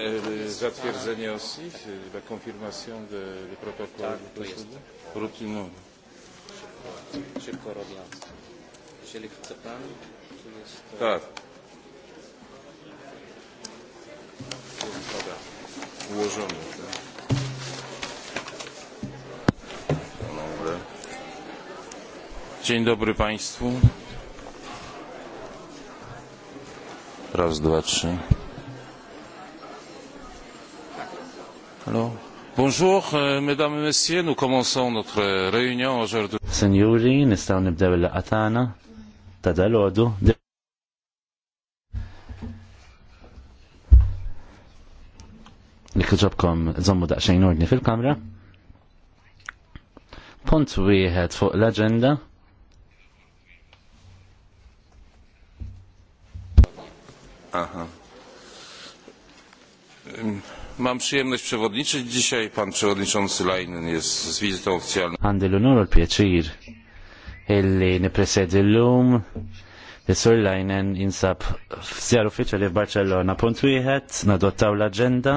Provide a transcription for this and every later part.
E, zatwierdzenie OSI, la e, confirmation de protocoles tak, de rutynowe. Szybko, szybko robiąc. Jeżeli chce Pan, to jest... Tak. Tu Ułożony, tak. Dzień dobry Państwu. Raz, dwa, trzy. Bonjour, euh, mesdames et messieurs, nous commençons notre euh, réunion aujourd'hui. Signori, nistaw nibdew il-laqatana ta' dal-ħodu. Nikkuġobkom zommu daqxajn ordni fil-kamra. Punt wieħed fuq l-agenda. Aha. Mam przyjemność przewodniczyć dzisiaj. Pan przewodniczący Leinen jest z wizytą oficjalną. Għandi l-onor l-pjaċir illi nipresedi l-lum Sur Leinen insab f'żjar uffiċjali f'Barcellona. Punt wieħed nadottaw l-aġenda.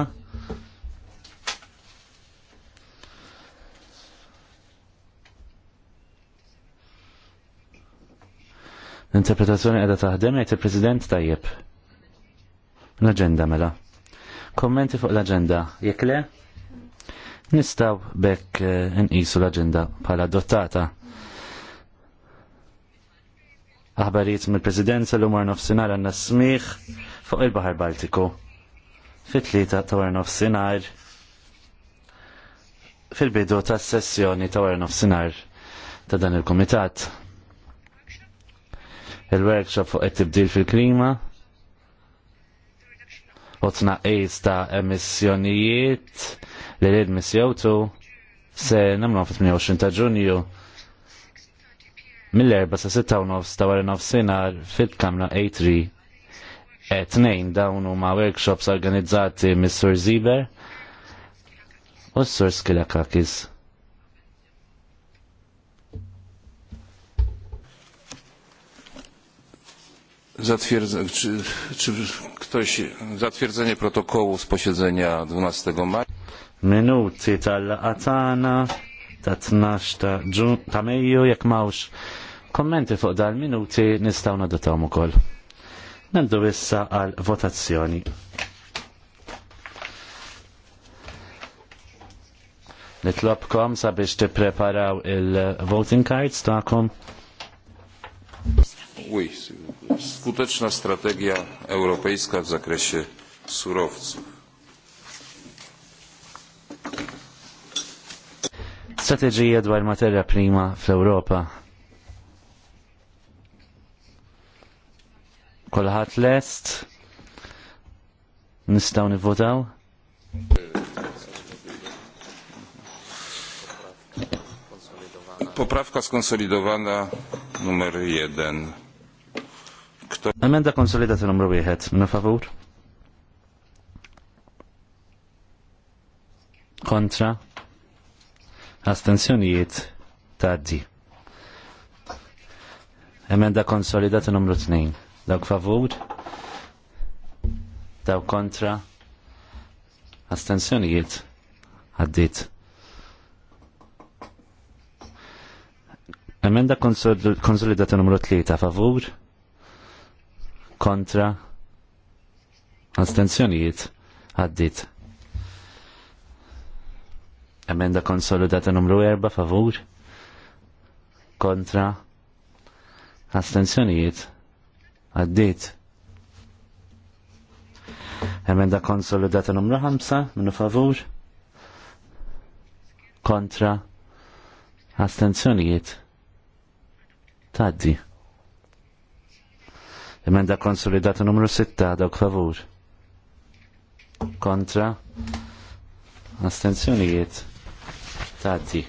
L-interpretazzjoni qiegħda taħdem jgħid il-President tajjeb. L-aġenda mela. Kommenti fuq l-agenda, jek le? Nistaw bekk eh, nqisu l-agenda bħala adottata. Aħbarijiet mill-Presidenza l umar nofsinhar għandna smigħ fuq il-Baħar Baltiku. Fit-tlieta ta' war nofsinhar fil-bidu tas sessjoni ta' war nofsinhar ta' dan il-Kumitat. Il-workshop fuq it-tibdil fil-klima otna ejz ta' emissjonijiet li l-edmi se namlu fit-28 ta' ġunju mill-erba sa' 6 nofs ta' wara nofsinar fil-kamra A3 tnejn dawn huma workshops organizzati mis-Sur Ziber u s-Sur Skilakakis. zatwierdzenie protokołu z posiedzenia 12 maja? Minuti tal atana ta' 12 ġun ta' Mejju jekk mawx kommenti fuq dal-minuti do nadotom ukoll. Nandu issa għal votazzjoni. Nitlobkom sabiex tippreparaw il-voting cards ta'kom oui, skuteczna strategia europejska w zakresie surowców. Strategia dwar materia prima w europa Kolħat lest, nistaw nivvotaw? Poprawka skonsolidowana numer jeden. Emenda konsolidata numru wieħed, minn favur? Kontra? Astenzjonijiet taddi. Emenda konsolidata numru 2. Dawk favur? Dawk kontra? Astenzjonijiet għaddit. Emenda konsolidata numru 3 favur? kontra astenzjonijiet għaddit. Emenda konsolidata numru 4 favur kontra astenzjonijiet għaddit. Emenda konsolidata numru 5 minnu favur kontra astenzjonijiet taddi. Emenda konsolidata numru 6 dawk favur. Kontra. Astenzjonijiet. Tati.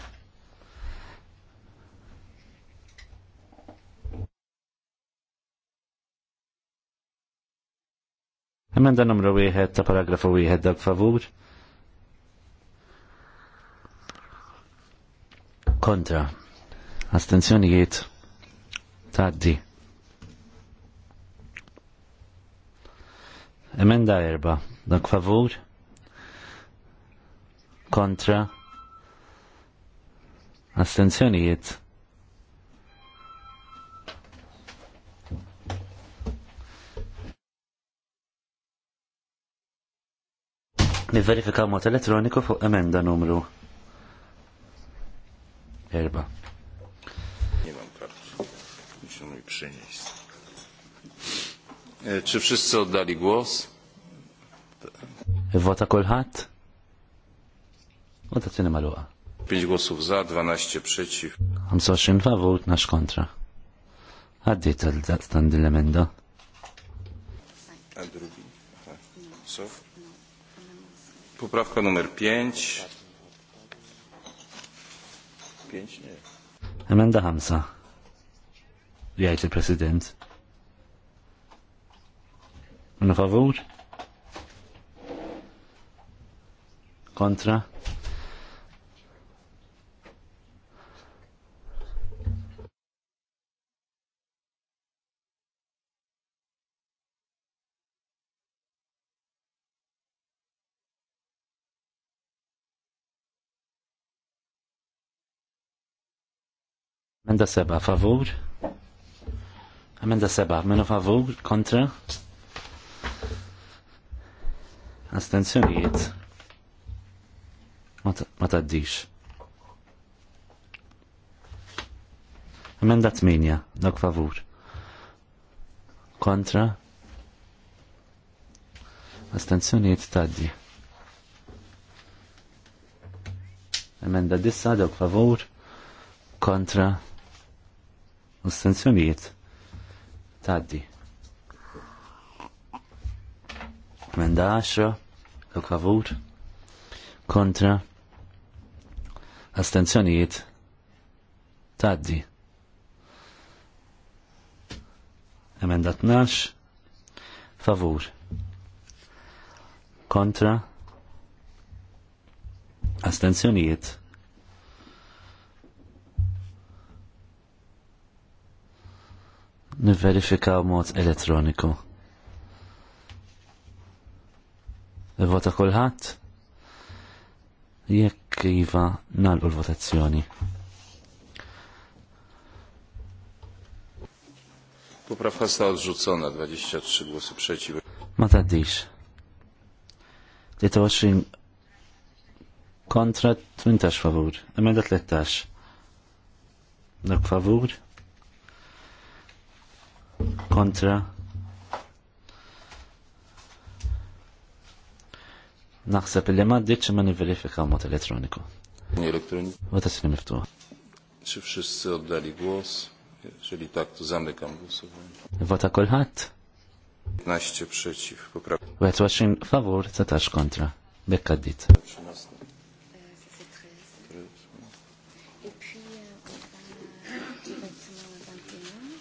Emenda numru 1 ta' paragrafu 1 dawk favur. Kontra. Astenzjonijiet. Tati. Emenda erba. Dak favur? Kontra? Astenzjonijiet? Niverifikaw mod elettroniku fuq emenda numru. Erba. Nie mam kartu. Muszę mi przynieść. E, czy wszyscy oddali głos? Wota kolhat? Wota ta' t Pięć głosów za, dwanaście przeciw. 25 favor, nasz kontra. Għaddit to dat tan dylemendo. A drugi. Co? Poprawka numer pięć pięć nie. Emenda 5. Jgħajt prezydent. Minu favur? Kontra? Amenda seba, favor. Amenda seba, meno favor, contra astenzjonijiet ma taddix. Emenda 8, dok favur. Kontra. Astenzjonijiet taddi. Emenda dissa, dok favur. Kontra. Astenzjonijiet taddi. Emenda 10, Dawk favur kontra astenzjonijiet taddi. Emenda 12 favur kontra astenzjonijiet niverifikaw mod elettroniku. Vota kolħat? Jekk iva nagħlqu l-votazzjoni. Poprawka sta odrzucona, 23 głosy przeciw. Ma ta taddix. 23 kontra 18 favur. Emenda 13. Dak favur. Kontra Naħseb li ma ddiċ ma nivverifika mod elettroniku. Votazzjoni miftuħa. Czy wszyscy oddali głos? Jeżeli tak, to zamykam głosowanie. Wota kolħat? 15 przeciw. 21 favor, 13 kontra. Bekka dit.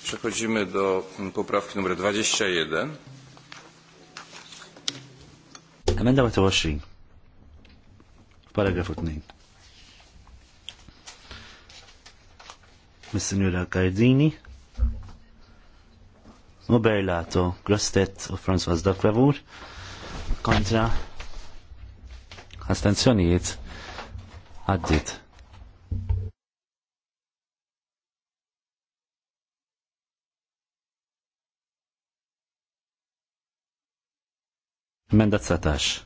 Przechodzimy do poprawki numer 21. Emenda 28, Paragrafu 2. mis signora Gardini. U Berlato, Grostet u François Dafravur, kontra astenzjonijiet għaddit. Emenda 19.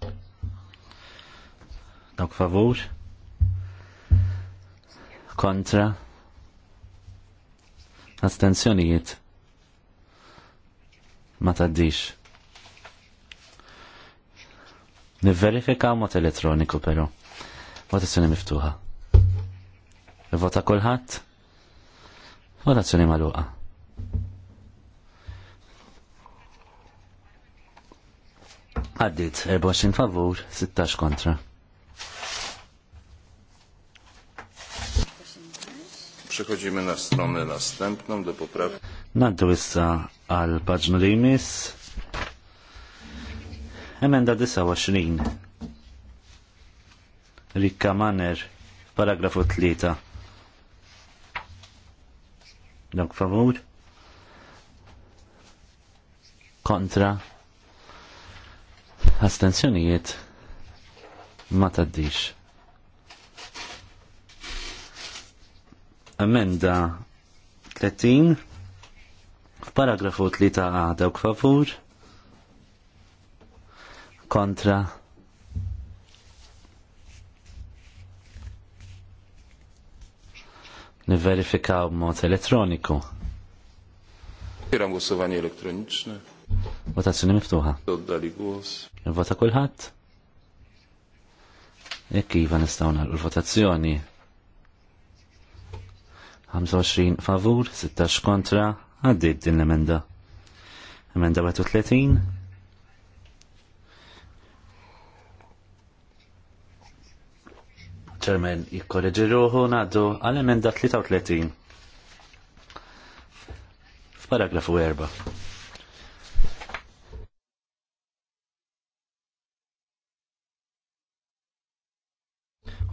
Dawk favur. Kontra. Astenzjonijiet. Ma taddix. Niverifika mod elettroniku però. Votazzjoni miftuħa. Vota kulħadd. Votazzjoni magħluqa. Għaddit, 24 favur, 16 kontra. Przechodzimy na stronę następną do poprawki. Naddu issa għal paġnu li jmiss. Emenda 29. Rikka Manner, paragrafu 3. Dok favur. Kontra astenzjonijiet ma taddix. Amenda 30 paragrafu 3 a dawk favur kontra niverifikaw mod elektroniku. Kieram głosowanie elektroniczne. Votazzjoni miftuħa. Il-vota kulħadd? Jekk iva nistgħu nagħlqu l-votazzjoni. 25 favur, 16 kontra, għaddit din l-emenda. Emenda 30. ċermen jikkorreġi ruħu naddu għal-emenda 33. F'paragrafu 4.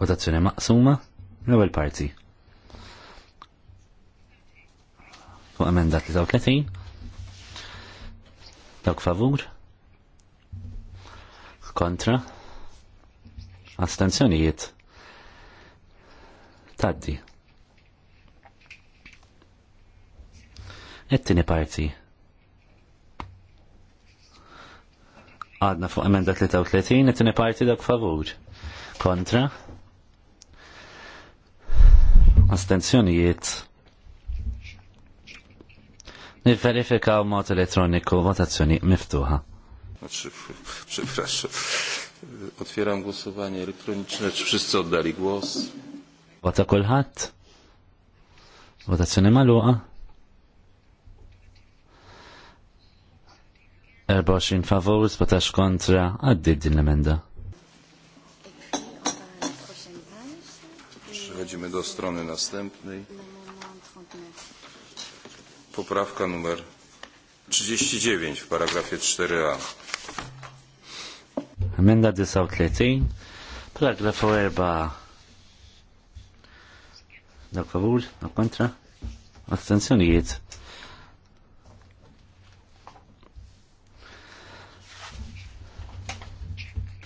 Votazzjoni maqsuma, l-ewwel parti. Fuq emenda 33. Dawk favur. Kontra. Astenzjonijiet. Taddi. Ettini tieni parti. Għadna fuq emenda 33, et-tieni parti dawk favur. Kontra astenzjonijiet Nivverifikaw mod elettroniku votazzjoni miftuħa. Przepraszam. Otwieram głosowanie elektroniczne. Czy wszyscy oddali głos? Wata kulħadd? Votazzjoni magħluqa? 24 favur, 17 kontra, għaddi din l-emenda. Przechodzimy do strony następnej. Poprawka numer 39 w paragrafie 4a. Amenda de Sautletin, paragraf 4. Dak favur, dak kontra, astensjonijiet.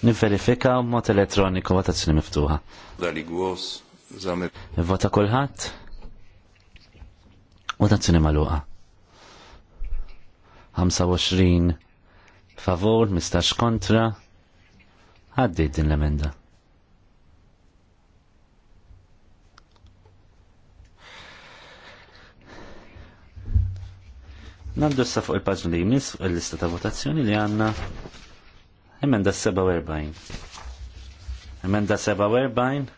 Niverifika mod elettroniku votazzjoni miftuħa. Dali głos. Zami. Vota kolħat? Votazzjoni maluqa. 25 favor, mistax kontra. Għaddi din l-emenda. Naddu s fuq il-paġna li jmiss fuq il-lista ta' votazzjoni li għanna emenda 47. Emenda 47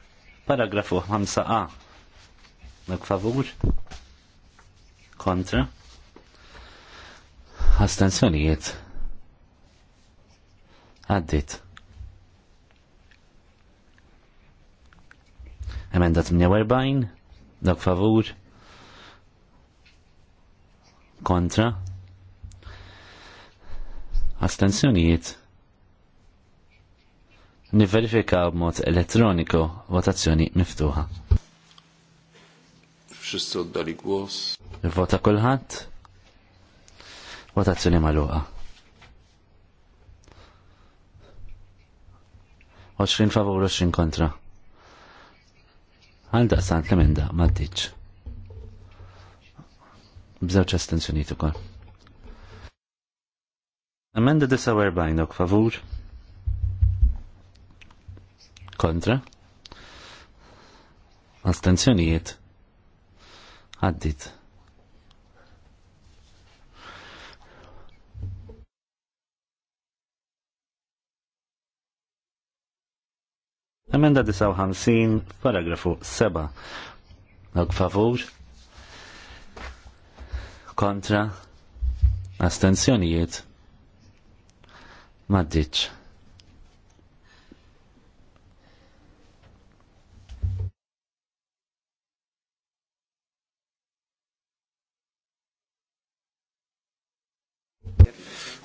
Paragrafu 5a. Mek favur? Kontra? Astenzjonijiet? Għaddit. Emenda 48, Dok favur? Kontra? Astenzjonijiet? niverifika b'mod elettroniku votazzjoni miftuħa. Wszyscy oddali głos. Vota kulħadd. Votazzjoni magħluqa. 20 favor, 20 kontra. Għal daqsan l-emenda, maddiċ. Bżewċa stenzjoni ukoll. Emenda 49 ok favur, kontra astenzjonijiet għaddit. Emenda 59, paragrafu 7. Nog favur, kontra, astenzjonijiet, maddiċ.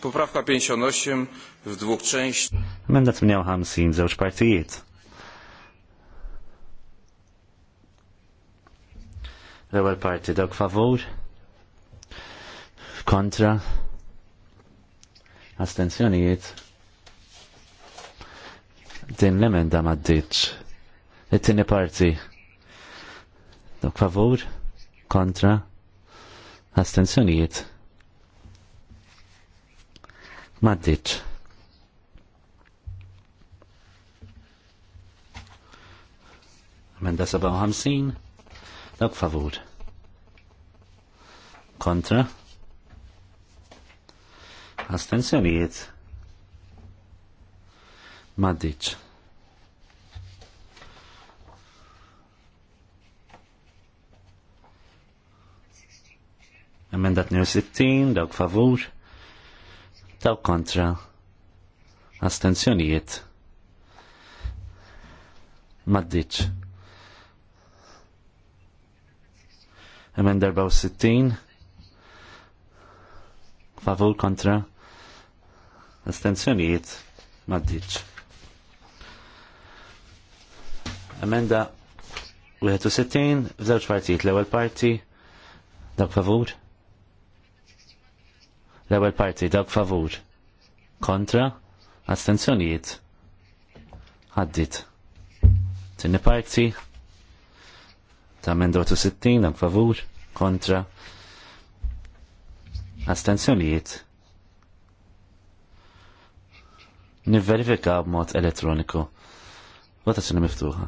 Poprawka 58 w dwóch częściach. miał Hamsin żewġ partijiet. L-ewwel parti dawk favur. Kontra. Astenzjonijiet. Din l-emenda ma ddiċ. It-tieni parti. Dawk favur. Kontra. Astenzjonijiet Maddiċ. Amenda 57. Dawk favur. Kontra. Astenzjonijiet. Maddiċ. Emenda 62, dawk favur Taw kontra astenzjonijiet maddiċ. Emen sittin. Favol kontra astenzjonijiet maddiċ. Emenda 61 f'żewġ partijiet l-ewwel parti dak favur L-ewwel parti dawk favur. Kontra? Astenzjonijiet? Għaddit. Tinni parti? Ta' tu 60 dawk favur. Kontra? Astenzjonijiet? Nivverifika b'mod elettroniku. Votazzjoni miftuħa.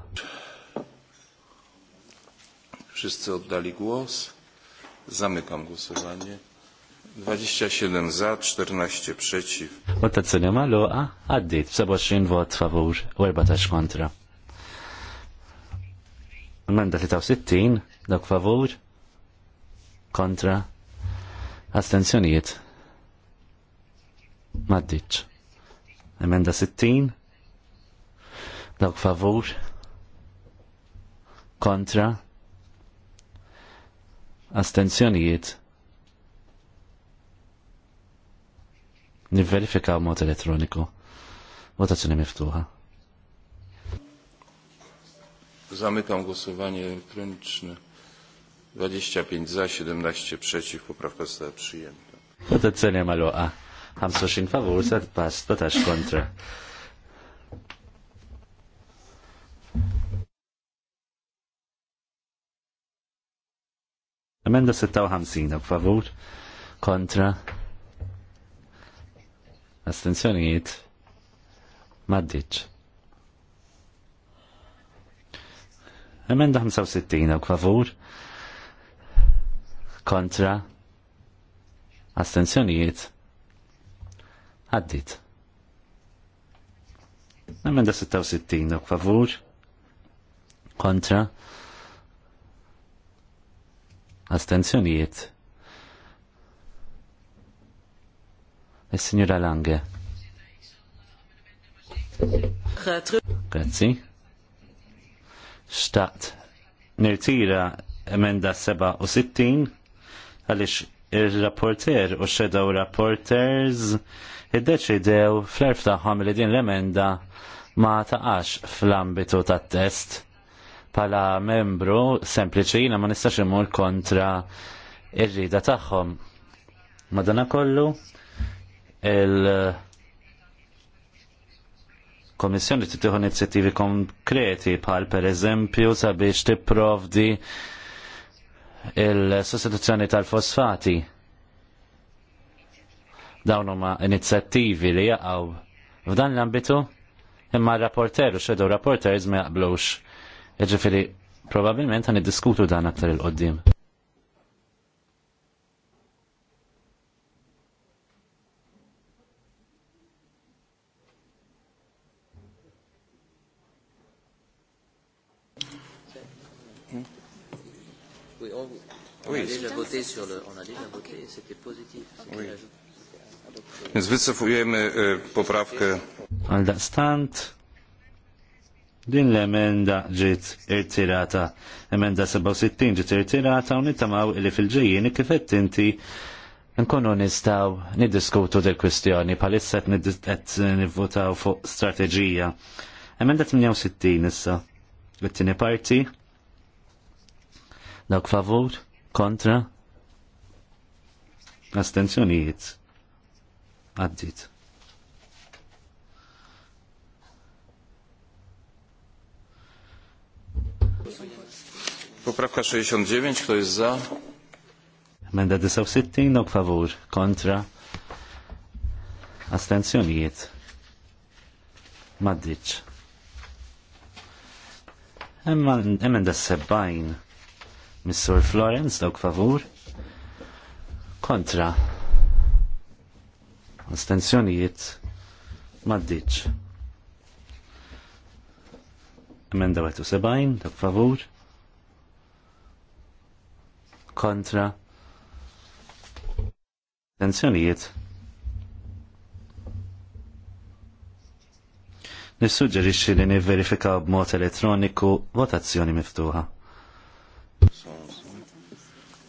Wszyscy oddali głos. Zamykam głosowanie. 27 za, 14 przeciw. Votazzjoni magħluqa għaddit 27 vot favur u 14 kontra. Amenda 63 dak favur kontra astenzjonijiet. Maddiċ. Emenda 60 dak favur kontra astenzjonijiet Nivverifika mod elettroniku. Votazzjoni miftuħa. Zamykam głosowanie elektroniczne. 25 za, 17 przeciw. Poprawka została przyjęta. Votazzjoni maluqa. 25 favur, 7 pass, 13 kontra. Emenda 56 favor, kontra astenzjonijiet maddiċ. Emenda 65 u kvavur. kontra astenzjonijiet għaddit. Emenda 66 u favur kontra astenzjonijiet Is-Sinjura Lange. Grazzi. Xtaqt nirtira emenda 67 għaliex il-rapporter u xedaw rapporters iddeċidew fl-erf tagħhom li din l-emenda ma taqax fl-ambitu tat test pala membru sempliċi ma nistax imur kontra ir-rida tagħhom. Madana kollu, il-Komissjoni tittieħu inizjattivi konkreti per pereżempju sabiex tipprovdi il-sostituzzjoni tal-fosfati. Dawn huma inizjattivi li jaqgħu f'dan l-ambitu imma rapporter u xedu rapporters ma jaqblux. Jiġifieri probabilment għan diskutu dan aktar il-qoddim. Oui, on, on oui. a déjà voté sur le. On a déjà ah, voté, okay. c'était positif. Oui. Zwycofujemy poprawkę. Għaldaqstant, din l-emenda ġiet irtirata. Emenda 67 ġiet irtirata u nittamaw li fil-ġejjien kifett inti nkunu nistaw niddiskutu del kwistjoni palissa qed nivvotaw fuq strateġija. Emenda 68 issa. l parti Dawk favur? Kontra? Astenzjonijiet? Għaddit. Poprawka 69, kto jest za? Menda 69, dawk favur, kontra. Astenzjonijiet. Maddiċ. Emenda 70, Missur Florence, dawk favur. Kontra. Astenzjonijiet maddiċ. Emenda 71, dawk favur. Kontra. Astenzjonijiet nissuġġerixxi li nivverifikaw b'mod elettroniku votazzjoni miftuħa.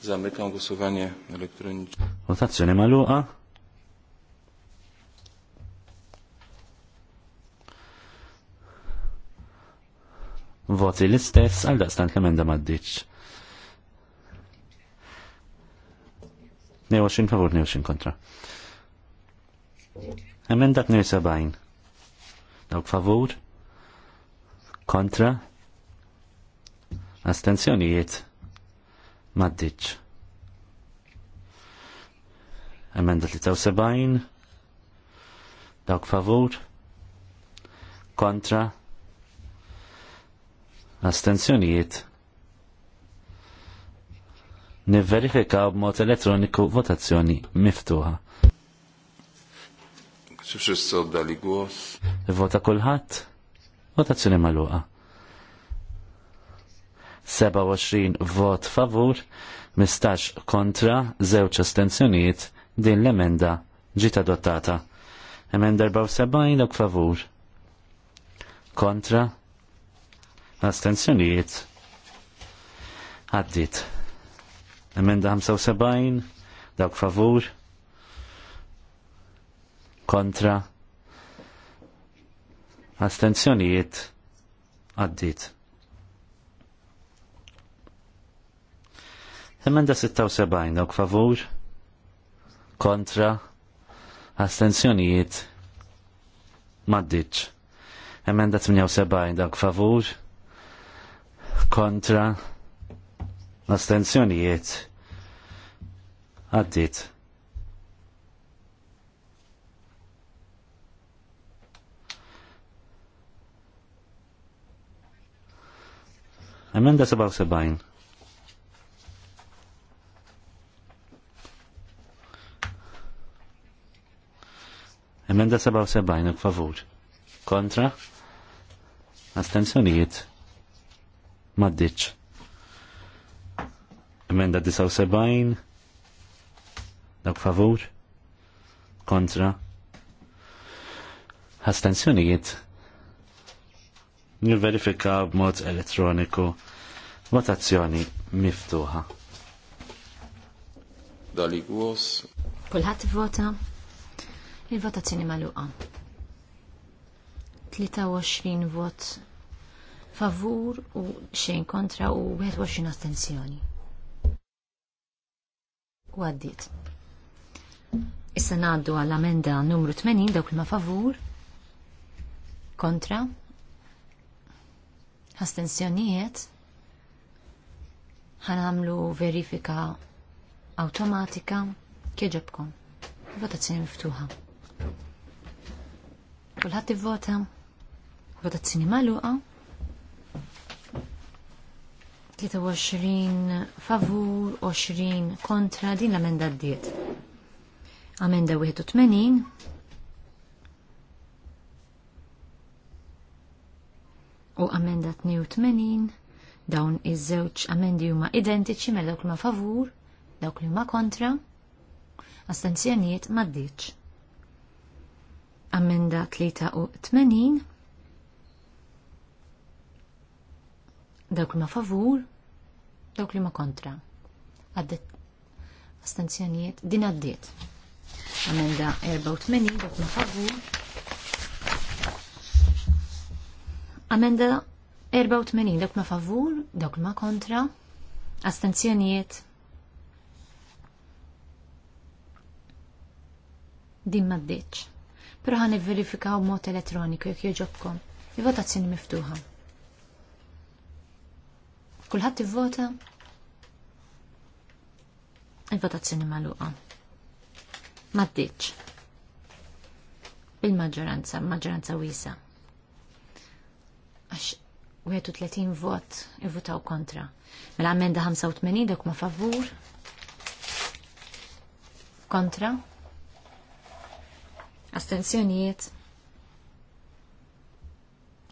Zamykam głosowanie elektroniczne. Votazione maluqa. Voti l-istess għal daqstant l-emenda maddiċ. favor, favur, 22 kontra. Emenda 72. Dawk favur. Kontra. Astenzjonijiet Maddiċ. Emenda 73. Dawk favur. Kontra. Astenzjonijiet. Nivverifika b'mod elettroniku votazzjoni miftuħa. Xifxis soddali għos. Vota kulħadd? Votazzjoni magħluqa. 27 vot favur, 15 kontra, 0 astenzjonijiet, din l-emenda ġiet adottata. Emenda 74 ok favur. Kontra, astenzjonijiet, għaddit. Emenda 75, dawk favur, kontra, astenzjonijiet, għaddit. Emenda 76, dawk favur, kontra, astenzjonijiet, maddiċ. Emenda 78, dawk favur, kontra, astenzjonijiet, għaddit. Emenda 77, Emenda 77 favur. Kontra? Astenzjonijiet? Maddiċ. Emenda 79 dak favur? Kontra? Astenzjonijiet? Nil-verifika b'mod elettroniku. Votazzjoni miftuħa. Dali Kulħat vota. Il-votazzjoni maluqa. 23 vot favur u xejn kontra u 21 astensjoni. U għaddit. Issa naddu għall-amenda numru 80 dawk ma favur kontra astensjonijiet ħanamlu verifika automatika kieġabkom. Votazzjoni miftuħa. Kulħadd ivvota. Votazzjoni magħluqa. 23 favur, 20 kontra din l-amenda d-diet. Amenda 81. U amenda 82. Dawn iż-żewġ amendi huma identiċi mela dawk li ma favur, dawk li huma kontra. Astenzjonijiet ma' d-dietx. Amenda 83 dawk li ma favur, dawk li ma kontra. Għaddet astenzjonijiet din għaddiet. Amenda 84 dawk ma favur. Amenda 84 dawk ma favur, dawk ma kontra. Astenzjonijiet din ma pero ħan verifikaw mod elettroniku jekk jogħġobkom. Il-votazzjoni miftuħa. Kulħadd vota Il-votazzjoni magħluqa. Maddiċ. Il-maġġoranza, maġġoranza wiesa. Għax 31 vot ivvutaw kontra. Mela għamenda 85 dak ma favur. Kontra. Astenzjonijiet.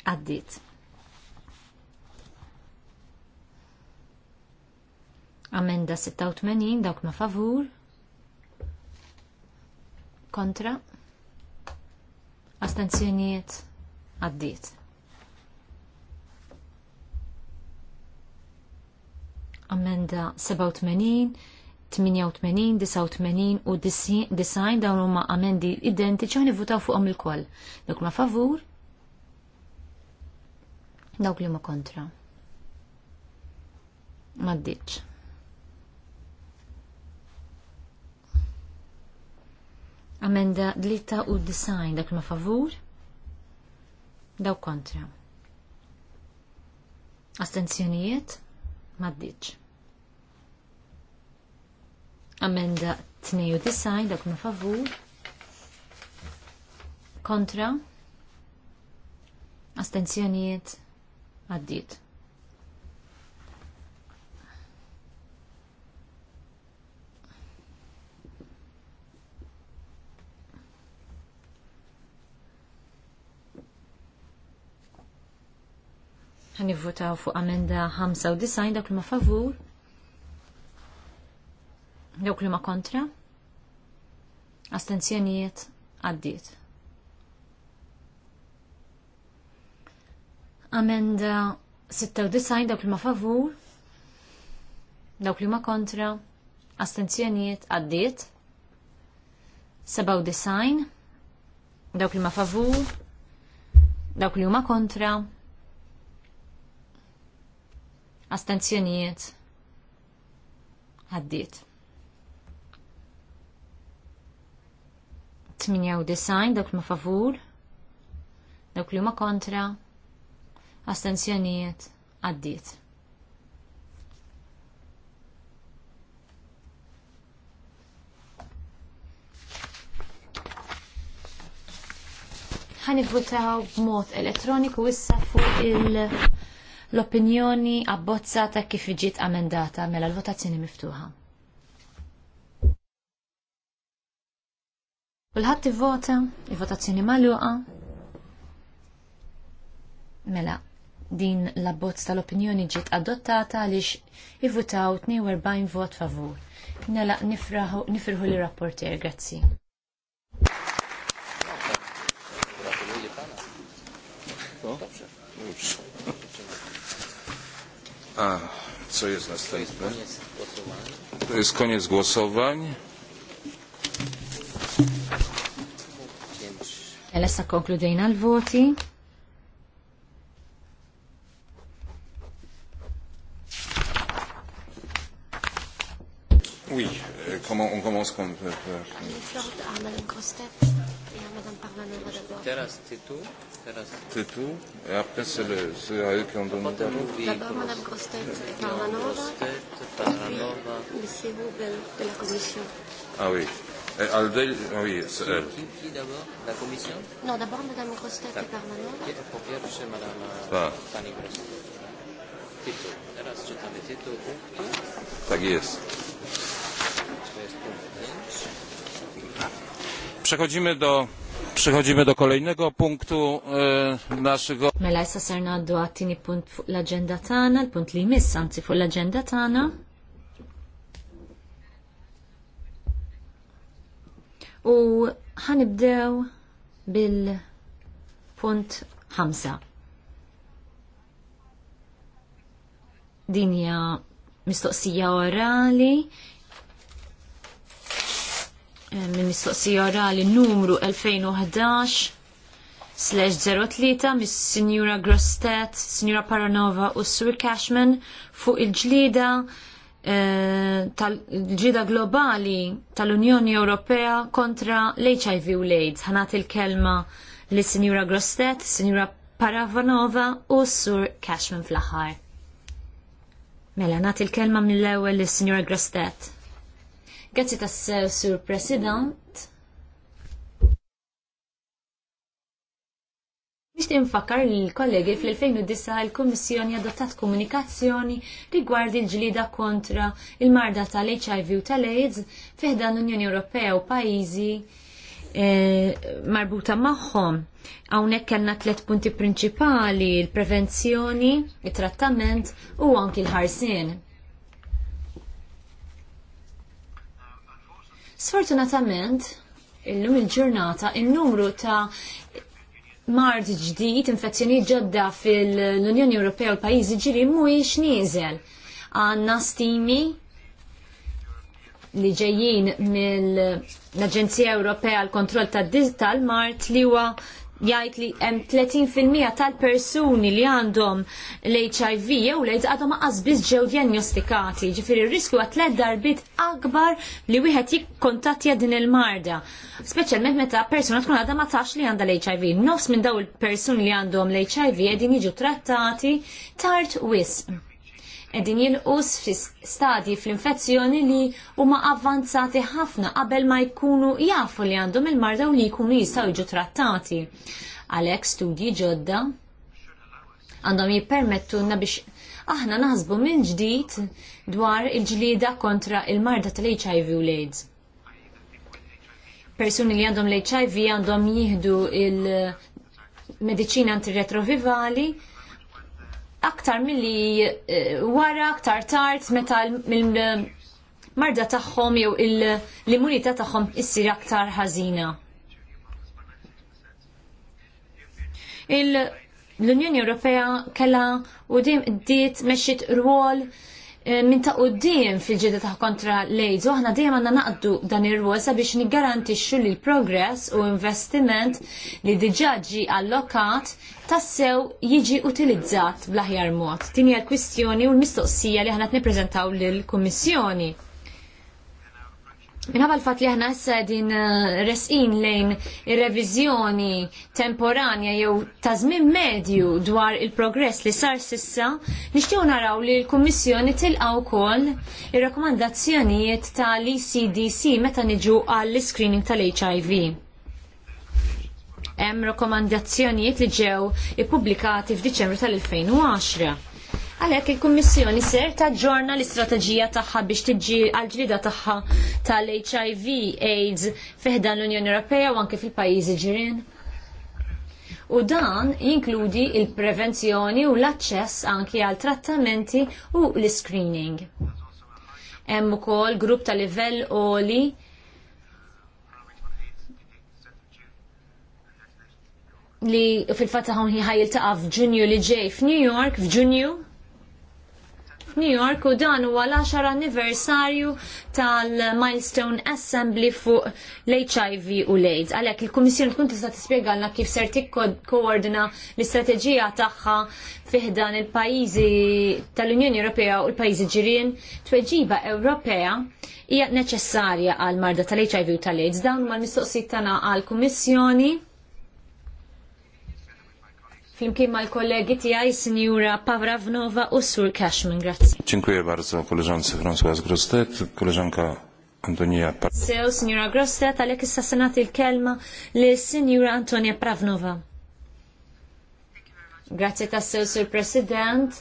Għaddit. Amenda 86 dawk ma favur. Kontra. Astenzjonijiet. Għaddit. Amenda 87 88, 89 u 90 dawn huma amendi identiċi ħan votaw fuqhom il-koll. Dawk ma favur, dawk li ma kontra. ddiċ. Amenda dlitta u design dak ma favur, dawk kontra. Astenzjonijiet, ddiċ. Amenda 92 dak ma favur. Kontra. Astenzjonijiet Għaddit. Għanivvotaw fuq amenda 95 dak ma favur Dawk li ma kontra? Astenzjonijiet għaddiet. Amenda 96 dawk li ma favur, dawk li ma kontra, astenzjonijiet għaddiet. 97 dawk li ma favur, dawk li huma kontra, astenzjonijiet għaddiet. 98 dawk ma favur, dawk li huma kontra, astenzjonijiet għaddiet. ħanivvutaw b'mod elettroniku issa fuq l-opinjoni abbozzata kif ġiet amendata mela l-votazzjoni miftuħa. Kulħadd ivvota, il-votazzjoni magħluqa. Mela, din l-abbozz tal-opinjoni ġiet adottata għaliex ivvutaw 42 vot favur. Nela nifirħu li rapporter, grazzi. A, co jest następne? To jest koniec głosowań. Elessa konkludejna l-voti. Oui, euh, comment on commence comme peut. Euh, Terrasse, c'est tout. C'est tout. Et après, c'est le, c'est à eux qui ont donné la D'abord, Madame Grostet, Parlanova. Grostet, Parlanova. Monsieur Roubel de la Commission. Ah oui. Aldel, oui, c'est elle. Qui, qui d'abord La commission Non, d'abord Madame Grostet qui parle maintenant. Pour Pierre, c'est Madame euh, ah. Fanny Grosset. Tito, teraz czytamy tytuł punktu. Tak Przechodzimy do, przechodzimy do kolejnego punktu e, naszego... Mela jessa serna do għattini punt fuq l-agenda tana, l-punt li jmiss anzi fu l-agenda tana. U ħanibdew bil-punt 5. Dinja mistoqsija orali eh, minn mistoqsija orali numru 2011 slash 03 mis Signora Grostet, Signora Paranova u Sir Cashman fuq il-ġlida Eh, tal-ġida globali tal-Unjoni Ewropea kontra l-HIV u l-AIDS. Ħanat il-kelma li Sinjura Grostet, Sinjura Paravanova u Sur Cashman fl-aħħar. Mela, nat il-kelma mill ewwel li Sinjura Grostet. Grazzi tas Sur President, Nix tinfakkar l-kollegi fl-2009 il-Kommissjoni adottat komunikazzjoni rigward il-ġlida kontra il-marda tal-HIV u tal-AIDS fiħdan l-Unjoni Ewropea u pajizi eh, marbuta maħħom. Hawnhekk kellna tliet punti prinċipali il-prevenzjoni, it-trattament u anki l-ħarsien. Sfortunatament, il-lum il-ġurnata, il-numru ta' mard ġdid, infezzjoni ġodda fil-Unjoni Ewropea u l-pajjiżi ġiri mhuwiex nieżel. għanna stimi li ġejjin mill-Aġenzija Ewropea għal kontroll tad-Digital Mart li huwa jgħid li hemm 30% tal-persuni li għandhom l-HIV jew l-AIDS għadhom biss ġew diagnostikati, ġifieri r-riskju għat tliet darbit akbar li wieħed jikkontattja din il-marda. Speċjalment meta persuna tkun għadha ma tax li għandha l-HIV. Nofs minn daw il-persuni li għandhom l-HIV qegħdin jiġu trattati tard wisq edin jinqus fi stadji fl-infezzjoni li huma avvanzati ħafna qabel ma jkunu jafu li għandhom il-marda u li jkunu jistgħu jiġu trattati. Għalhekk studji ġodda għandhom jippermettuna biex aħna naħsbu minn ġdid dwar il-ġlida kontra il-marda tal-HIV u l-AIDS. Persuni li għandhom l-HIV għandhom jihdu il-medicina antiretrovivali aktar milli eh, wara aktar tard meta eh, marda tagħhom jew l-immunità tagħhom issir aktar ħażina. l-Unjoni Ewropea kellha u dim diet mexxit rwol Eh, minn ta' qoddim fil-ġeda ta' kontra l u aħna dejjem għandna naqdu dan ir-rwol sabiex niggarantixxu li l-progress u investiment li diġà ġi allokat tassew jiġi utilizzat bl-aħjar mod. Din hija kwistjoni u l-mistoqsija li aħna nippreżentaw lill-Kummissjoni. Minħabba l-fat li ħna issa din eh, resqin lejn ir-reviżjoni temporanja jew ta' żmien medju dwar il-progress li sar sissa, nixtiew naraw li l-Kummissjoni tilqa' wkoll ir rekomandazzjonijiet tal-ECDC meta niġu għall-screening tal-HIV. Hemm rekomandazzjonijiet li ġew ippubblikati f'Diċembru tal-2010 Għalhekk il-Kummissjoni ser taġġorna l-istrateġija tagħha biex tiġi għall-ġlida tagħha tal-HIV AIDS fiħdan l-Unjoni Ewropea u anke fil-pajjiżi ġirien. U dan jinkludi il-prevenzjoni u l-aċċess anki għal trattamenti u l-screening. Hemm ukoll grupp ta' livell oli li fil-fatta ħon ħaj il-taqaf f'Ġunju li ġej f'New York f'Ġunju New York u dan huwa l-10 anniversarju tal-Milestone Assembly fuq l-HIV u l-AIDS. Għalhekk il-Kummissjoni tkun tista' tispjegalna kif ser tikkoordina l-istrateġija tagħha fiħdan il-pajjiżi tal-Unjoni Ewropea u l-pajjiżi ġirien tweġiba Ewropea hija neċessarja għal marda tal-HIV u tal-AIDS. Dawn mal l-mistoqsijiet tagħna għall-Kummissjoni. Flimkien mal kollegi tiegħi Sinjura Pavravnova u Sur Cashman, grazzi. Dziękuję bardzo koleżance Françoise Grostet, koleżanka Antonija Sew, Sinjura Grostet, għalhekk issa senat il-kelma li Sinjura Antonija Pravnova. Grazzi sew, Sur President.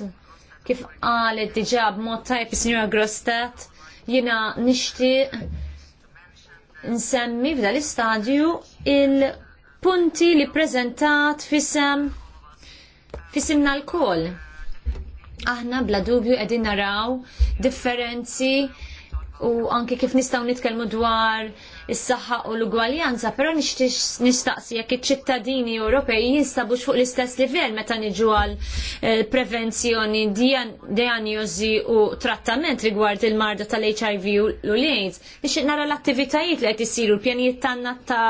Kif qalet diġà mod tajb Sinjura Grostet, jiena nixtieq nsemmi f'dal istadju il-punti li prezentat fissem fisimna l-kol. Aħna bla dubju qegħdin naraw differenzi u anke kif nistgħu nitkellmu dwar is-saħħa u l-ugwaljanza, però nixtiex nistaqsi jekk iċ-ċittadini Ewropej jinstabux fuq l-istess livell meta niġu għal eh, prevenzjoni, diagnosi u trattament rigward il-marda tal-HIV u l-AIDS. Nixtieq nara l-attivitajiet li qed isiru l-pjanijiet tagħna ta'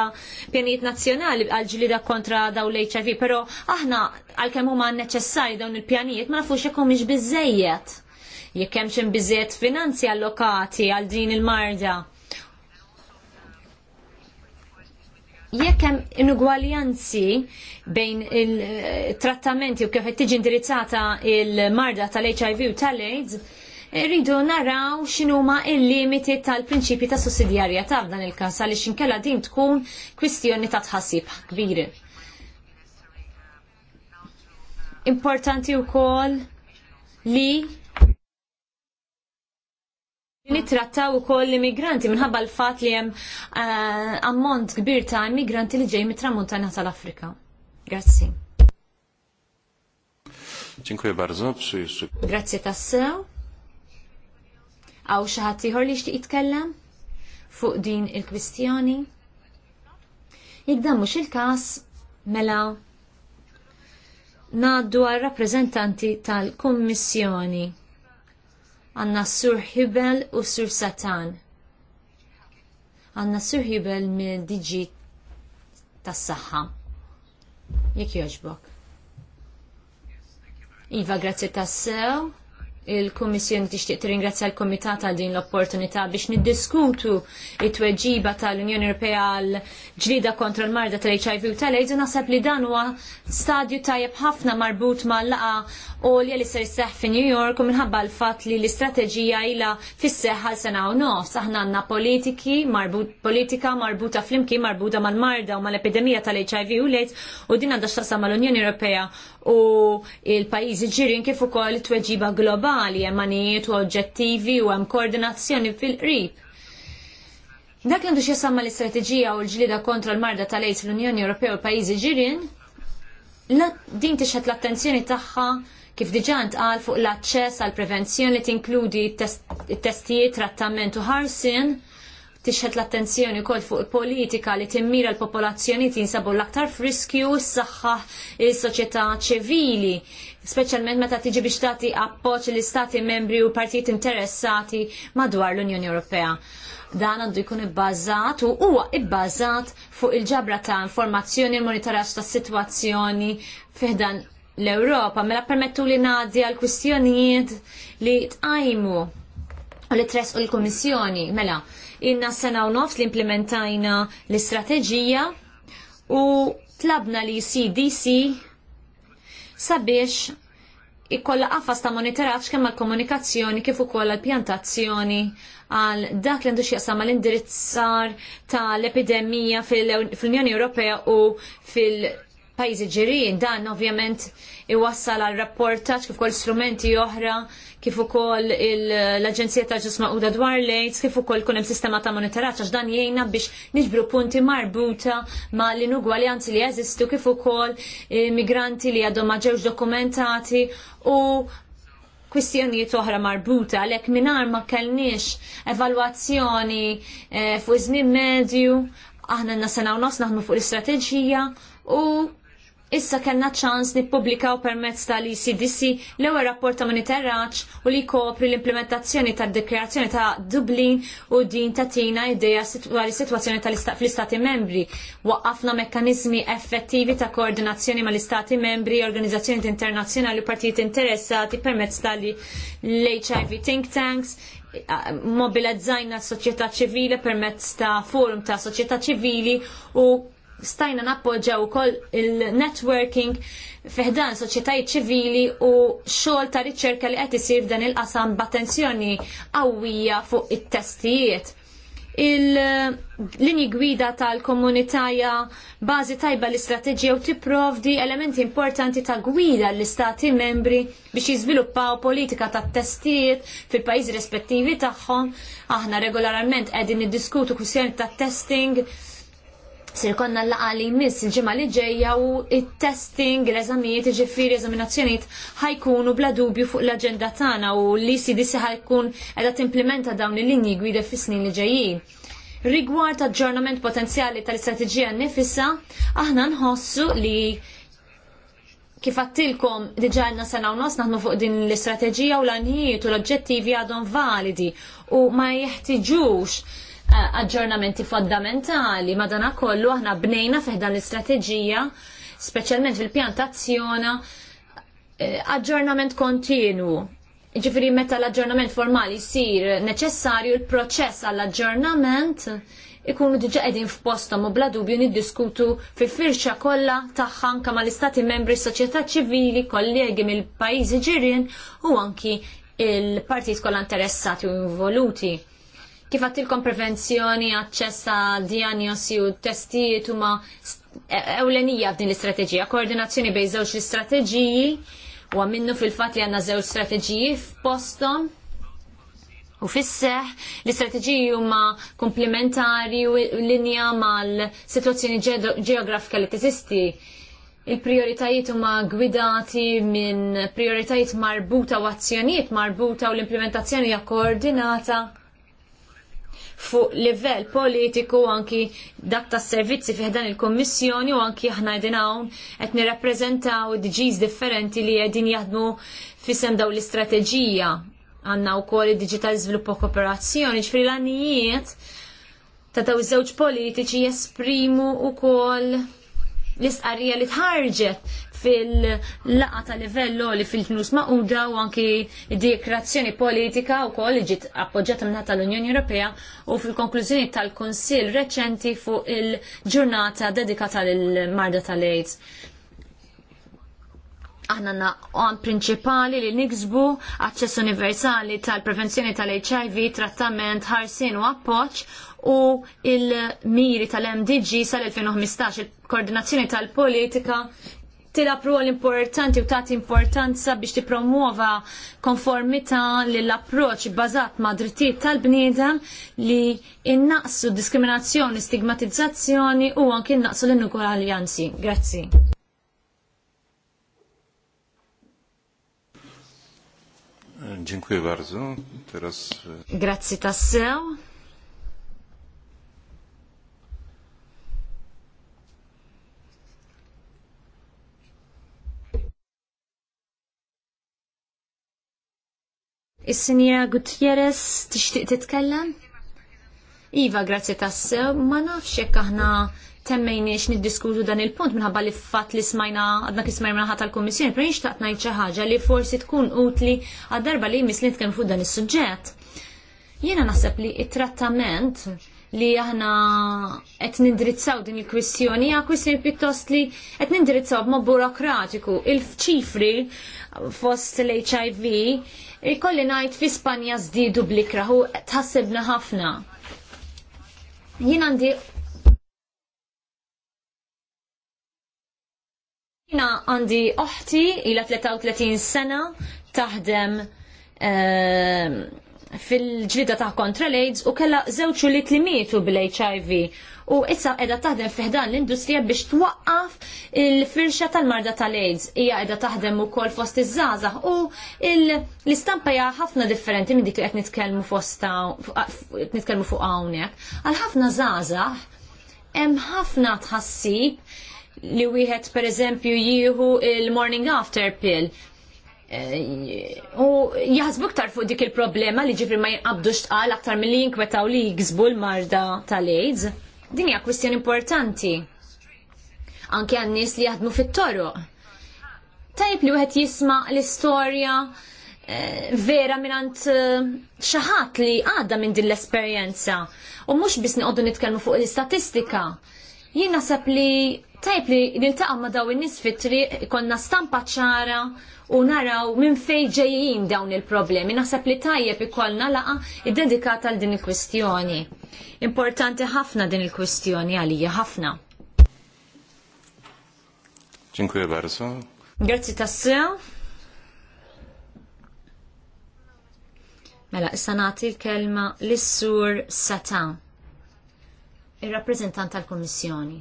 pjanijiet nazzjonali għal ġlida kontra daw l-HIV, però aħna għalkemm huma neċessari dawn il-pjanijiet ma nafux jekk mhix biżejjed jekk hemm xi biżejjed finanzi allokati għal din il-marda. jekk hemm inugwaljanzi bejn il-trattamenti u kif qed tiġi indirizzata il-marda tal-HIV u tal-AIDS, rridu naraw x'inhuma il-limiti tal-prinċipji ta' sussidjarjetà f'dan il-każ għaliex inkella din tkun kwistjoni ta' tħassib kbir. Importanti wkoll li Nitrattaw ukoll l-immigranti minħabba l-fatt li hemm eh, ammont kbir ta' immigranti li ġej mit-tramuntana tal-Afrika. Grazzi. Dziękuję bardzo. Grazie tassew. Għaw xaħat tiħor li xti jitkellem fuq din il-kwistjoni. Jikdammu dan mhux il-każ mela ngħaddu għal rappreżentanti tal-Kummissjoni għanna sur Hibel u sur Satan. Għanna sur Hibel mill diġi tas saħħa Jek joġbok. Iva, grazie tassew il-Kummissjoni tixtieq tirringrazzja l-Komitat għal din l-opportunità biex niddiskutu it-tweġiba tal-Unjoni Ewropea għal ġlida kontra l-marda tal-HIV u tal-AIDS u naħseb li dan huwa stadju tajjeb ħafna marbut ma' laqa għolja li ser isseħ fi New York u minħabba l-fatt li l-istrateġija ilha fis-seħħa sena u nofs. Aħna għandna politiki, marbut, politika marbuta flimkien marbuta mal-marda u mal-epidemija tal-HIV u l-AIDS u din għandha x'taqsam mal-Unjoni Ewropea u il-pajjiżi ġirin kif ukoll it-tweġiba globali hemm u oġġettivi u hemm koordinazzjoni fil-qrib. Dak li għandu xiesamma l-istrateġija u l-ġlida kontra l-marda tal ejs l unjoni Ewropea u l-pajjiżi ġirin, din tixħet l-attenzjoni tagħha kif diġant għal fuq l-aċċess għal prevenzjoni li tinkludi testijiet, trattament u ħarsin tixħed l-attenzjoni kol fuq politika li timmira l-popolazzjoni tinsabu l-aktar friskju s-saxħa il-soċieta ċivili, specialment meta tiġi biex tagħti appoġġ l-istati membri u partijiet interessati madwar l-Unjoni Ewropea. Dan għandu jkun ibbażat u huwa ibbażat fuq il-ġabra ta' informazzjoni il-monitoraġġ ta' situazzjoni fiħdan l-Ewropa. Mela permettu li ngħaddi għal kwistjonijiet li tqajmu u li tresqu l-Kummissjoni. Mela, inna sena u nofs li implementajna l-istrateġija u tlabna li CDC sabiex ikkolla qafas ta' monitoraġġ kemm għal komunikazzjoni kif ukoll għall-pjantazzjoni għal dak li għandu x'jaqsam għal indirizzar tal-epidemija fil-Unjoni Ewropea u fil- pajjiżi ġirien dan ovvjament iwassal għal rapportaġġ kif ukoll strumenti oħra kif ukoll l-Aġenzija ta' ġisma Uda dwar lejt, kif ukoll kun hemm sistema ta' monitoraġġ għax dan jgħinna biex niġbru punti marbuta ma' l-inugwaljanzi li jeżistu kif ukoll eh, migranti li għadhom ma ġewx dokumentati u kwistjonijiet oħra marbuta għalhekk mingħajr ma kellniex evalwazzjoni eh, fuq fuq żmien medju aħna nasena u nos naħdmu fuq l-istrateġija u Issa kellna ċans nippubblikaw permezz tal-ECDC l-ewwel rapport ta' monitoraġġ u li kopri l-implementazzjoni tad-Dikjarazzjoni ta' Dublin u din tat-tina ideja dwar is-sitwazzjoni fl-Istati membri. Waqafna mekkaniżmi effettivi ta' koordinazzjoni mal-Istati membri, organizzazzjoni internazzjonali u partijiet interessati permezz tal-HIV think tanks, eh, mobilizzajna s-soċjetà ċivili permezz ta' forum ta' soċjetà ċivili u stajna nappoġġaw ukoll il-networking fiħdan soċjetajiet ċivili u xogħol ta' riċerka li qed isir f'dan il-qasam b'attenzjoni qawwija fuq it-testijiet. Il-linji gwida tal-komunitaja bażi tajba l-istrateġija u tipprovdi elementi importanti ta' gwida l-istati membri biex jiżviluppaw politika ta' testijiet fil-pajjiżi rispettivi tagħhom. Aħna regolarment qegħdin niddiskutu kwistjoni ta' testing Ser konna laqa li jmiss il-ġimgħa li ġeja u it-testing, l-eżamijiet, ġifieri eżaminazzjonijiet ħajkunu bla dubju fuq l agenda tagħna u li CDC ħajkun qiegħda timplementa dawn il-linji gwida fis-snin li ġejjin. Rigward aġġornament potenzjali tal-istrateġija nifissa, aħna nħossu li kif għattilkom diġa għanna sena u nos naħnu fuq din l-istrateġija u l-għanijiet u l-oġġettivi għadhom validi u ma jeħtiġux aġġornamenti fondamentali madanakollu kollu aħna bnejna fiħdan l-istrateġija, speċjalment fil-pjantazzjona, eh, aġġornament kontinu. Ġifiri meta l-aġġornament formali sir neċessarju il-proċess għall-aġġornament ikunu diġa qegħdin f'postom u bla dubju niddiskutu fil-firxa kollha tagħha anke mal-istati membri soċjetà ċivili, kollegi mill-pajjiżi ġirien u anki il-partijiet kollha interessati u involuti. Kif għattilkom prevenzjoni, accessa, diagnosi u testijiet u ma ewlenija f'din l-istrateġija, koordinazzjoni bej żewġ l-istrateġiji u għamminnu fil-fat li għanna żewġ strateġiji f'postom u fisseħ l-istrateġiji huma komplementari u linja mal-situazzjoni ġeografika li teżisti. Il-prioritajiet huma gwidati minn prioritajiet marbuta u azzjonijiet marbuta u l-implementazzjoni hija koordinata fuq livell politiku anki dak tas servizzi fih dan il-Kommissjoni u anki aħna qegħdin hawn qed nirrappreżentaw DGs differenti li qegħdin jaħdmu fisem daw l-istrateġija għandna wkoll id-digital żvilupp kooperazzjoni ġifieri l-għanijiet ta' daw iż-żewġ politiċi jesprimu wkoll l-istqarrija li tħarġet fil-laqa ta' livello li fil-tnus ma' u anki dikrazzjoni politika u koll ġit appoġġata minna tal-Unjoni Ewropea u fil-konklużjoni tal-Konsil reċenti fuq il-ġurnata dedikata l-marda tal-AIDS aħna għan prinċipali li niksbu aċċess universali tal-prevenzjoni tal-HIV, trattament, ħarsin u appoċ u il-miri tal-MDG sal-2015, il-koordinazzjoni tal-politika tilab rol importanti u tagħti importanza biex tippromuova konformità lill-approċċ bbażat ma' drittijiet tal-bniedem li innaqsu diskriminazzjoni, stigmatizzazzjoni u anki innaqsu l-inugwaljanzi. Grazzi. Dziękuję bardzo. Teraz... E, Grazzi tassew. Is-Sinjera Gutierrez tixtieq titkellem? Iva, grazzi tassew, ma nafx jekk aħna temmejniex niddiskutu dan il-punt minħabba li fatt li smajna għadna kismajna minnaħat tal komissjoni pero nix taqt najt ħaġa li forsi tkun utli għad-darba li jmiss li nitkellmu fuq dan is-suġġett. Jiena naħseb li it-trattament li aħna qed nindrizzaw din il-kwissjoni hija kwissjoni pjuttost li qed nindirizzaw b'mod burokratiku. Il-ċifri fost l-HIV ikolli ngħid fi Spanja żdiedu blikra hu tħassibna ħafna. Jien għandi Jina għandi oħti ila 33 sena taħdem ehm, fil-ġlida ta' kontra l-AIDS u kella zewċu li tlimietu bil-HIV u issa edha taħdem fiħdan l-industrija biex twaqqaf il-firxa tal-marda tal-AIDS. Ija edha taħdem u kol fost iż żaza u l-istampa hija ħafna differenti minn dik li qed nitkellmu fosta nitkellmu fuq hawnhekk. Għal ħafna żaza hemm ħafna tħassib li wieħed pereżempju jieħu il-morning after pill Eh, u jaħsbu tar fuq dik il-problema li ġifri ma jinqabdux tqal aktar mill-li jinkwetaw li jgżbu l-marda tal-AIDS. Din hija kwistjoni importanti. Anke għan nies li jaħdmu fit-toroq. Tajb li wieħed jisma' l-istorja eh, vera minant eh, xaħat li għadda minn din l-esperjenza. U mhux biss niqogħdu nitkellmu fuq l-istatistika. Jien naħseb li tajb li niltaqa' ma' daw in-nies fit-triq konna stampa ċara u naraw minn fej ġejjin dawn il-problemi. Naħseb li tajjeb ikollna laqa iddedikata għal din il-kwistjoni. Importanti ħafna din il-kwistjoni għalija ħafna. Dziękuję bardzo. Grazzi tassew. Mela, issa nagħti l-kelma lis-sur Satan, ir-rappreżentant tal-Kummissjoni.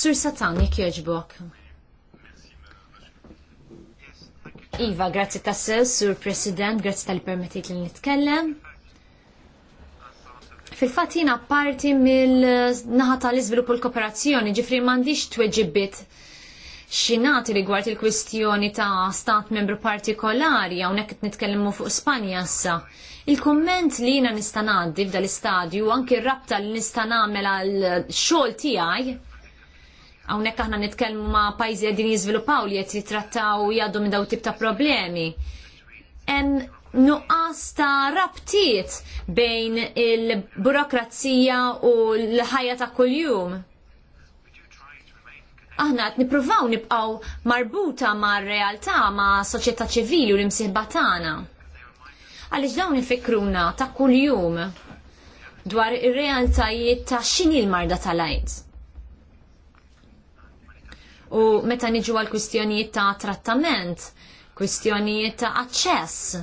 Sur Satan, jekk jogħġbok. Iva, grazzi tassew, Sur President, grazzi tal-permettit li nitkellem. Fil-fat jina parti mill-naħa tal-izvilupp l-kooperazzjoni, ġifri mandiċ tweġibit xinati rigward il-kwistjoni ta' stat membru partikolari, għawnek nitkellimu fuq Spanja issa. Il-komment li jina nistanaddi f'dal-istadju, anki r-rabta li nistanamela l xol tijaj, Hawnhekk aħna nitkellmu ma' pajzi għedin jiżviluppaw li qed jitrattaw jaddu minn daw tip ta' problemi. Hemm nuqqas ta' rabtiet bejn il-burokrazija u l-ħajja ta' kuljum aħna qed nippruvaw nibqgħu marbuta mar-realtà ma' soċjetà ċivili u l-imsieħba tagħna. Għaliex dawn ifikruna ta' kuljum dwar ir-realtajiet ta' x'inhi l-marda tal-AIDS u meta niġu għal kwistjonijiet ta' trattament, kwistjonijiet ta' aċċess,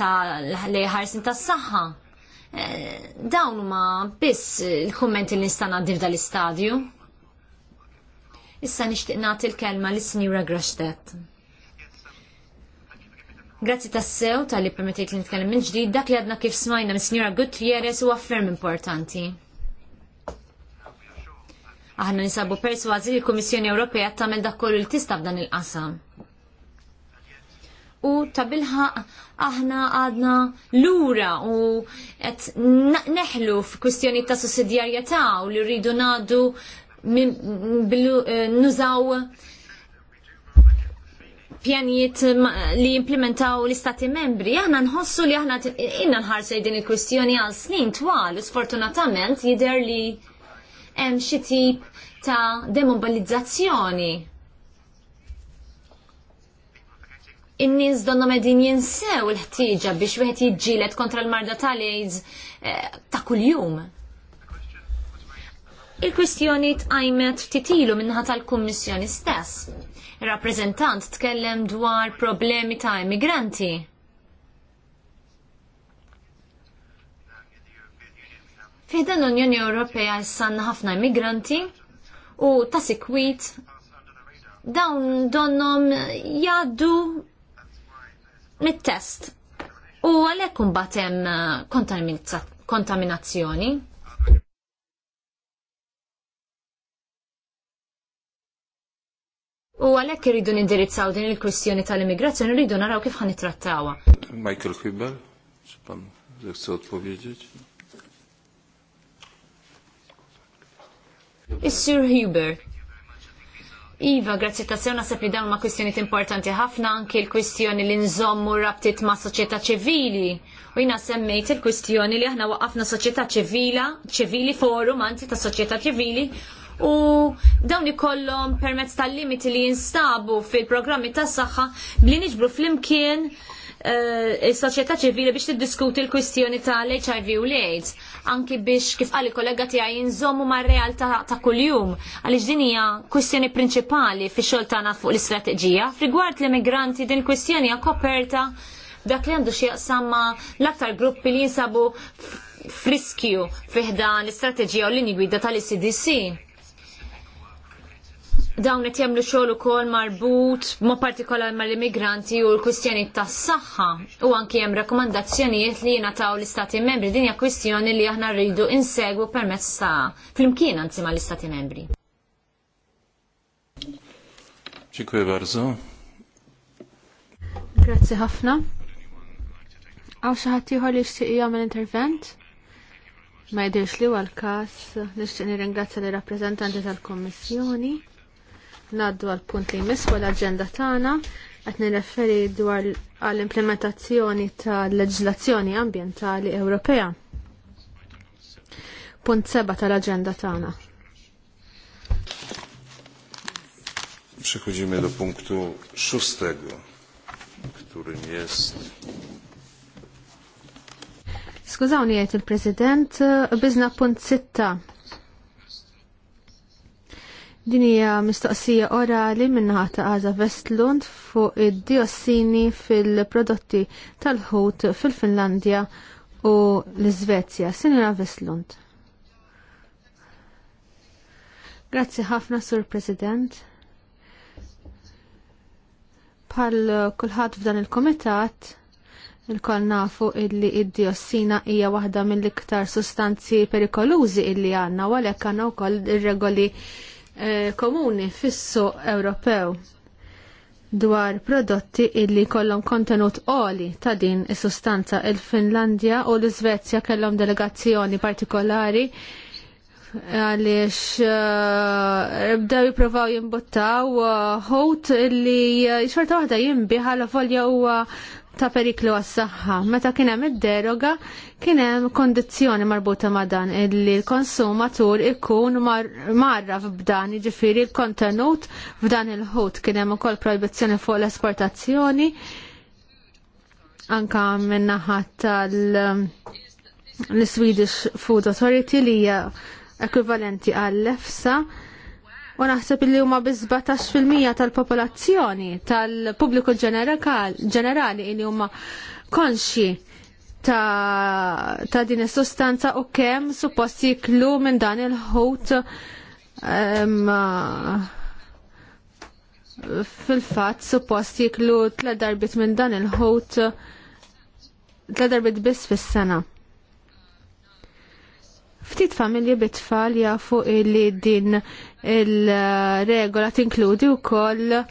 ta' li ħarsin ta' saħħa. Eh, dawn huma biss il-kummenti li nista' ngħaddi f'dal-istadju. Issa nixtieq nagħti l-kelma lis-Sinjura Grashtet. Grazzi sew tal-li permettejt li nitkellem minn ġdid dak li għadna kif smajna mis-Sinjura Gutierrez huwa ferm importanti. Aħna nisabu perswazi li l-Komissjoni Ewropea tagħmel dak kollu li tista' f'dan il-qasam. U ta' bilħaq aħna għadna lura u qed neħlu f'kwistjoni ta' sussidjarjetà u li rridu ngħaddu eh, nużaw pjanijiet li implementaw l-istati membri, aħna nħossu li aħna inna nħarsu din il-kwistjoni għal snin twal, u sfortunatament jider li hemm xi tip ta' demobilizzazzjoni. In-nies donna medin jinsew l ħtieġa biex wieħed jiġġieled kontra l-marda tal-AIDS eh, ta' kuljum. Il-kwistjoni tqajmet ftitilu minnaħa tal-Kummissjoni stess. Ir-rappreżentant tkellem dwar problemi ta' immigranti. dan l-Unjoni Ewropea jessanna ħafna immigranti u ta' sikwit dawn donnom jaddu mit-test. U għalhekk imbagħad hemm uh, kontaminazzjoni. U għalhekk irridu nindirizzaw din il-kwistjoni tal-immigrazzjoni rridu naraw kif ħanitrattawha. Michael Hibber, x'pan, zechce odpowiedzieć? Is-Sur Huber. Iva, grazzi ta' sewna sepp li dawn ma' kwistjoniet importanti ħafna anki l-kwistjoni li nżommu rabtit ma' soċjetà ċivili. U jina semmejt il-kwistjoni li aħna waqafna soċjetà ċivila, ċivili forum anzi ta' soċjetà ċivili u dawn ikollhom permezz tal-limiti li jinstabu fil-programmi tas-saħħa bli niġbru fl-imkien eh, il soċjetà ċivili biex tiddiskuti l-kwistjoni tal-HIV u l-AIDS anki biex kif għalli kollega tiegħi jinżommu mar realtà ta' kuljum għaliex din hija kwistjoni prinċipali fix-xogħol tagħna fuq l-istrateġija. Rigward l-immigranti din kwistjoni hija koperta dak li għandu xieqsam ma l-aktar gruppi li jinsabu friskju fiħdan l-istrateġija u l-linji gwida tal-ICDC dawn qed jagħmlu xogħol ukoll marbut ma' partikolar mal-immigranti u l-kwistjoni tas-saħħa u anki hemm rakkomandazzjonijiet li jingħataw l-Istati Membri din hija kwistjoni li aħna rridu insegwu permezz ta' flimkien anzi mal-Istati Membri. Dziękuję bardzo. Grazzi ħafna. Għaw xi ħadd ieħor li jixtieq jagħmel intervent? Ma jidhirx li huwa l-każ, nixtieq nirringrazzja lir rappreżentanti tal-Kommissjoni. Naddu għal punt li jmiss fuq l-aġenda tagħna qed nirreferi dwar għall-implementazzjoni tal-leġislazzjoni ambjentali Ewropea. Punt seba' tal-aġenda tagħna. Przechodzimy do punktu szóstego, którym jest Skużawni jgħid il-President, bizna punt sitta Din hija mistoqsija orali minnaħa ta' Għaza Vestlund fuq id-diossini fil-prodotti tal-ħut fil-Finlandja u l-Svezja. Sinjora Vestlund. Grazzi ħafna, Sur President. Pal kulħadd f'dan il-komitat, il-kol nafu illi id-diossina hija waħda mill-iktar sustanzi perikolużi illi għanna, għalhekk għandna wkoll ir-regoli Eh, komuni fis-suq Ewropew dwar prodotti illi kollhom kontenut oli ta' din is-sustanza il-Finlandja u l-Iżvezja kellhom delegazzjoni partikolari għaliex eh, bdew jippruvaw jimbuttaw eh, ħut illi xorta waħda jimbi ħala folja huwa ta' periklu għas-saħħa. Meta kien hemm id-deroga kien hemm kondizzjoni marbuta ma' dan illi l-konsumatur ikun marra marraf b'dan jiġifieri l-kontenut f'dan il-ħut kien hemm ukoll proibizzjoni fuq l-esportazzjoni anka minnaħa tal-Swedish um, Food Authority li hija ekwivalenti għall-EFSA u naħseb li huma bi 17% tal-popolazzjoni tal-pubbliku ġenerali li huma konxi ta', ta din is-sustanza u kemm suppost jiklu minn dan il-ħut fil-fatt suppost jiklu tla darbit minn dan il-ħut tla darbit biss fis-sena. Ftit familji bit-tfal jafu li din il-regola tinkludi u koll.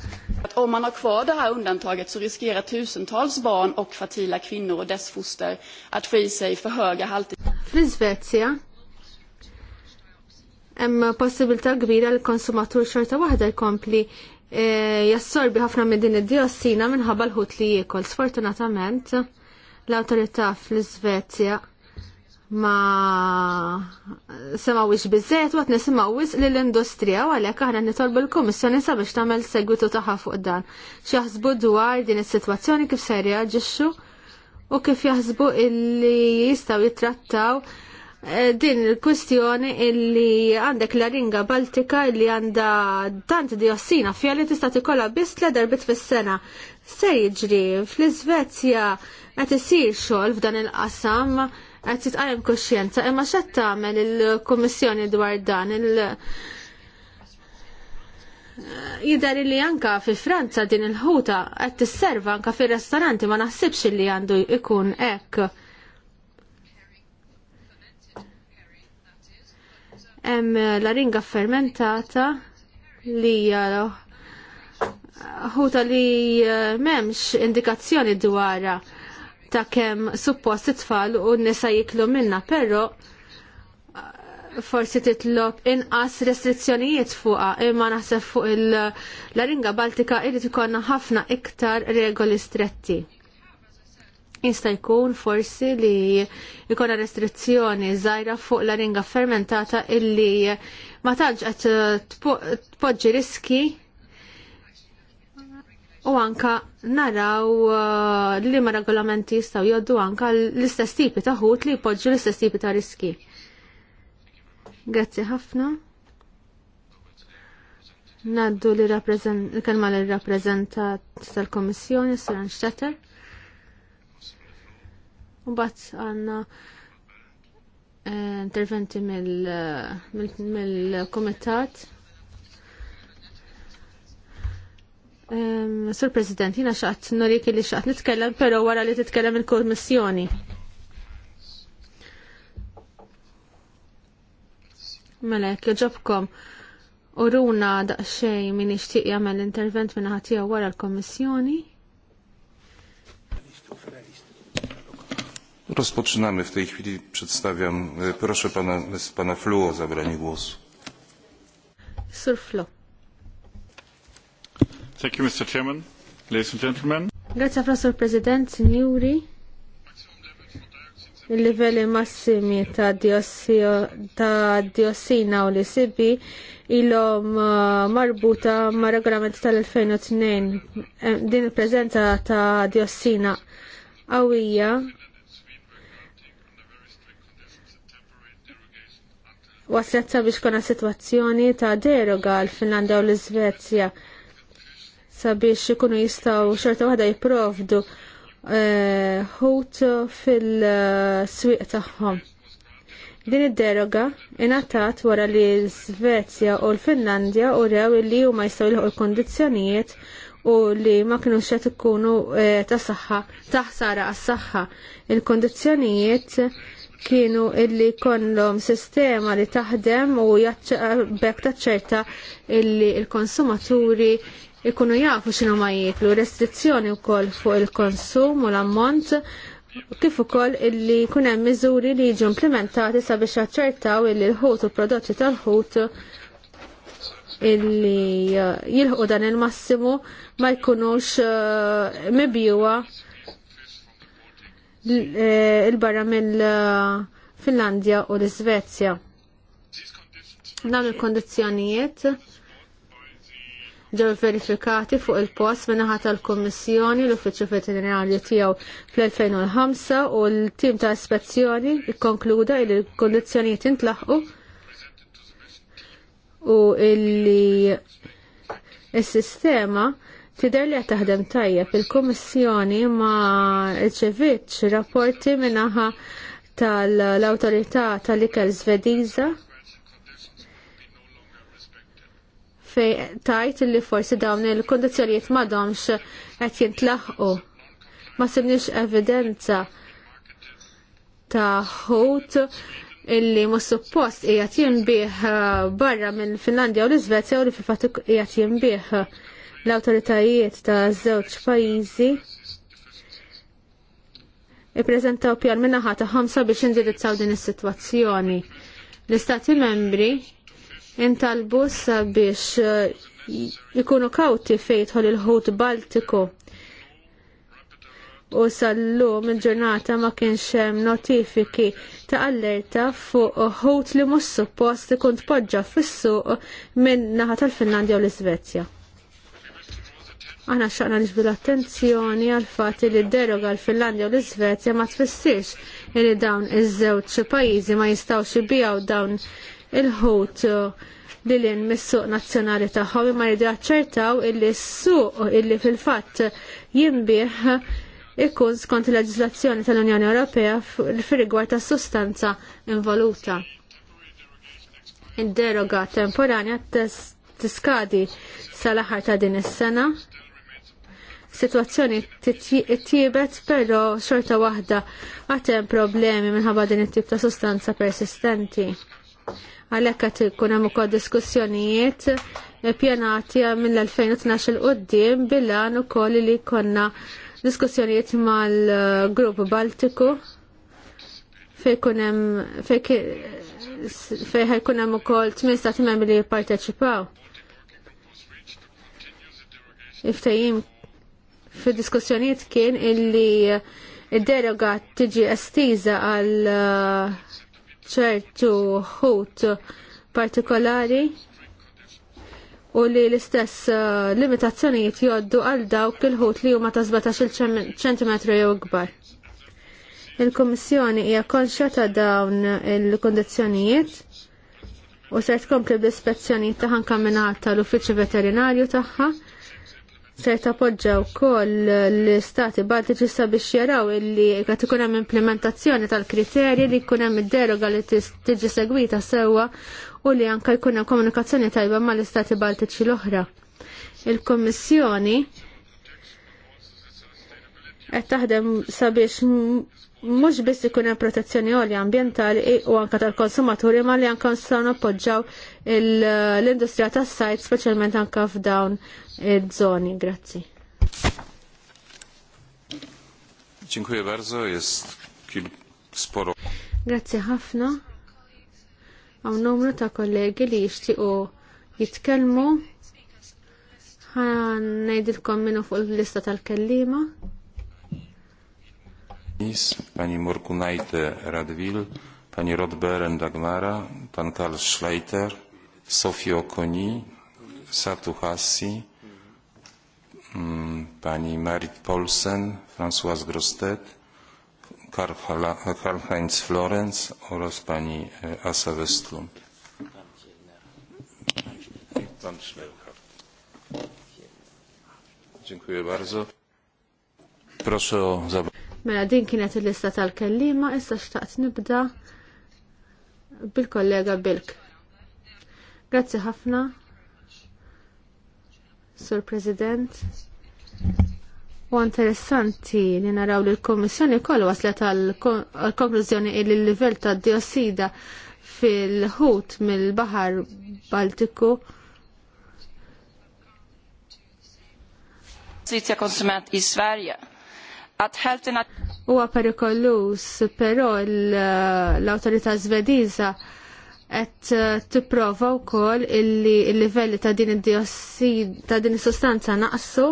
Om man har kvar det här undantaget så riskerar tusentals barn och fertila kvinnor och dess foster att få i sig för höga halter. Fl-Svezja hemm possibilità kbira l konsumatur xorta waħda jkompli eh, jassorbi ħafna minn din id-diossina minħabba l-ħut li jiekol. Sfortunatament l-awtorità fl-Svezja ma wix bizzet, nisema wix li l-industrija, u għalek aħna nitolbu l-Komissjoni sabiex tamel segwitu taħħa fuq dan. Xaħsbu dwar din is-sitwazzjoni kif se reaġixxu u kif jaħsbu illi jistaw jitrattaw eh, din il-kwistjoni illi għandek l-ringa Baltika illi għanda tant diossina fija li tista' tikolla biss l'a darbit fis-sena. Se jiġri fl-Iżvezja qed isir xogħol f'dan il-qasam qed titqajjem kosċienza, imma x'qed tagħmel il-Kummissjoni dwar dan il- Jidher li anka fi Franza din il-ħuta qed tisserva anka fir-ristoranti ma naħsibx li għandu ikun hekk. Hemm l-aringa fermentata li hija ħuta li eh, m'hemmx indikazzjoni dwarha ta' kemm suppost it-tfal u n-nisa jiklu minna, però uh, forsi titlob inqas restrizzjonijiet fuqha imma naħseb fuq il-Laringa Baltika irid ikollna ħafna iktar regoli stretti. Jista' jkun forsi li jkollna restrizzjoni żgħira fuq laringa fermentata illi ma tantx qed tpoġġi riski u anka naraw uh, li ma regolamenti jistaw joddu anka l-istess tipi ta' ħut li jpoġġu l-istess tipi ta' riski. Grazzi ħafna. Naddu li kelma li rappresentat tal-Komissjoni, Siran Stetter. U bat għanna eh, interventi eh, mill-Komitat. Mil, mil Sur President, jina xaqt norik li xaqt nitkellem, pero wara li titkellem il-Kommissjoni. Melek, ġobkom. Uruna daqxej min ixtiq jagħmel intervent minn ħati wara l-Kommissjoni. Rozpoczynamy. W tej chwili przedstawiam, e, proszę pana, pana Flu o zabranie głosu. Sur Flu. Thank you, Mr. Chairman. Ladies and gentlemen. Grazie, Professor President, signori. Il-livelli massimi ta' diossio, ta' diossina u li sibi ilhom uh, marbuta ma' regolament tal-2002 eh, din il-preżenza ta' diossina qawwija waslet sabiex kona situazzjoni ta' deroga l-Finlanda u l-Svezja sabiex ikunu jistaw xorta waħda jipprovdu eh, ħutu fil-swiq tagħhom. Din id-deroga ingħatat wara li l-Svezja u l-Finlandja u rew li huma jistgħu jilħu l-kondizzjonijiet u li ma kinux qed ikunu eh, ta' saħħa ħsara għas-saħħa. il kundizzjonijiet kienu illi jkollhom sistema li taħdem u bekk taċċerta illi il-konsumaturi il il konsumaturi ikunu jafu xinu ma jieklu, restrizzjoni wkoll fuq il-konsum u l-ammont kif ukoll illi jkun hemm miżuri li jiġu implementati sabiex ċertaw illi l-ħut u l-prodotti tal-ħut illi uh, jilħu dan il-massimu ma jkunux uh, mibjuwa eh, il-barra mill-Finlandja uh, u l-Svezja. Dawn il-kondizjonijiet ġew verifikati fuq il-post minnaħa tal-Kommissjoni l-Uffiċċju Veterinarju tiegħu fl-2005 u l-tim ta' ispezzjoni konkluda li l-kondizzjonijiet intlaħqu u illi s sistema tidher li qed taħdem tajjeb il-Kummissjoni ma rċevitx rapporti minnaħa tal-Awtorità tal-Ikel Svediża fej tajt li forsi dawn il-kondizjonijiet domx qed jintlaħqu. Ma sibniex evidenza ta' ħut illi mhux suppost qiegħed jinbih uh, barra minn Finlandja u l-Iżvezja u li fil-fatt qiegħed jinbih l-awtoritajiet ta' żewġ pajjiżi ippreżentaw pjar minnaħa ta' ħamsa biex indirizzaw din is-sitwazzjoni. L-Istati membri intalbu sabiex eh, ikunu kawti fejtħol il-ħut Baltiku. U sal-lum il-ġurnata ma kienx hemm notifiki ta' allerta fuq ħut li mhux suppost ikun tpoġġa fis-suq minn naħa tal-Finlandja u l-Iżvezja. Aħna xaqna nġbu l-attenzjoni għal fat li d-deroga l-Finlandja u l-Iżvezja ma tfissirx li dawn iż-żewġ pajjiżi ma jistgħux ibijaw dawn il-ħut li l-in mis-suq nazzjonali tagħhom imma jidraċċertaw illi s-suq illi fil-fatt jimbih ikun skont il leġislazzjoni tal-Unjoni Ewropea fil rigward tas-sustanza involuta. Id-deroga temporanja tiskadi sal-aħħar ta' din is-sena. Situazzjoni tibet però xorta waħda għatem problemi minħabba din it-tip ta' sustanza persistenti. Għalhekk qed ikun hemm ukoll diskussjonijiet pjanati mill-2012 il qudiem bilan ukoll li konna diskussjonijiet mal-Grupp Baltiku fej kunem fej hemm ukoll tmien stati membri li jipparteċipaw. Iftajim fid diskussjonijiet kien illi id-deroga tiġi estiża għal ċertu ħut partikolari u li l-istess uh, limitazzjonijiet joddu għal dawk il-ħut li huma ta' 17 cm jew ikbar. Il-Kummissjoni hija konxja ta' dawn il-kondizzjonijiet u ser tkompli bl-ispezzjonijiet tagħha nkamminata tal-Uffiċċju Veterinarju tagħha se tappoġġa wkoll l-istati baltiċi sabiex jaraw illi qed ikun hemm implementazzjoni tal-kriterji li jkun hemm id-deroga li tiġi segwita sewwa u li anke jkun hemm komunikazzjoni tajba mal-istati baltiċi l-oħra. Il-Kommissjoni qed taħdem sabiex mhux biss ikun hemm protezzjoni għolja ambjentali u anke tal-konsumaturi ma li anke nistgħu nappoġġaw l-industrija tas-sajt speċjalment anke f'dawn iż-żoni. Grazzi. Dziękuję bardzo. Jest sporo. Grazzi ħafna. Għaw numru ta' kollegi li jixtiequ jitkellmu. Għan ngħidilkom minnu fuq il-lista tal-kellima. Nis, pani Murkunajte Radwil, pani Rodberen Dagmara, pan Karl Schleiter, Sofio Koni, Satu Hassi, mm, pani Marit Polsen, François Grostet, Karl-Heinz Florenz oraz pani e, Asa Westlund. Pan Dziękuję bardzo. Proszę o zabranie. Mela din kienet il-lista tal-kellima, issa xtaqt nibda bil-kollega Bilk. Grazzi ħafna, Sur President. U interessanti li naraw li l-Komissjoni kollha waslet għal-konklużjoni li l-livell ta' diossida fil-ħut mill bahar Baltiku Svizja konsumat i Sverige. Huwa perikolus, però eh, l-awtorità Svediża qed eh, tipprova wkoll illi l-livelli ta' din id-diossid ta' din is-sostanza naqsu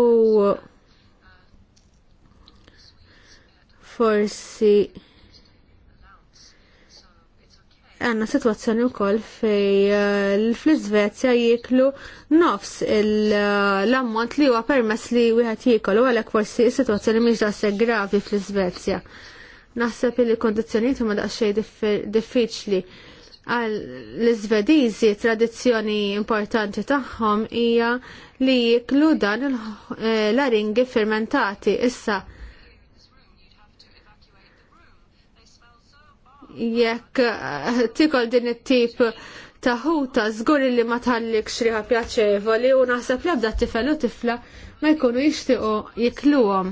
u forsi għanna situazzjoni u koll fej eh, fl-Svezja jiklu nofs l-ammont li huwa permess li wieħed jikol u għalhekk forsi situazzjoni mhix daqshekk gravi fl-Svezja. Naħseb li kondizzjonijiet huma daqsxejn diffiċli. Għal l-Svediżi tradizzjoni importanti tagħhom hija li jiklu dan eh, l-aringi fermentati issa jekk eh, tikol din it-tip taħuta żgur li ma tħallik xriħa pjaċevoli u naħseb li ebda tifel u tifla ma jkunu jixtiequ jikluhom.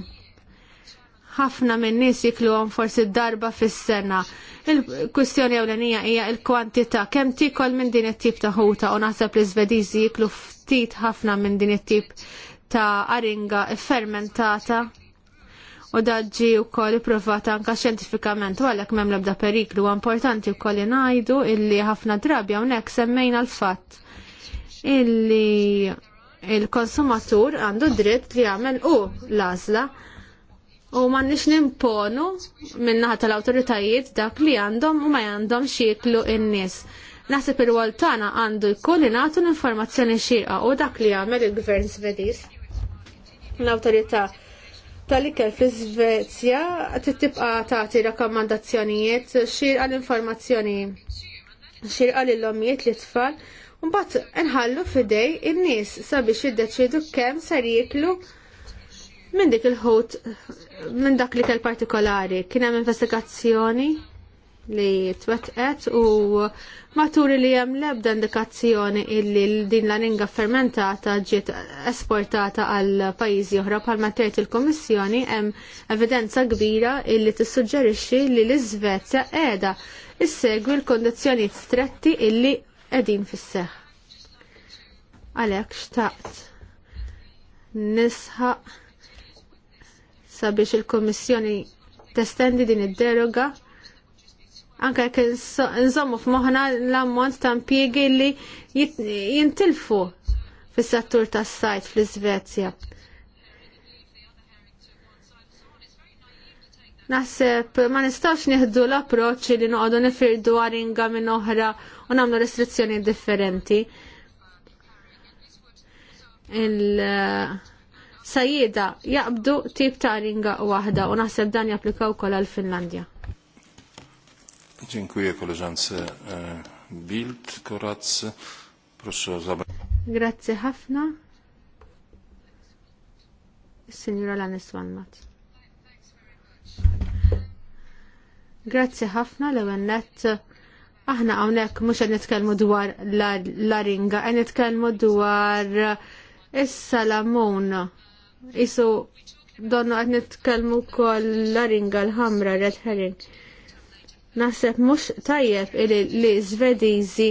Ħafna minn nies jikluhom forsi darba fis-sena. Il-kwistjoni ewlenija hija l-kwantità kemm tikol minn din it-tip ta' u naħseb li żvediżi jiklu ftit ħafna minn din it-tip ta' aringa fermentata u daġġi u koll provata anka xjentifikament u għalek mem bda periklu u importanti u koll najdu illi ħafna drabi għonek semmejna l-fat illi il-konsumatur għandu dritt li għamel u lazla u man nix nimponu minnaħat tal-autoritajiet dak li għandhom u ma għandhom xieklu in-nies. Naħseb il-wol tagħna għandu jkun nagħtu l-informazzjoni xirqa u dak li jagħmel il-Gvern Svedis L-awtorità tal-ikel fl-Svezja tibqa tagħti rakkomandazzjonijiet x'ir għal informazzjoni xirqa għal ommijiet li tfal u mbagħad nħallu fidej in-nies sabiex jiddeċidu kemm ser jieklu minn dik il-ħut minn dak l-ikel partikolari. Kien hemm investigazzjoni li twetqet u matul li hemm l-ebda indikazzjoni illi din l-aringa fermentata ġiet esportata għal pajjiżi oħra bħalma tgħid il-Kummissjoni hemm evidenza kbira illi tissuġġerixxi li l-Iżvezja qiegħda issegwi l-kondizzjonijiet stretti illi qegħdin fis-seħħ. Għalhekk xtaqt nisħaq sabiex il-Kummissjoni testendi din id-deroga anke jekk nżommu f'moħħna l-ammont ta' impjiegi li jintilfu fis-settur tas-sajt fl-Iżvezja. Naħseb ma nistax nieħdu l-approċċ li noqogħdu nifirdu għaringa minn oħra u nagħmlu restrizzjoni differenti. Il-sajjida jaqbdu tip ta' għaringa waħda u naħseb dan japplikaw wkoll għal Finlandja. Dziękuję koleżance e, Bild Koratz. Proszę o zabranie. Grazie Hafna. Signora Lanes Wanmat. Grazie Hafna, l għennet aħna għawnek mux għed nitkelmu dwar l-laringa, għed nitkelmu dwar eh, il-salamona. Isu donnu għed nitkelmu kol laringa l-ħamra, red herring. Naħseb mhux tajjeb li Zvediżi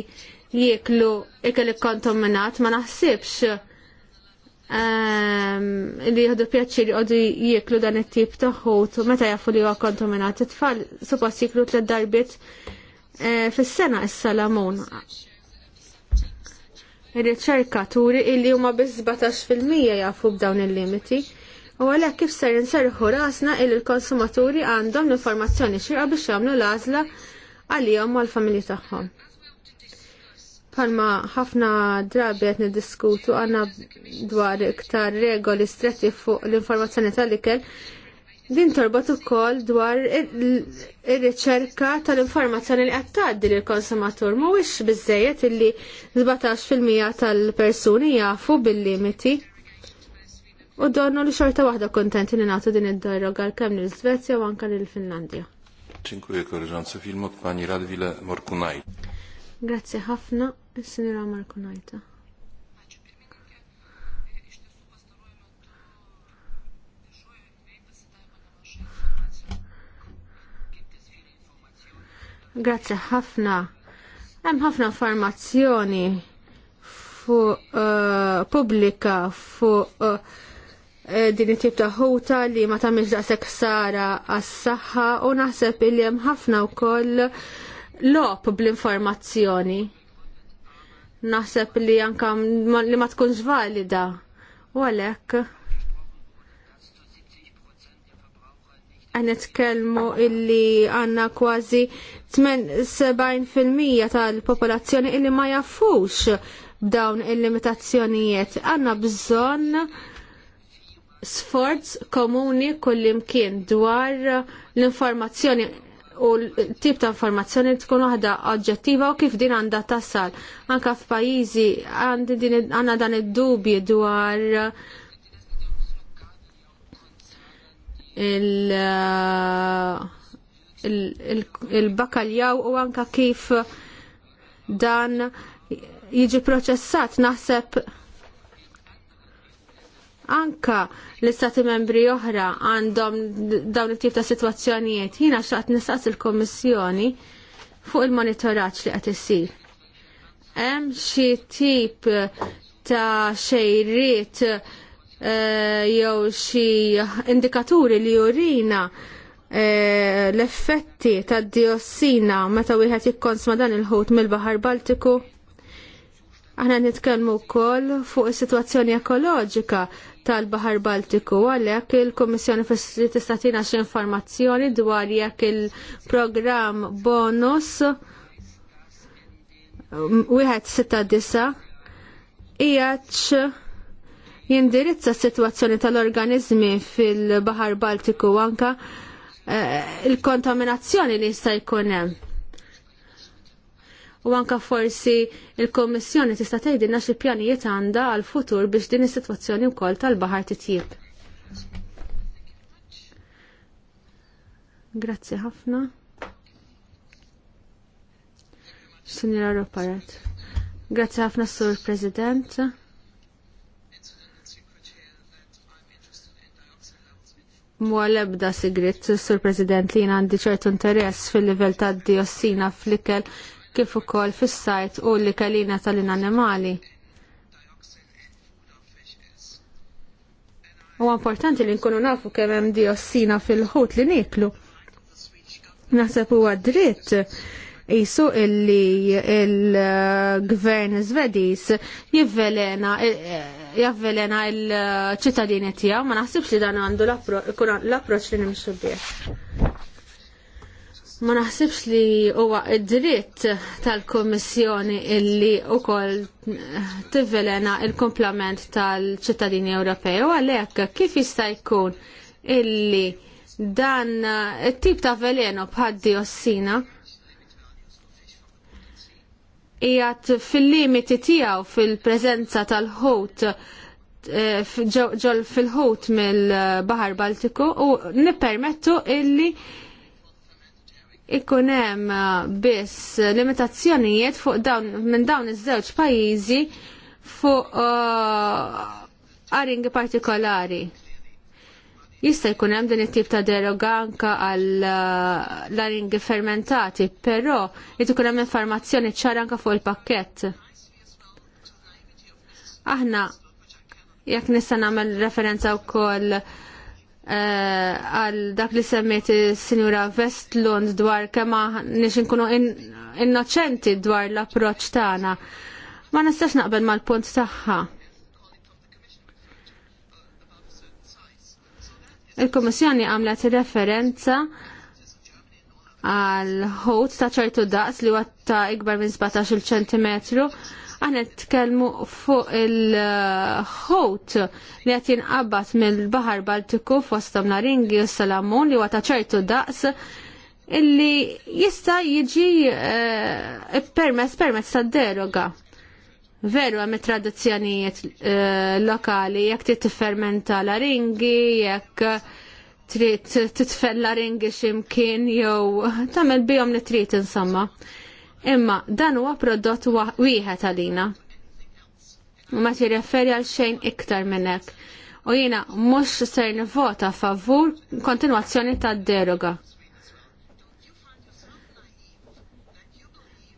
jieklu ikel kontaminat ma naħsibx ehm, li jieħdu pjaċir għodu jieklu dan it-tip taħħut u meta jafu li huwa kontaminat. It-tfal suppost jieklu tliet darbiet e, fis-sena is-salamun ir riċerkaturi illi huma biss 17% jafu b'dawn il-limiti. U għalhekk kif ser inserħu rasna il l-konsumaturi għandhom l-informazzjoni xirqa biex jagħmlu l-għażla għalihom mal familji tagħhom. Palma ħafna drabi qed niddiskutu għandna dwar iktar regoli stretti fuq l-informazzjoni tal-ikel din torbot ukoll dwar ir-riċerka tal-informazzjoni li qed tgħaddi lill konsumatur mhuwiex biżejjed illi 17% tal-persuni jafu bil-limiti U donnu li xorta waħda kontenti li nagħtu din id għal kemm lill-Svezja u anke lill-Finlandja. Dziękuję koleżance filmok pani Radwile Morkunaj. Grazie ħafna, signora Morkunajta. Grazie ħafna. Hemm ħafna informazzjoni fuq uh, eh, pubblika fuq uh, eh, Eh, din it-tip ta' ħuta li ma tagħmilx daqshekk sara għas-saħħa u naħseb illi hemm ħafna wkoll lop bl-informazzjoni. Naħseb li anke li ma tkunx valida u għalhekk għanetkellmu illi għanna kważi 78% tal-popolazzjoni illi ma jaffux b'dawn il-limitazzjonijiet. Għanna bżonn sforz komuni kullimkien dwar l-informazzjoni u l-tip ta' informazzjoni tkun waħda oġġettiva u kif din għandha tasal. Anka f'pajjiżi għanna dan id-dubji dwar il-bakaljaw u anka kif dan jiġi proċessat naħseb anka l-istati membri oħra għandhom dawn it-tip ta' situazzjonijiet. Jina xaqt nistaqs il-Kommissjoni fuq il-monitoraġġ li qed isir. Hemm xi tip ta' xejriet eh, jew xi indikaturi li jurina eh, l-effetti tad diossina meta wieħed jikkonsma dan il-ħut mill-Baħar Baltiku? Aħna nitkellmu wkoll fuq is-sitwazzjoni ekoloġika tal-Baħar Baltiku għalhekk il-Kummissjoni fis-Sri tista' tina xi informazzjoni dwar jekk il-programm bonus um, wieħed sitta disa qiegħed jindirizza s-sitwazzjoni tal-organizmi fil-Baħar Baltiku anke eh, il-kontaminazzjoni li jista' jkun hemm u anka forsi il-Kommissjoni tista' tgħidilna xi pjanijiet għandha għal futur biex din is-sitwazzjoni wkoll tal-baħar titjib. Grazzi ħafna. Sinjora Roparet. Grazzi ħafna Sur President. Mwa lebda sigrit, Sur President, li għandi ċertu interess fil-livell ta' diossina fl-ikel kif ukoll fis-sajt u l-likalina tal-inanimali. U importanti li nkunu nafu kemm hemm diossina fil-ħut li niklu. Naħseb huwa dritt jisu illi il-gvern Svediż jivvelena javvelena il-ċittadini tiegħu ma naħsibx li dan għandu l-approċċ li nimxu bih. Ma naħsibx li huwa id-dritt tal-Kommissjoni illi wkoll tivvelena il-komplament tal-ċittadini Ewropej u għalhekk kif jista' jkun illi dan it-tip ta' veleno bħaddi ossina ijat fil-limiti tijaw fil-prezenza tal-ħut eh, ġol fil-ħut mill-Bahar Baltiku u nipermettu illi ikun hemm eh, biss limitazzjonijiet fuq dawn minn dawn iż-żewġ pajjiżi fuq għaringi eh, partikolari. Jista' jkun hemm din it-tip ta' deroga anke għal eh, l-aringi fermentati, però jrid ikun hemm informazzjoni ċara anke fuq il-pakkett. Aħna jekk nista' nagħmel referenza wkoll Eh, għal dak li semmiet il-Sinjura Vestlund dwar kemm nix nkunu innoċenti dwar l-approċ tagħna. Ma nistax naqbel mal-punt tagħha. Il-Kommissjoni għamlet referenza għal ħut ta' ċertu daqs li huwa ta' ikbar minn 17 ċentimetru t-kelmu fuq il-ħut li qed jinqabbat mill-Baħar Baltiku fostom naringi u Salamun li huwa ta' ċertu daqs illi jista' jiġi eh, permess permess tad-deroga veru għam tradizzjonijiet eh, lokali, jekk trid tiffermenta l-aringi, jekk trid titfel ringi aringi ximkien, jew tagħmel bijom li trid insomma. Imma dan huwa prodott wieħed għalina. U ma tirreferi għal xejn iktar minn hekk. U jiena mhux ser nivvota favur kontinwazzjoni tad-deroga.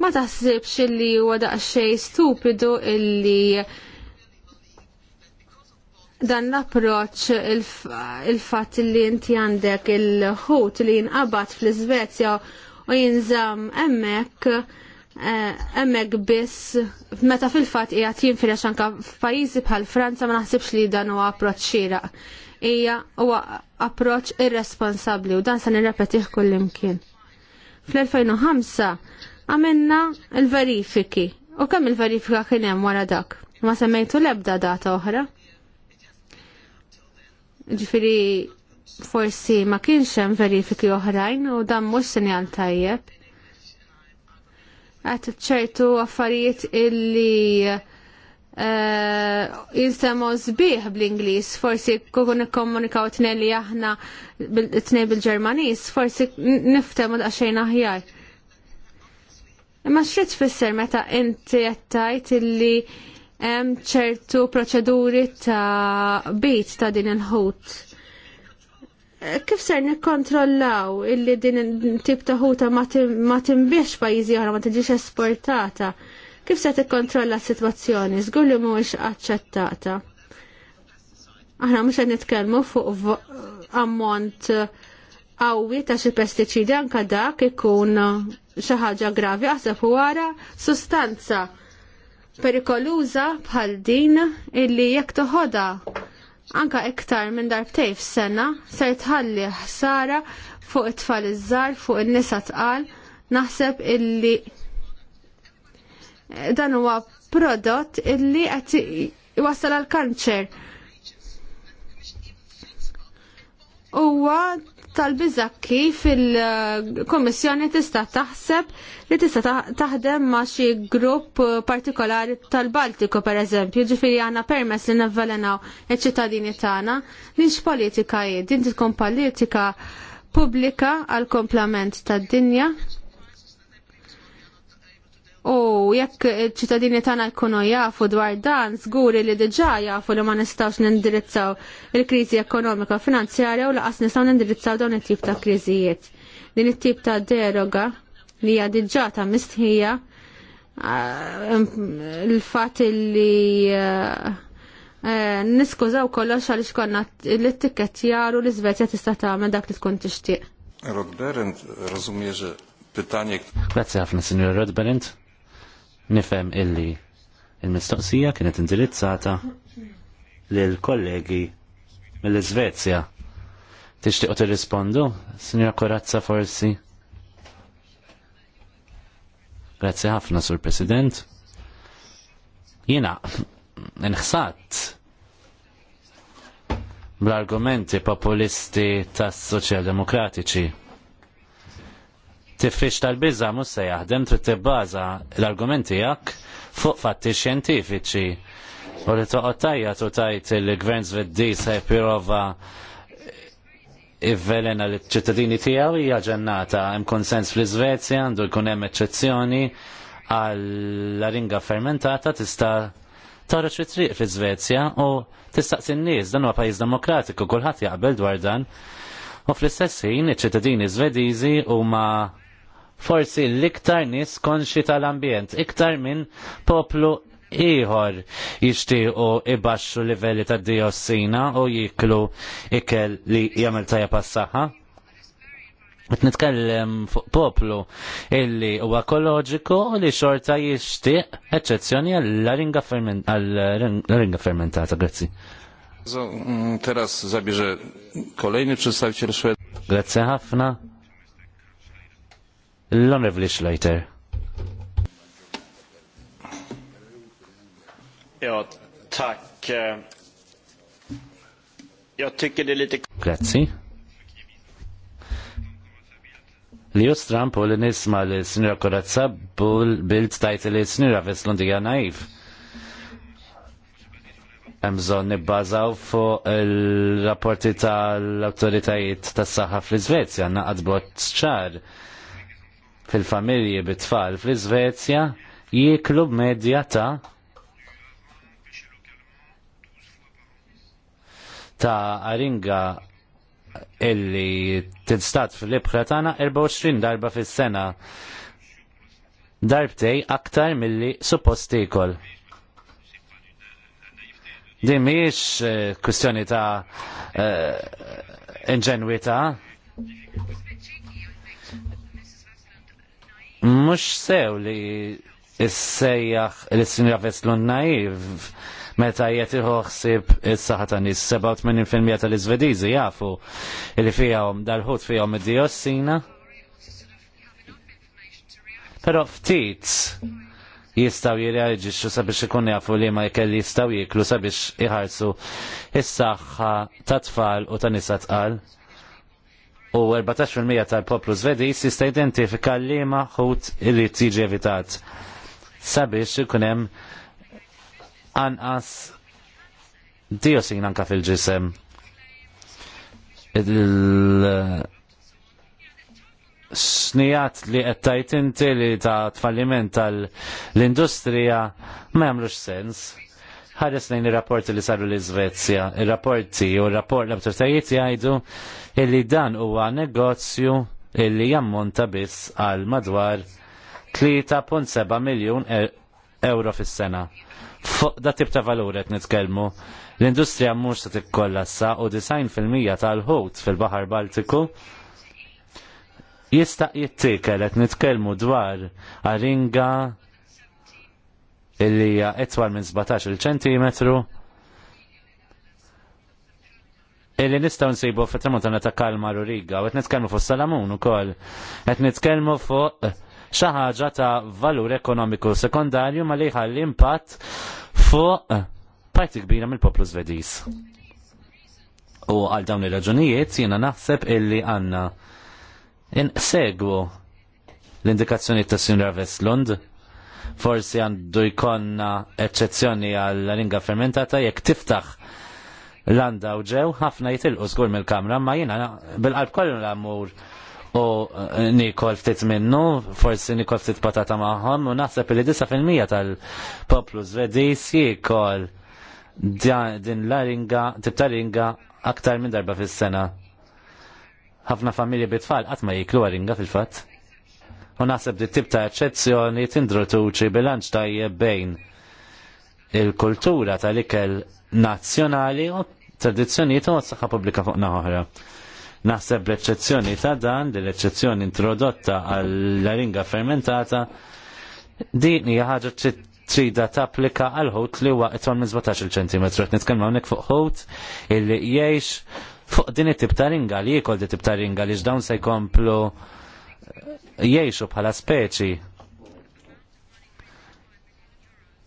ma taħsibx illi huwa daqsxejn stupidu illi dan l-approċ il-fatt il li inti għandek il-ħut li jinqabad fl-Iżvezja u jinżam emmek emmek eh, biss meta fil-fat qiegħed jinfirex anke f'pajjiżi bħal Franza ma naħsibx li dan huwa approċċ xieraq. Hija huwa approċċ irresponsabbli u dan se nirrepetih kullimkien. Fl-2005 għamilna l-verifiki u kemm il-verifika kien hemm wara dak. Ma semmejtu l-ebda data oħra. ġifiri forsi ma kienx hemm verifiki oħrajn u dan mhux sinjal tajjeb. Għat ċertu affarijiet illi eh, jinsemmu sbieħ bl-Inglis, forsi kukun ikkomunikaw t-nejn li aħna t-nejn bil-Ġermanis, forsi niftemu daqxejn aħjar. Imma xrid tfisser meta inti qed illi hemm ċertu proċeduri ta' bit ta' din il-ħut Kif ser nikkontrollaw illi din tip ta' ħuta ma timbiex pajjiżi oħra ma tiġix esportata? Kif se tikkontrolla s-sitwazzjoni? Żgur li mhuwiex aċċettata. Aħna mhux qed nitkellmu fuq ammont qawwi ta' xi pestiċidi anke dak ikun xi ħaġa gravi aħseb wara sustanza perikoluża bħal din illi jekk toħodha anka iktar minn darbtej f'sena ser tħalli ħsara fuq it-tfal iż-żar fuq in-nisa tqal naħseb illi eh, dan huwa prodott illi qed iwassal għal kanċer. Huwa tal-bizakki fil komissjoni tista' taħseb li tista' taħdem ma' xi grupp partikolari tal-Baltiku pereżempju, ġifiri għandna permess li nevvelenaw il ċittadini tagħna, Mhix politika hi, din tkun politika pubblika għal komplament tad-dinja U jekk ċittadini tagħna jkunu jafu dwar dan, żguri li diġà jafu li ma nistgħux nindirizzaw il-kriżi ekonomika u finanzjarja u laqas nistgħu nindirizzaw dawn it-tip ta' kriżijiet. Din it-tip ta' deroga li hija diġà ta' mistħija eh, il-fatt li eh, eh, niskużaw kollox għaliex konna l-ittikket jaru li Svezja tista' tagħmel dak li tkun tixtieq. Rod Berend, rozumie, że pytanie... Grazie, Afna, signor Rod Berend. Nifem illi il-mistoqsija kienet indirizzata lill kollegi mill-Svezja. Tixtiqu tirrispondu, Sinjora Korazza forsi? Grazzi ħafna, Sur President. Jiena nħsat bl-argumenti populisti tas soċjaldemokratiċi tifrix tal-bizza mhux se jaħdem trid tibbaża l-argumenti jak fuq fatti xjentifiċi. U li toqgħod tajja tu tajt il-gvern Svediż se jprova ivvelena l-ċittadini tiegħu hija ġennata hemm konsens fl-Iżvezja għandu jkun hemm eċċezzjoni għall ringa fermentata tista' toroċ fi triq fl-Iżvezja u tistaqsi n-nies dan huwa pajjiż demokratiku kulħadd jaqbel dwar dan. U fl-istess ħin iċ-ċittadini Zvediżi huma forsi l-iktar nis konxi tal-ambjent, iktar minn poplu ieħor jixtiequ ibaxxu livelli ta' diossina u jiklu ikel li jagħmel tajja passaha. saħħa Qed nitkellem fuq poplu illi huwa ekoloġiku u li xorta jixtieq eċċezzjoni għall-ringa fermentata, grazzi. Mm, teraz zabierze kolejny przedstawiciel Szwedii. Grazie ħafna. L-Honorable Schleiter. Ja, tack. Jag tycker det är lite... Grazie. Li just Trump u li nisma l s-snura korazza bil-bilt tajt l s-snura veslun diga naif. Emżon nibbazaw fu l rapporti tal-autoritajiet tas-saħħa fl-Svezja naqad bot ċar fil-familji bit-tfal fl-Svezja jieklu b'medja ta' ta' aringa illi tinstat fil ibħra tagħna 24 darba fis-sena darbtej aktar milli suppost ikol. Din mhijiex eh, kwistjoni ta' eh, inġenwità Mux sew li s-sejjaħ s sinja Veslun naiv meta jiet iħuħsib is-saħħa ta' nies 87% tal-Iżvediżi jafu li fihom dal-ħut fihom id-diossina. Però ftit jistaw xo sabiex ikun jafu li ma jkelli jistaw jiklu sabiex iħarsu is-saħħa ta' tfal u ta' nisa tqal u 14% tal-poplu Svediż jista' identifika liema maħut irid jiġi evitat sabiex ikun hemm anqas diosin anka fil-ġisem. Snijat li qed inti li ta' tfalliment tal-industrija ma jagħmlux sens ħares lejn ir-rapporti li saru l-Iżvezja, ir-rapporti u r-rapport l-autoritajiet jgħidu illi dan huwa negozju illi jammonta biss għal madwar 3.7 miljun e- euro fis-sena. Fuq da tip ta' valur qed nitkellmu. L-industrija mhux se tikkollassa u 90% tal-ħut fil-Baħar Baltiku jista' jittikel qed nitkellmu dwar aringa illi hija etwal minn 17 il-ċentimetru illi nistgħu nsibu fit-tramuntana ta' Kalma riga u qed nitkellmu fuq Salamun ukoll qed nitkellmu fuq xi ħaġa ta' valur ekonomiku sekondarju ma li ħalli impatt fuq parti kbira mill-poplu Svediż. U għal dawn ir-raġunijiet jiena naħseb illi għandna insegwu l-indikazzjoni ta' Sinra Vestlund forsi għandu jkonna eccezzjoni għal ringa fermentata jekk tiftaħ landa u ġew ħafna jitilqu skur mill-kamra ma jina bil-qalb kollu l-amur u eh, nikol ftit minnu, forsi nikol ftit patata maħom u naħseb li 9% tal-poplu zvedis jikol din tibta ringa aktar minn darba fis-sena. Ħafna familji bitfall qatt ma jiklu ringa fil-fatt. U naħseb di tibta eccezzjoni eċċezzjoni tuċi bilanċ tajjeb bejn il-kultura tal-ikel nazzjonali u tradizzjonijiet u s-saħħa pubblika fuq oħra. Naħseb l-eċċezzjoni ta' dan, l-eċċezzjoni introdotta għall-laringa fermentata, din hija ħaġa trida tapplika għal ħut li huwa itwal minn 17 cm. Qed nitkellem hawnhekk fuq ħut illi jgħix fuq din it tip ta' ringa li jikol di tip ta' ringa li x'dawn se jkomplu jiexu bħala speċi.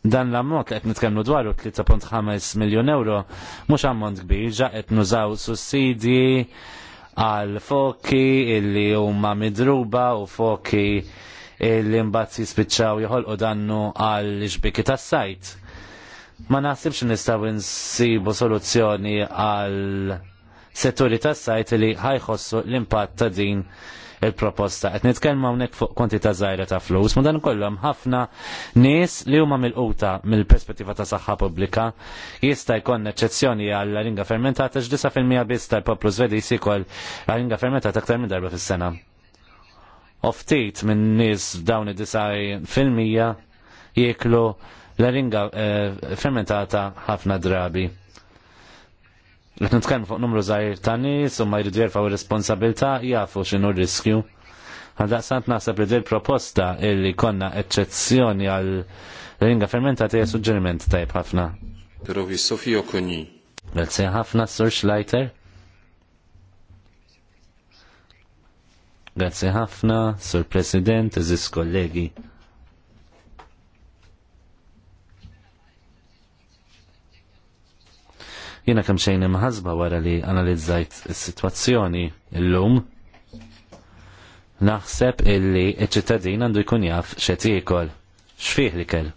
Dan l-ammont li qed nitkellmu dwaru 3.5 miljun euro mhux ammont kbir, ġa qed nużaw sussidji għal foki illi huma midruba u foki illi mbagħad jispiċċaw u dannu għal xbiki tas-sajt. Ma naħsibx nistgħu nsibu soluzzjoni għal setturi tas-sajt li ħajħossu l-impatt ta' din il-proposta. Qed nitkellmu hawnhekk fuq kwantità żgħira ta' flus, ma dan kollhom ħafna nies li huma mill-quta mill-perspettiva ta' saħħa pubblika. Jista' jkun eċċezzjoni għal ringa fermentata x'disa fil-mija biss tal-poplu Svediż jikol ringa fermentata aktar minn darba fis-sena. Oftit minn nies dawn id-disaj fil-mija jieklu l-ringa eh, fermentata ħafna drabi Qed nitkellmu fuq numru żgħir ta' nies u ma jridu jerfgħu responsabilità jafu x'inhu riskju. Għaldaqsant naħseb li dil proposta illi konna eċċezzjoni għal ringa fermenta hija suġġeriment tajb ħafna. vi Sofio Koni. Grazie ħafna Sur Schleiter. Grazie ħafna Sur President, eżis kollegi. Jiena kemm xejn imħazba wara li analizzajt is-sitwazzjoni llum. Naħseb illi ċ-ċittadin għandu jkun jaf x'qed jikol. x'fih li kell.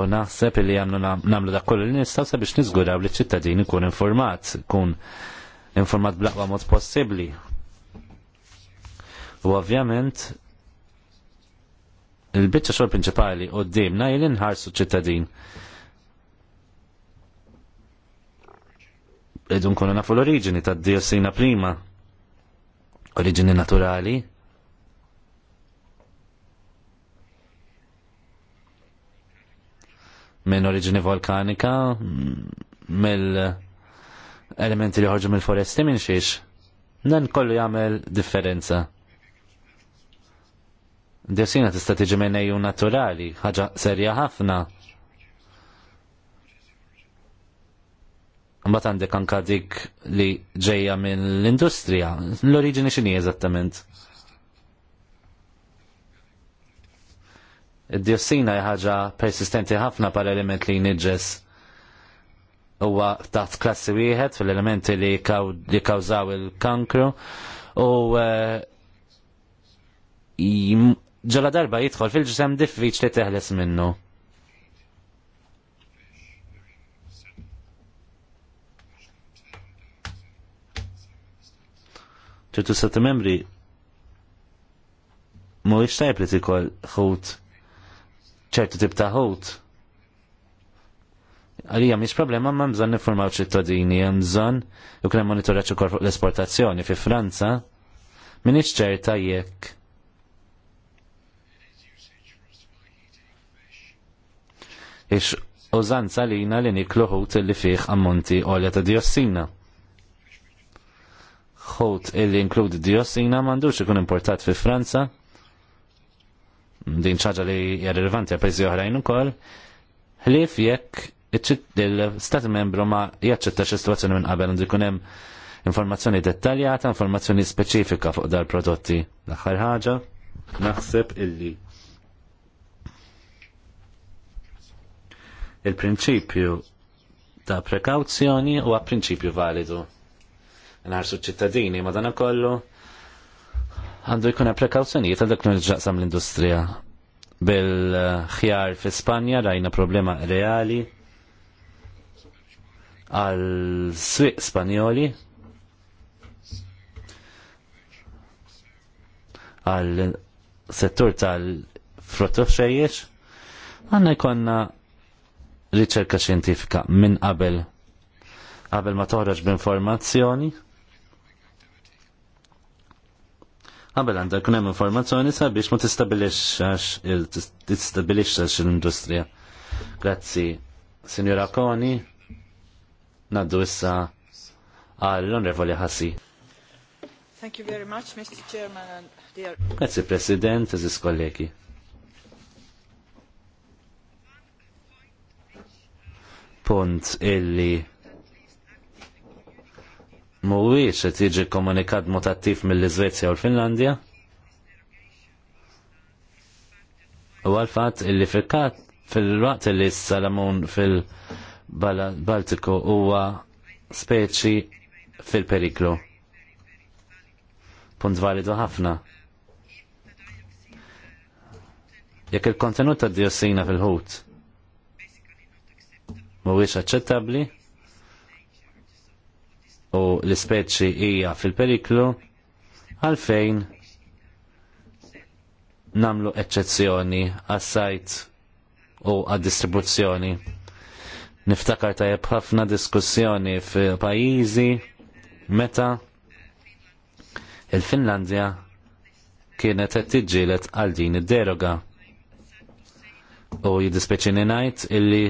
U naħseb li għamlu namlu da kollu li nistaw sabiex nizguraw li ċ-ċittadin ikun informat, kun informat blaqwa mod possibli. U ovvjament, il-bicċa xor prinċipali u d-dimna il-inħarsu ċittadin. edun kuna nafu l-oriġini ta' diossina prima, oriġini naturali. Men oriġini volkanika, mill-elementi li ħorġu mill-foresti minn xiex. Dan kollu jagħmel differenza. Diossina tista' tiġi minn naturali, ħaġa serja ħafna Mbagħad għandek anka dik li ġejja minn l-industrija. L-oriġini x'inhi eżattament? Id-diossina hija ħaġa persistenti ħafna pal element li jniġġes huwa taħt klassi wieħed fil-elementi li kawżaw il-kankru u eh, ġala darba jidħol fil-ġisem diffiċ li teħles minnu. ċertu stati membri mhuwiex tajb li tikol ħut ċertu tip ta' ħut. Għalija miex problema ma bżonn niffurmaw ċittadini, hemm bżonn ukoll hemm monitoraġġ ukoll fuq l-esportazzjoni fi Franza m'iniex ċerta jekk. Ix użanza lina li niklu ħut li fih ammonti olja ta' diossina ħut illi inkludi diossina mandux ikun importat fi Franza. Din ċaġa li hija rilevanti għal pajjiżi oħrajn ukoll. Ħlief jekk il-Stat membru ma jaċċetta xi situazzjoni minn qabel għandu jkun hemm informazzjoni dettaljata, informazzjoni speċifika fuq dal-prodotti. L-aħħar ħaġa naħseb illi il-prinċipju ta' prekawzjoni huwa prinċipju validu Narsu ċittadini, ma dan kollu għandu jkun prekawzjonijiet għal dak ġaqsam l-industrija. Bil-ħjar fi Spanja rajna problema reali għal swiq Spanjoli għal settur tal-frottu xejjex għanna jkonna riċerka xjentifika minn qabel qabel ma toħroġ b'informazzjoni Għabel għandha kun hemm informazzjoni sabiex ma tistabilixxax l-industrija. Grazzi, Signora Koni, naddu issa għall onrevoli Ħassi. Thank you very much, Mr. Chairman and dear... Grazzi, President, eżis kollegi. Punt illi mhuwiex qed tiġi komunikat mod attiv mill-Iżvezja u l-Finlandja. U għal-fatt illi fil-kat fil-waqt illi s-salamun fil-Baltiku huwa speċi fil-periklu. Punt validu ħafna. Jekk il-kontenut ta' diossina fil-ħut mhuwiex aċċettabbli, u l-ispeċi hija fil-periklu għalfejn namlu eċċezzjoni għas-sajt u għad-distribuzzjoni. Niftakar tajab ħafna diskussjoni f'pajjiżi meta il-Finlandja kienet qed tiġġieled għal din id-deroga. U jiddispeċini ngħid illi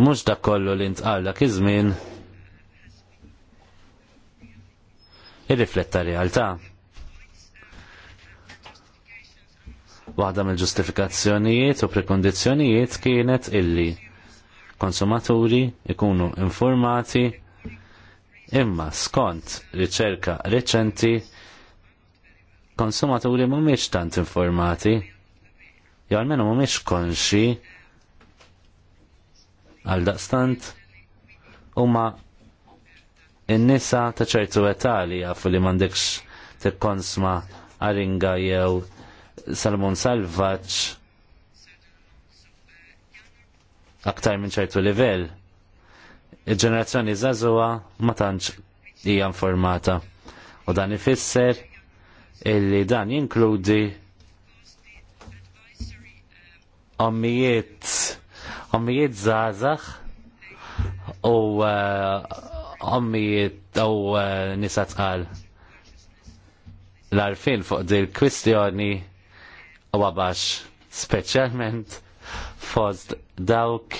mhux dak kollu li ntqal dak iż-żmien irrifletta realtà. Waħda mill-ġustifikazzjonijiet u prekondizzjonijiet kienet illi konsumaturi ikunu informati imma skont riċerka reċenti konsumaturi mhumiex tant informati jew almenu mhumiex konxi għal daqstant huma in-nisa ta' ċertu etali jafu li m'għandekx tikkonsma aringa jew salmon salvaġġ aktar minn ċertu livell. Il-ġenerazzjoni żagħżugħa ma tantx hija informata. U dan ifisser illi dan jinkludi ommijiet ommijiet zazax u uh, ommijiet u eh, nisa tqal l-arfin fuq dil kwistjoni u għabax specialment fost dawk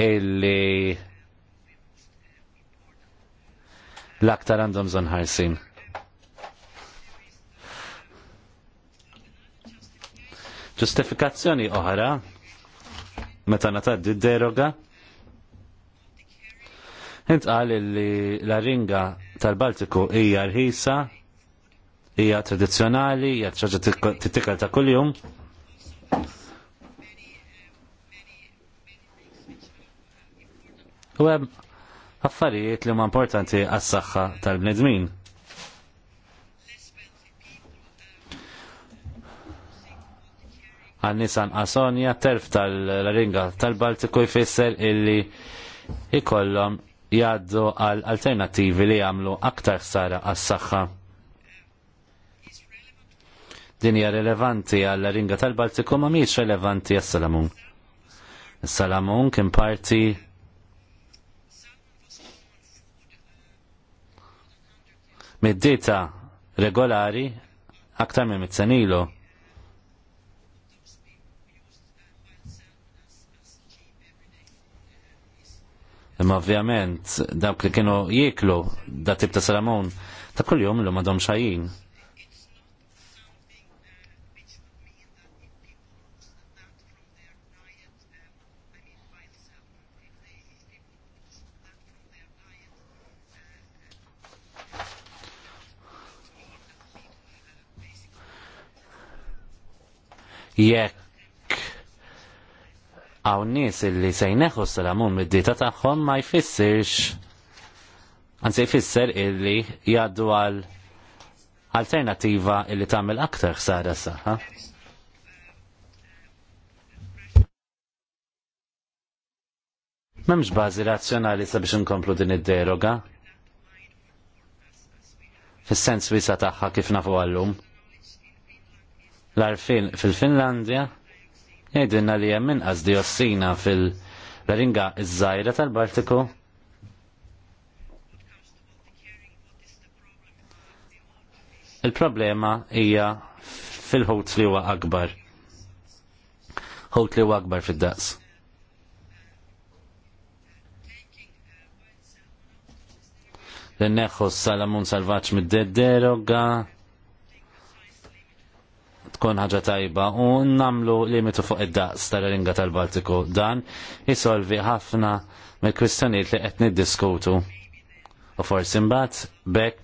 illi l-aktar għandhom zonħarsin. ħarsin. Ġustifikazzjoni oħra meta nataddi d-deroga. Int qal li l-aringa tal-Baltiku hija rħisa, hija tradizzjonali, hija ċaġa tittikal ta' kuljum. U hemm affarijiet li huma importanti għas-saħħa tal-bnedmin. għannisan Asonja terf tal-ringa tal-Baltiku jfisser illi ikollhom jaddu għal alternativi li għamlu aktar sara għas-saħħa. Din hija rilevanti għall ringa tal-Baltiku ma mhijiex relevanti għas-Salamun. Is-Salamun kien parti mid-dita regolari aktar minn mit-senilu Imma ovvjament dawk li kienu jieklu da tip ta' salamon ta' kull jom l-lum għadhom xajin. jekk għaw nis illi sejneħu s-salamun mid-dita taħħom ma jfissirx għanzi jfisser illi jaddu għal alternativa illi tamil aktar sara saħħa. Memx bazi razzjonali sabiex nkomplu din id-deroga? Fis-sens wisa tagħha kif nafu għallum. L-arfin fil-Finlandja, Jgħidilna li hemm inqas diossina fil-laringa iż żajra tal-Baltiku. Il-problema hija fil-ħut li huwa akbar. Ħut li huwa akbar fid-daqs. l-neħħu salamun salvaċ mid-dedderoga, tkun ħaġa tajba u namlu limitu fuq id-daqs tal-ringa tal-Baltiku dan jisolvi ħafna mill kwistjoniet li qed diskutu U forsi mbagħad bekk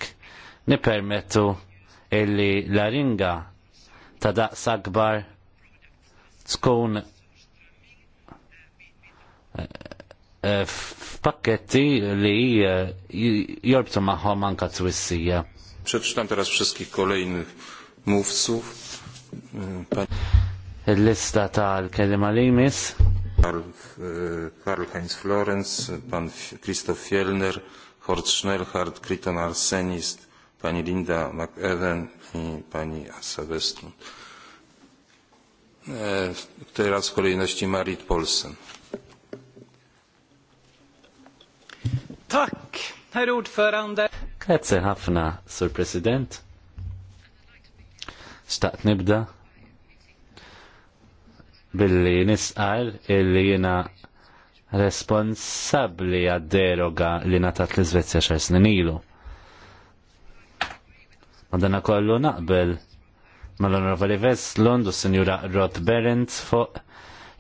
nippermettu illi l-ringa ta' daqs akbar tkun eh, eh, f'pakketti li eh, jorbtu maħħom anka twissija. Przeczytam teraz wszystkich kolejnych mówców. Il-lista tal-kelima li jmiss. Karl eh, Heinz Florenz, pan Kristof Fjellner, Hort Schnellhardt, Kriton Arsenist, pani Linda McEwen i pani Asa Westlund. Eh, teraz w kolejności Marit Polsen. Tak, herr ordförande. Grazie Hafna, Sur President. Staqt nibda billi nisqal illi jina responsabli għad-deroga li natat l iżvezja xar snin ilu. Madana kollu naqbel mal-Onorevoli Veslund u Sinjura Rod Berend fuq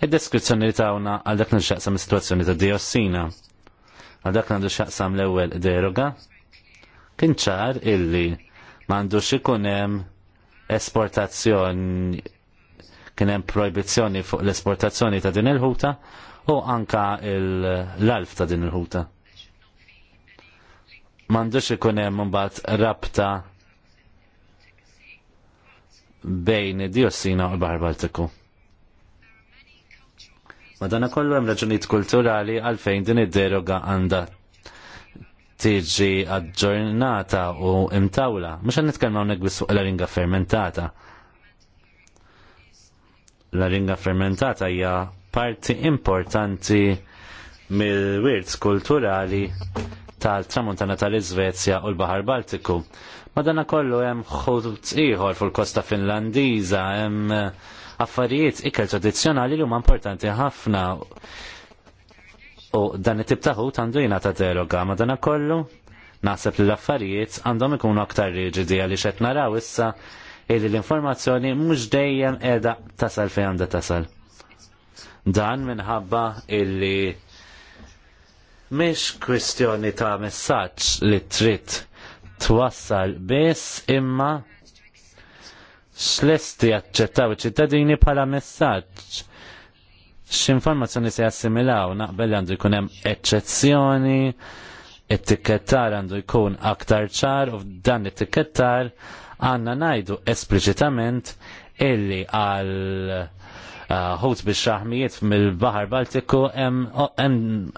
id-deskrizzjoni li tawna għal dak nxaqsam is-sitwazzjoni ta' diossina. Għal dak għandu xaqsam l-ewwel deroga kien ċar illi m'għandux ikun hemm esportazzjoni kien hemm proibizzjoni fuq l-esportazzjoni ta' din il-ħuta u anka l-alf ta' din il-ħuta. M'għandux ikun hemm mbagħad rabta bejn id-diossina u l-Baħar Baltiku. Madana kollu hemm raġunijiet kulturali għalfejn din id-deroga għandha tiġi aġġornata u imtawla. Mux għan nitkellem hawnhekk bis fuq l-ringa fermentata. L-ringa fermentata hija parti importanti mill-wirds kulturali tal-tramuntana tal-Iżvezja u l-Bahar Baltiku. Madana kollu hemm ħut ieħor fil-kosta Finlandiża, hemm affarijiet ikel tradizzjonali li huma importanti ħafna U dan it-tib taħut għandu jina ta' deroga, ma dan kollu naħseb li l-affarijiet għandhom ikunu aktar rigidi għalli xet naraw issa illi l-informazzjoni mhux dejjem qiegħda tasal fejn għandha tasal. Dan minħabba illi mhix kwistjoni ta' messaġġ li trid twassal biss imma xlesti jaċċettaw iċ-ċittadini bħala messaġġ x'informazzjoni se jassimilaw naqbel għandu jkun hemm eċċezzjoni, it tikkettar għandu jkun aktar ċar u dan it tikkettar għandna ngħidu espliċitament illi għal uh, ħut uh, biex xaħmijiet mill-Bahar Baltiku hemm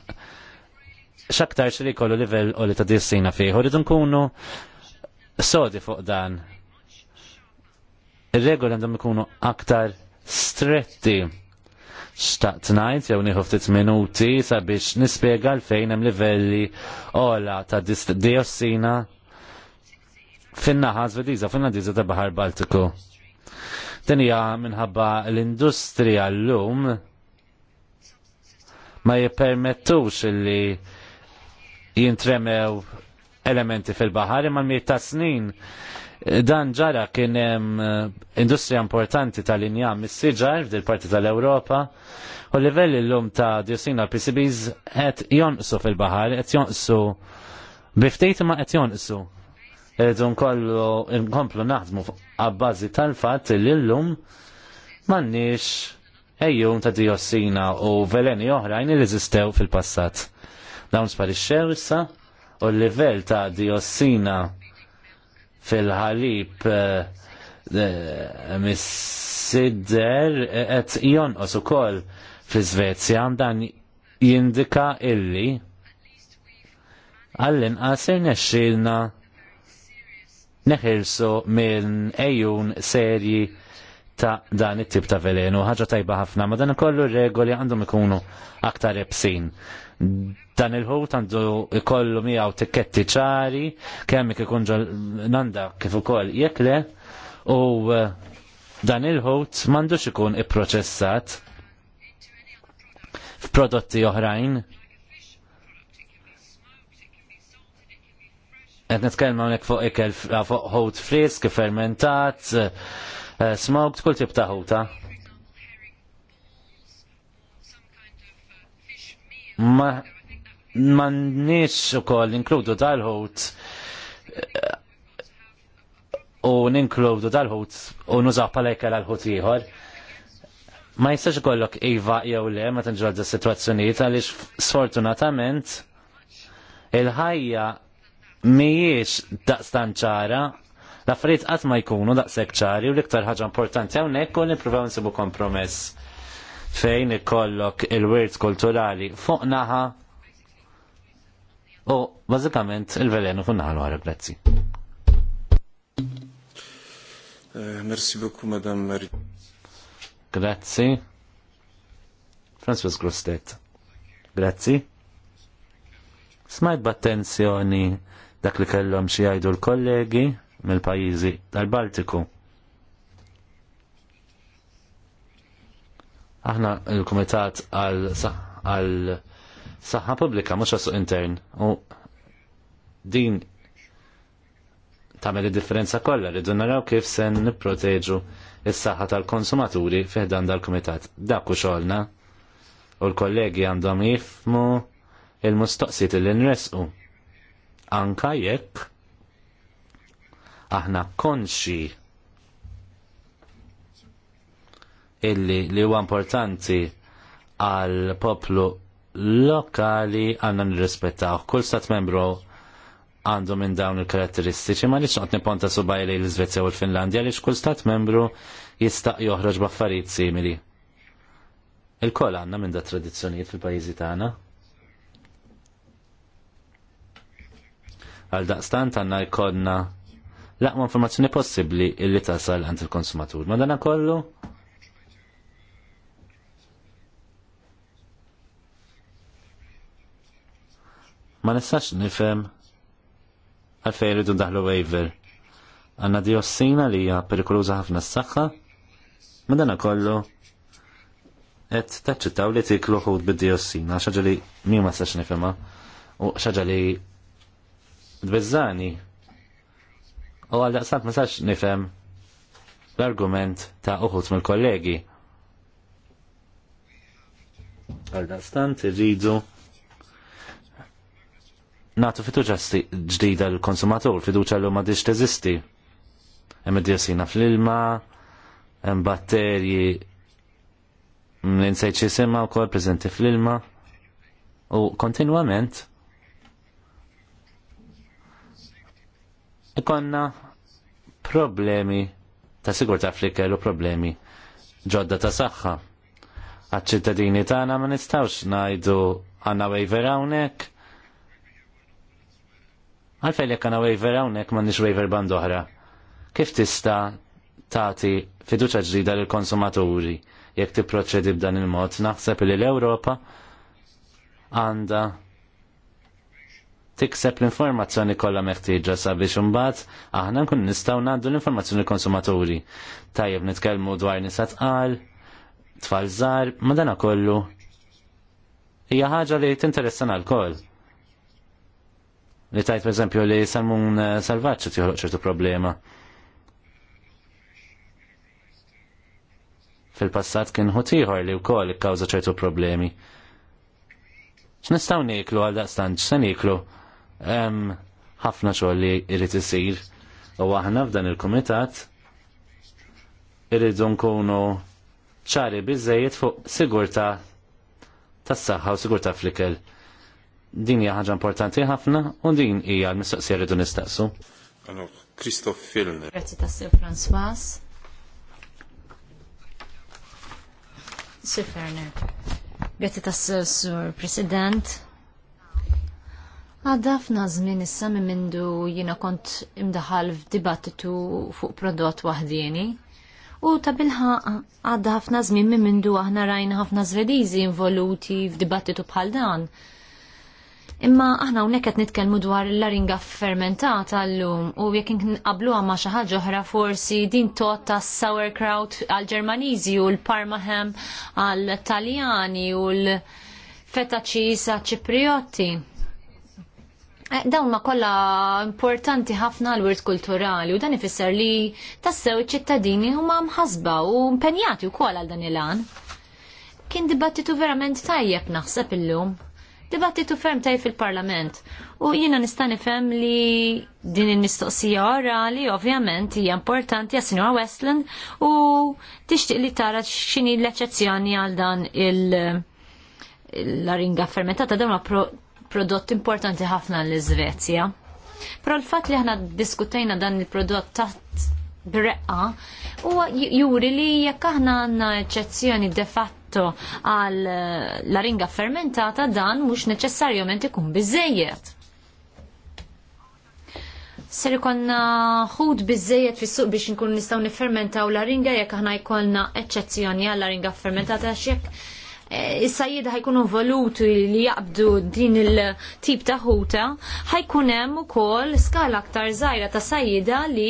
xaktar xri kollu livell u li ta' dissina fiħu rridu nkunu sodi fuq dan. Ir-regoli għandhom ikunu aktar stretti xtaqt ngħid jew nieħu ftit minuti sabiex nispjega l fejn hemm livelli ola ta' diossina fin-naħa Svediża, fin-naħa ta' Baħar Baltiku. Din hija minħabba l-industrija llum ma jippermettux li jintremew elementi fil-baħar imma l mieta ta' snin Dan ġara kien hemm eh, industrija importanti tal-injam mis-siġar f'dil parti tal-Ewropa u livelli l-lum ta' diossina PCBs qed jonqsu fil-baħar, qed jonqsu biftejt ma qed jonqsu. Irridu nkollu nkomplu naħdmu għabbażi tal-fatt li l-lum m'għandniex ejjum ta' diossina u veleni oħrajn li eżistew fil-passat. Dawn sparixxew issa u l-livell ta' diossina fil-ħalib eh, eh, mis-sidder qed eh, jonqos ukoll fil svezja dan jindika illi għallin għasir neċxilna neħirsu minn ejjun serji ta' dan it-tip ta' velenu, ħaġa tajba ħafna, ma dan ikollu regoli għandhom ikunu aktar ebsin. Dan il-ħut għandu ikollu miegħu tikketti ċari, kemm ikun nanda kif ukoll jekk le, u eh, dan il-ħut m'għandux ikun ipproċessat f'prodotti oħrajn. Qed nitkellem hawnhekk fuq ikel fuq ħut frisk, fermentat, Eh, Smoked kull tip ta' ħuta. Ma ma u ukoll inkludu tal ħut eh, u ninkludu dal-ħut u nużaw palajka l-ħut ieħor. Ma jistax ikollok iva jew le ma tinġorda situazzjonijiet għaliex sfortunatament il-ħajja mhijiex daqstan ċara L-affarijiet qatt ma jkunu daqshekk ċari u l-iktar ħaġa importanti hawnhekk u nippruvaw nsibu kompromess fejn ikollok il-wirt kulturali fuq naħa u bażikament il-velenu fuq naħa l-ħara grazzi. Eh, merci beaucoup, Madame Marie. Grazzi. Francis Grostet. Grazzi. Smajt b'attenzjoni dak li kellhom xi jgħidu l-kollegi mill-pajjiżi tal-Baltiku. Aħna il-Kumitat għal saħħa pubblika mhux għasuq intern u din tagħmel id-differenza kollha li naraw kif se nipproteġu is-saħħa tal-konsumaturi fiħdan dal-Kumitat. Dak u xogħolna u l-kollegi għandhom jifmu il-mustoqsit il nresqu Anka jekk Aħna konxi illi li huwa importanti għal poplu lokali għanna nirrispettaw. Kull stat membru għandu minn dawn il-karatteristiċi ma nix għatni ponta subaj li l-Svezja u l-Finlandja li kull stat membru jistaq joħroġ baffarit simili. Il-kol għanna minn da tradizzjonijiet fil-pajizi tagħna. Għal daqstant għanna jkollna l informazzjoni possibbli illi tasal għand il-konsumatur. Ma kollu ma nistax nifhem għalfejn irridu daħlu waiver. Għanna diossina li hija perikoluża ħafna s-saħħa, ma kollu qed taċċittaw li t ħud bid-diossina, xaġa li mi ma stax nifhimha u xaġa li U għal daqsat ma sax nifem l-argument ta' uħut mill-kollegi. Għal daqstant irridu natu fiduċa ġdida l-konsumatur, fiduċa l-umma diġ teżisti. Hemm id-diosina fl-ilma, hemm batterji minn sejċi jisimma u kol prezenti fl-ilma. U kontinuament ikonna problemi ta' ta' fliker u problemi ġodda ta' saħħa. Għadċittadini ċittadini tagħna ma nistgħux ngħidu għandna waiver hawnhekk. Għalfejn jekk għandna waiver hawnhekk m'għandniex waiver band oħra. Kif tista' tagħti fiduċa ġdida lill konsumaturi jekk tipproċedi b'dan il-mod naħseb li l-Ewropa għandha tikseb l-informazzjoni kollha meħtieġa sabiex imbagħad aħna nkun nistgħu ngħaddu l-informazzjoni konsumaturi. Tajjeb nitkellmu dwar nisat qal, tfal żgħar, madana kollu. Hija ħaġa li tinteressana għall koll Li tajt pereżempju li salmun eh, salvaġġ tieħloq ċertu problema. Fil-passat kien ħutiħor li wkoll ikkawża ċertu problemi. X'nistgħu niklu għal daqstant, x'se niklu? ħafna xogħol li jrid isir u aħna f'dan il-kumitat irridu nkunu ċari biżejjed fuq sigurtà tas-saħħa u sigurtà fl-ikel. Din hija ħaġa importanti ħafna u din hija l-mistoqsija rridu nistaqsu. Kristof Filner. Grazzi Sir François. Sir Ferner. Grazzi tassew Sir President. Għadafna f'na żmien issa mindu jiena kont imdaħal f'dibattitu fuq prodott waħdieni. U ta' bilħa għadda ħafna żmien minn mindu aħna rajna ħafna Svediżi involuti f'dibattitu bħal dan. Imma aħna hawnhekk qed nitkellmu dwar l-laringa fermentata llum u jekk inqabluha ma' xi ħaġa oħra forsi din tot ta' sauerkraut għal Ġermaniżi u l-Parmaham għal Taljani u l-feta ċisa Ċipriotti. Eh, dawn ma kollha importanti ħafna l-wirt kulturali u dan ifisser li tassew iċ-ċittadini huma mħasba u mpenjati wkoll għal dan il-għan. Kien dibattitu verament tajjeb naħseb illum. Dibattitu ferm tajjeb fil-Parlament. U jiena nista' nifhem li din il-mistoqsija orali ovvjament hija importanti għas Sinjora Westland u tixtieq li tara x'inhi l-eċċezzjoni għal dan il- l-aringa fermentata dawn prodott importanti ħafna l iżvezja Però l-fatt li aħna diskutejna dan il-prodott taħt breqqa u juri li jekk aħna għandna eċċezzjoni de fatto għal eh, laringa fermentata dan mhux neċessarjament ikun bizzejiet. Ser ikonna ħud bizzejiet fis-suq biex nkun nistgħu niffermentaw laringa jekk aħna jkollna eċċezzjoni għal laringa fermentata x'jekk Eh, is-sajjida ħajkunu voluti li jaqbdu din il-tip ta' ħuta, ħajkun hemm ukoll skala aktar żgħira ta' sajjida li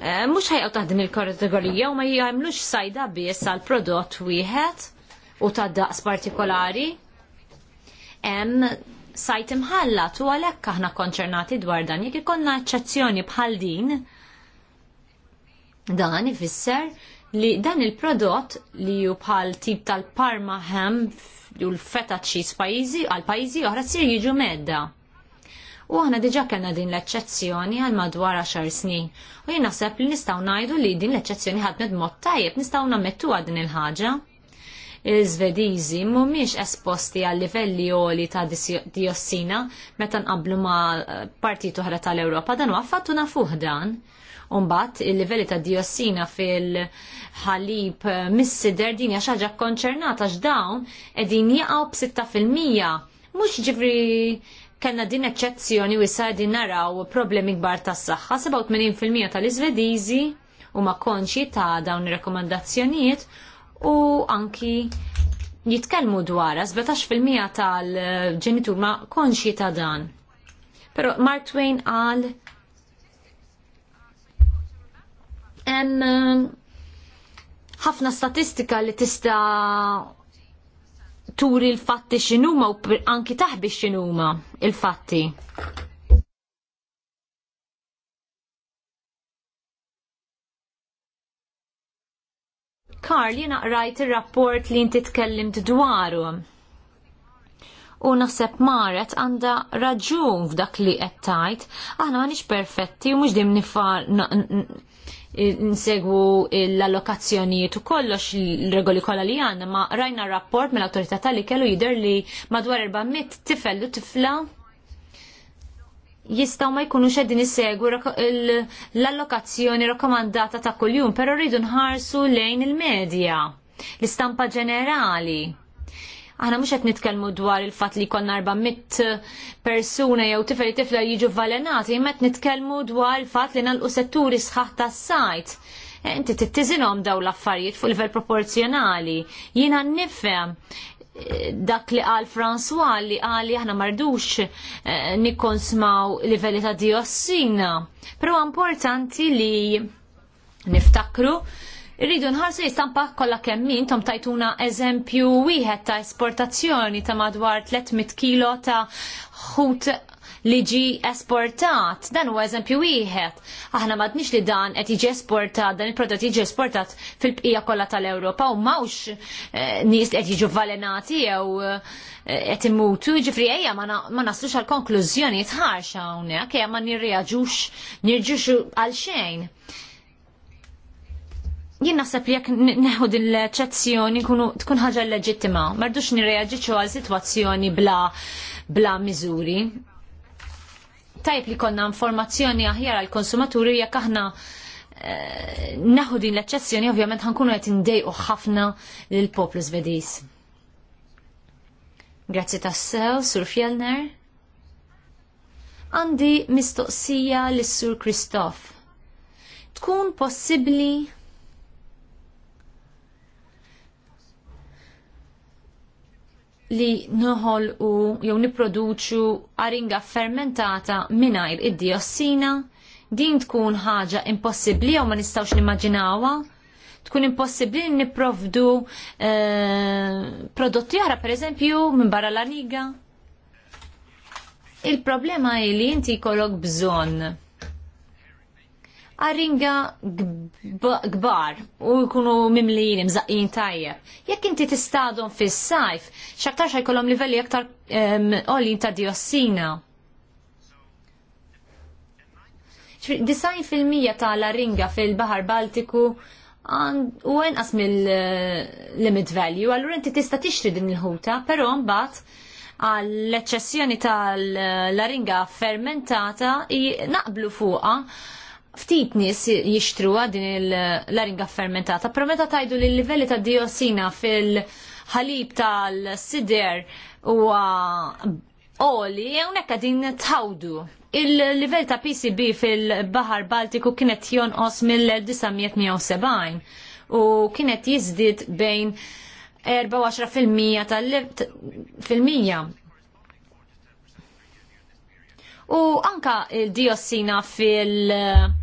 eh, mhux ħajqgħu taħdem il-kategorija u ma jagħmlux sajda biss għal prodott wieħed u ta' daqs partikolari. Hemm sajt imħallat u għalhekk aħna konċernati dwar dan jekk ikollna eċċezzjoni bħal din dan ifisser li dan il-prodott li ju bħal tip tal-parma hem u l-feta ċis pajizi għal pajizi oħra sir jiġu medda. U aħna diġa kellna din l-eċċezzjoni għal madwar 10 snin. U jien naħseb li nistgħu ngħidu li din l-eċċezzjoni ħadmet mod tajjeb nistgħu nammettuha din il-ħaġa. il svediżi mhumiex esposti għal livelli oli ta' diossina meta qablu ma' partitu oħra tal-Ewropa dan huwa għaffattu nafuh dan. Umbat, il-livelli ta' diossina fil-ħalib eh, mis-sider din hija ħaġa konċernata x'dawn qegħdin jaqgħu b'6 Mhux ġifri kellna din eċċezzjoni u issa qegħdin naraw problemi kbar tas-saħħa, 87% tal-Iżvediżi huma konxi ta' dawn ir-rakkomandazzjonijiet u anki jitkellmu dwar 17% tal-ġenitur ma konċi ta' dan. Pero Mark Twain qal hemm eh, ħafna statistika li tista turi l-fatti x'inhuma u anki taħbi x'inhuma il-fatti. Karl, jena rajt il-rapport li inti tkellimt dwaru. U naħseb Maret għanda raġun f'dak li qed tgħid, aħna m'għandix perfetti u mhux dim nsegwu l-allokazzjonijiet u kollox l-regoli kollha li għandna, ma rajna rapport mill-awtorità tal-li kellu jidher li madwar 400 tifel u tifla jistaw ma jkunux qegħdin isegwu l-allokazzjoni rakkomandata ta' kuljum, però rridu nħarsu lejn il-medja, l-istampa ġenerali Aħna mhux qed nitkellmu dwar il-fatt li konna mit persuna jew tifel tifla jiġu valenati, imma qed nitkellmu dwar il-fatt li nagħlqu setturi sħaħ tas-sajt. Eh, inti tittiżinhom daw l-affarijiet fuq livell proporzjonali. Jiena nifhem eh, dak li għal François li għal aħna mardux eh, nikonsmaw livelli ta' diossina. però importanti li niftakru Irridu nħarsu jistampa kollha kemm tom tajtuna eżempju wieħed ta' esportazzjoni ta' madwar 300 kilo ta' ħut li ġi esportat. Dan huwa eżempju wieħed. Aħna ma'dniex li dan qed jiġi esportat, dan il-prodott jiġi esportat fil-bqija kollha tal-Ewropa u mawx eh, nies qed jiġu valenati jew eh, qed imutu, ġifri ejja ma naslux għal konklużjoni tħarxa hawnhekk ma nirreaġux nirġux għal xejn jien naħseb li jekk neħu din l-eċezzjoni tkun ħaġa leġittima, mardux nirreaġiċu għal sitwazzjoni bla bla miżuri. Tajb li konna informazzjoni aħjar għal konsumaturi jekk aħna eh, din l-eċezzjoni ovvjament ħankunu qed indejqu ħafna lill poplu Svediż. Grazzi tassew, Sur Fjellner. Għandi mistoqsija lis sur Kristof. Tkun possibbli li noħol u jew niproduċu aringa fermentata mingħajr id-diossina, din tkun ħaġa impossibbli jew ma nistgħux nimmaġinawha. Tkun impossibbli nipprovdu eh, prodotti oħra pereżempju minn barra l-aniga. Il-problema hi li inti jkollok bżonn għarringa gbar u jkunu mimlijin, mżaqin tajjeb. Jekk inti tistadhom fis-sajf, x'aktar jkollhom livelli aktar olin ta' diossina. Disajn fil-mija ta' l-arringa fil-Bahar Baltiku u inqas mill-limit value, għallur inti tista' tixtri din il-ħuta, però mbagħad għall-eċċessjoni tal-laringa fermentata naqblu fuqa ftit nies jixtru din l-laringa fermentata, però meta tajdu li l-livelli ta' diosina fil-ħalib tal-sider u oli, unek din tħawdu. Il-livell ta' PCB fil-Bahar Baltiku kienet jonqos mill-1970 u kienet jizdit bejn 14% tal-fil-mija. U anka il-diossina fil-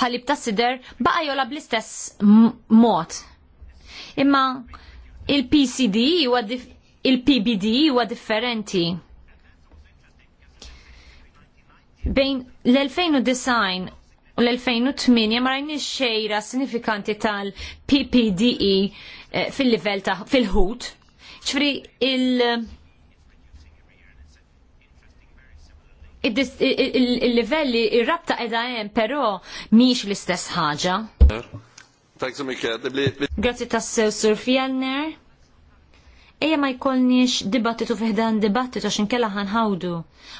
ħalib ta' sider baqa jola bl-istess mod. Imma il-PCD u il-PBD huwa differenti. Bejn l-2009 u l-2008 ma rajniex xejra sinifikanti tal-PPDE eh, fil-livell ta' fil-ħut. ċfri il- il-livelli, il-rabta edha jem, pero miex l-istess ħaġa. Grazie tassew Sur Fjellner. Eja ma jkollniex dibattitu fiħdan dibattitu għax inkella ħanħawdu.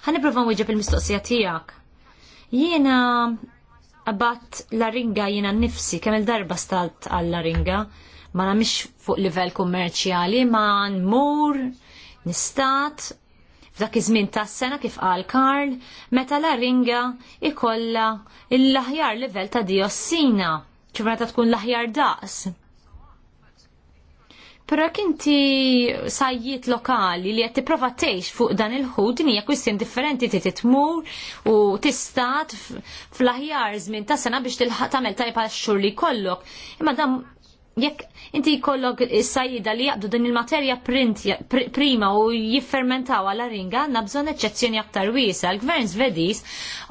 Ħaniprofa wieġeb il-mistoqsija tiegħek. Jiena abbat laringa jiena nifsi kemm il-darba stalt għal ringa, ma namix fuq livell kummerċjali ma nmur nistat dak iż-żmien tas-sena kif qal Karl, meta l-aringa ikolla l-aħjar livell ta' diossina, kif meta tkun l-aħjar daqs. Però kinti sajjiet lokali li qed tipprova tgħix fuq dan il ħud din hija kwistjoni differenti ti titmur u tistat fl-aħjar żmien tas sena biex tilħaq tagħmel tajba x-xhur li jkollok. Imma dan jekk inti jkollok is li jaqdu din il-materja prima u jiffermentaw għal ringa għandna bżonn eċċezzjoni aktar wiesa. L-gvern Svediż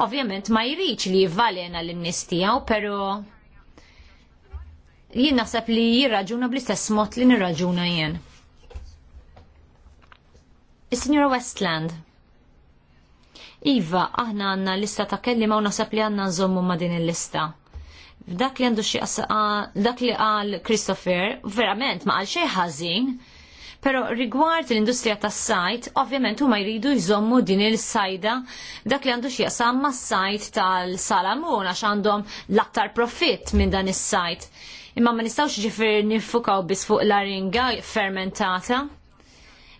ovvjament ma jriċ li jivvalena l innistija tiegħu, jien naħseb li jirraġuna bl-istess mod li nirraġuna jien. is signora Westland. Iva, aħna għanna lista ta' kelli ma unasab li għanna nżommu ma' din il-lista dak li għandu xie dak li għal Christopher, verament ma għal xie ħażin, pero rigward l-industrija tas sajt, ovvjament huma jridu jżommu din il-sajda dak li għandu xie ma sajt tal-Salamun għax għandhom l-aktar profitt minn dan is-sajt. Imma ma nistawx ġifir nifukaw bis fuq l-aringa fermentata.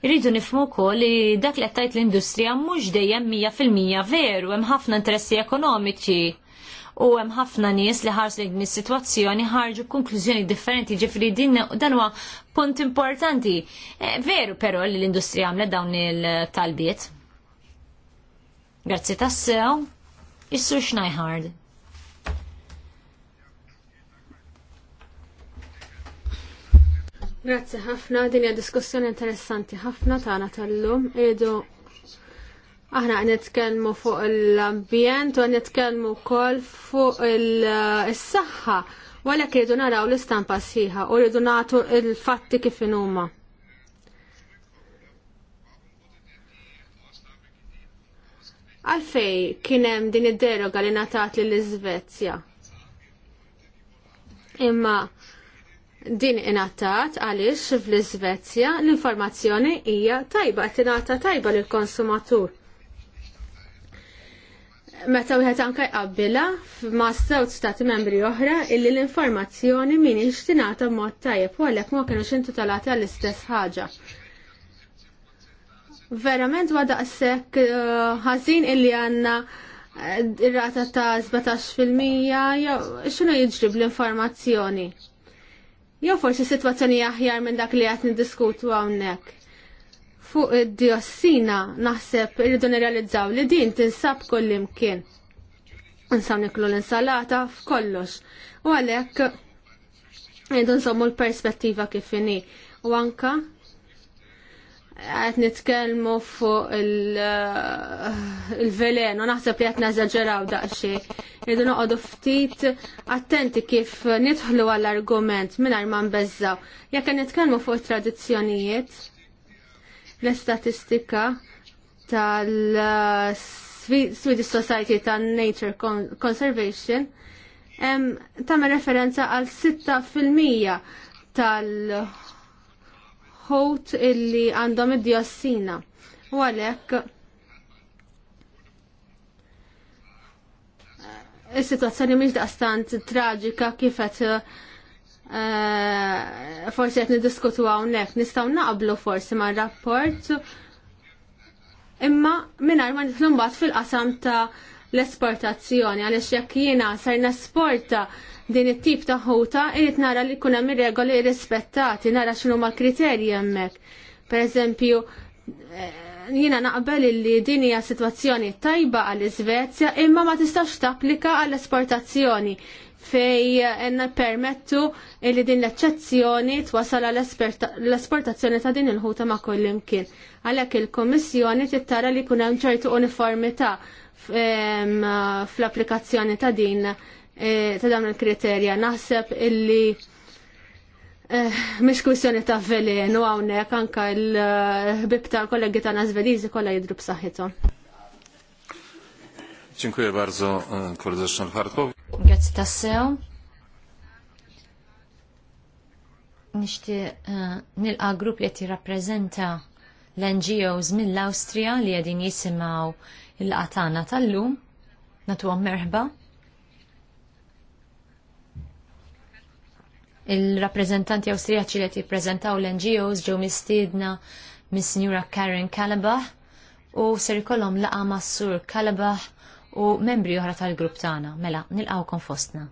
Rridu nifmu kol li dak li għattajt l-industrija mux dejjem 100% veru, hemm ħafna interessi ekonomiċi u hemm ħafna nies li ħarsu din is-sitwazzjoni ħarġu konklużjoni differenti ġifri din dan huwa punt importanti. Eh, veru però li l-industrija għamlet dawn il-talbiet. Grazzi tassew, is-sur Schneihard. Grazzi ħafna, din hija diskussjoni interessanti ħafna tagħna tal-lum. Edu Aħna nitkellmu fuq l-ambjent u nitkellmu wkoll fuq il eh, saħħa wala rridu naraw l-istampa sħiħa u rridu nagħtu l-fatti kif huma. Għalfej kien hemm din id-deroga li ngħatat lill iżvezja Imma din ingħatat għaliex fl-Iżvezja l-informazzjoni hija tajba qed tingħata tajba lill-konsumatur meta wieħed anke jqabbilha ma' sewt stati membri oħra illi l-informazzjoni min tingħata mod tajjeb u għalhekk ma kinux intitolati għall-istess ħaġa. Verament wa daqshekk eh, ħażin illi għandna eh, ir-rata ta' 17% jew x'inhu jiġri l informazzjoni Jew forsi sitwazzjoni aħjar minn dak li qed niddiskutu hawnhekk fuq id-diossina naħseb irridu nirrealizzaw li din tinsab kullimkien. Nsaw niklu l-insalata f'kollox. U għalhekk irridu nsommu l-perspettiva kif inhi. U anka qed nitkellmu fuq il-velen u naħseb li għet nażaġeraw daqsxejn. Irridu noqogħdu ftit attenti kif nidħlu għall-argument mingħajr ma nbeżżaw. Jekk nitkellmu fuq it tradizzjonijiet, l-istatistika tal-Swedish Society tal-Nature Conservation tamme referenza għal 6% tal-ħut illi għandhom id-diossina. U għalek, Is-situazzjoni mhix daqstant traġika kif qed Eh, forsi qed niddiskutu hawnhekk nistgħu naqblu forsi ma' rapport imma mingħajr ma nidħlu mbagħad fil-qasam ta' l-esportazzjoni għaliex jekk jiena sar nesporta din it-tip ta' ħuta irid nara li jkun hemm ir-regoli rispettati, nara xinu ma' kriterji hemmhekk. Pereżempju, eh, jiena naqbel li din hija sitwazzjoni tajba għall iżvezja imma ma tistax tapplika għall-esportazzjoni fej enna permettu li din l-eċċezzjoni twasal l-esportazzjoni ta' din il-ħuta ma' kullimkien. Għalhekk il-Kummissjoni tittara li kun hemm ċertu uniformità fl-applikazzjoni ta' din e, ta' dawn il-kriterja. Naħseb illi eh, Mish kwissjoni ta' u għawnek anka l-bib tal-kollegi ta' nazvedizi kolla jidru b'saħħithom. Dziękuję bardzo, e, koleżanko Hartog. Grazzi sew. Nishti uh, nilqa grupp li jirrappreżenta l-NGOs mill-Awstrija li għedin jisimaw il-qatana tal-lum. Natu merħba. Il-rappresentanti Awstrijaċi li jippreżentaw l-NGOs ġew mistiedna mis-Sinjura Karen Kalabah u ser ikollhom laqa mas-Sur Kalabah u membri oħra tal-grupp tagħna. Mela, nilqgħukom fostna.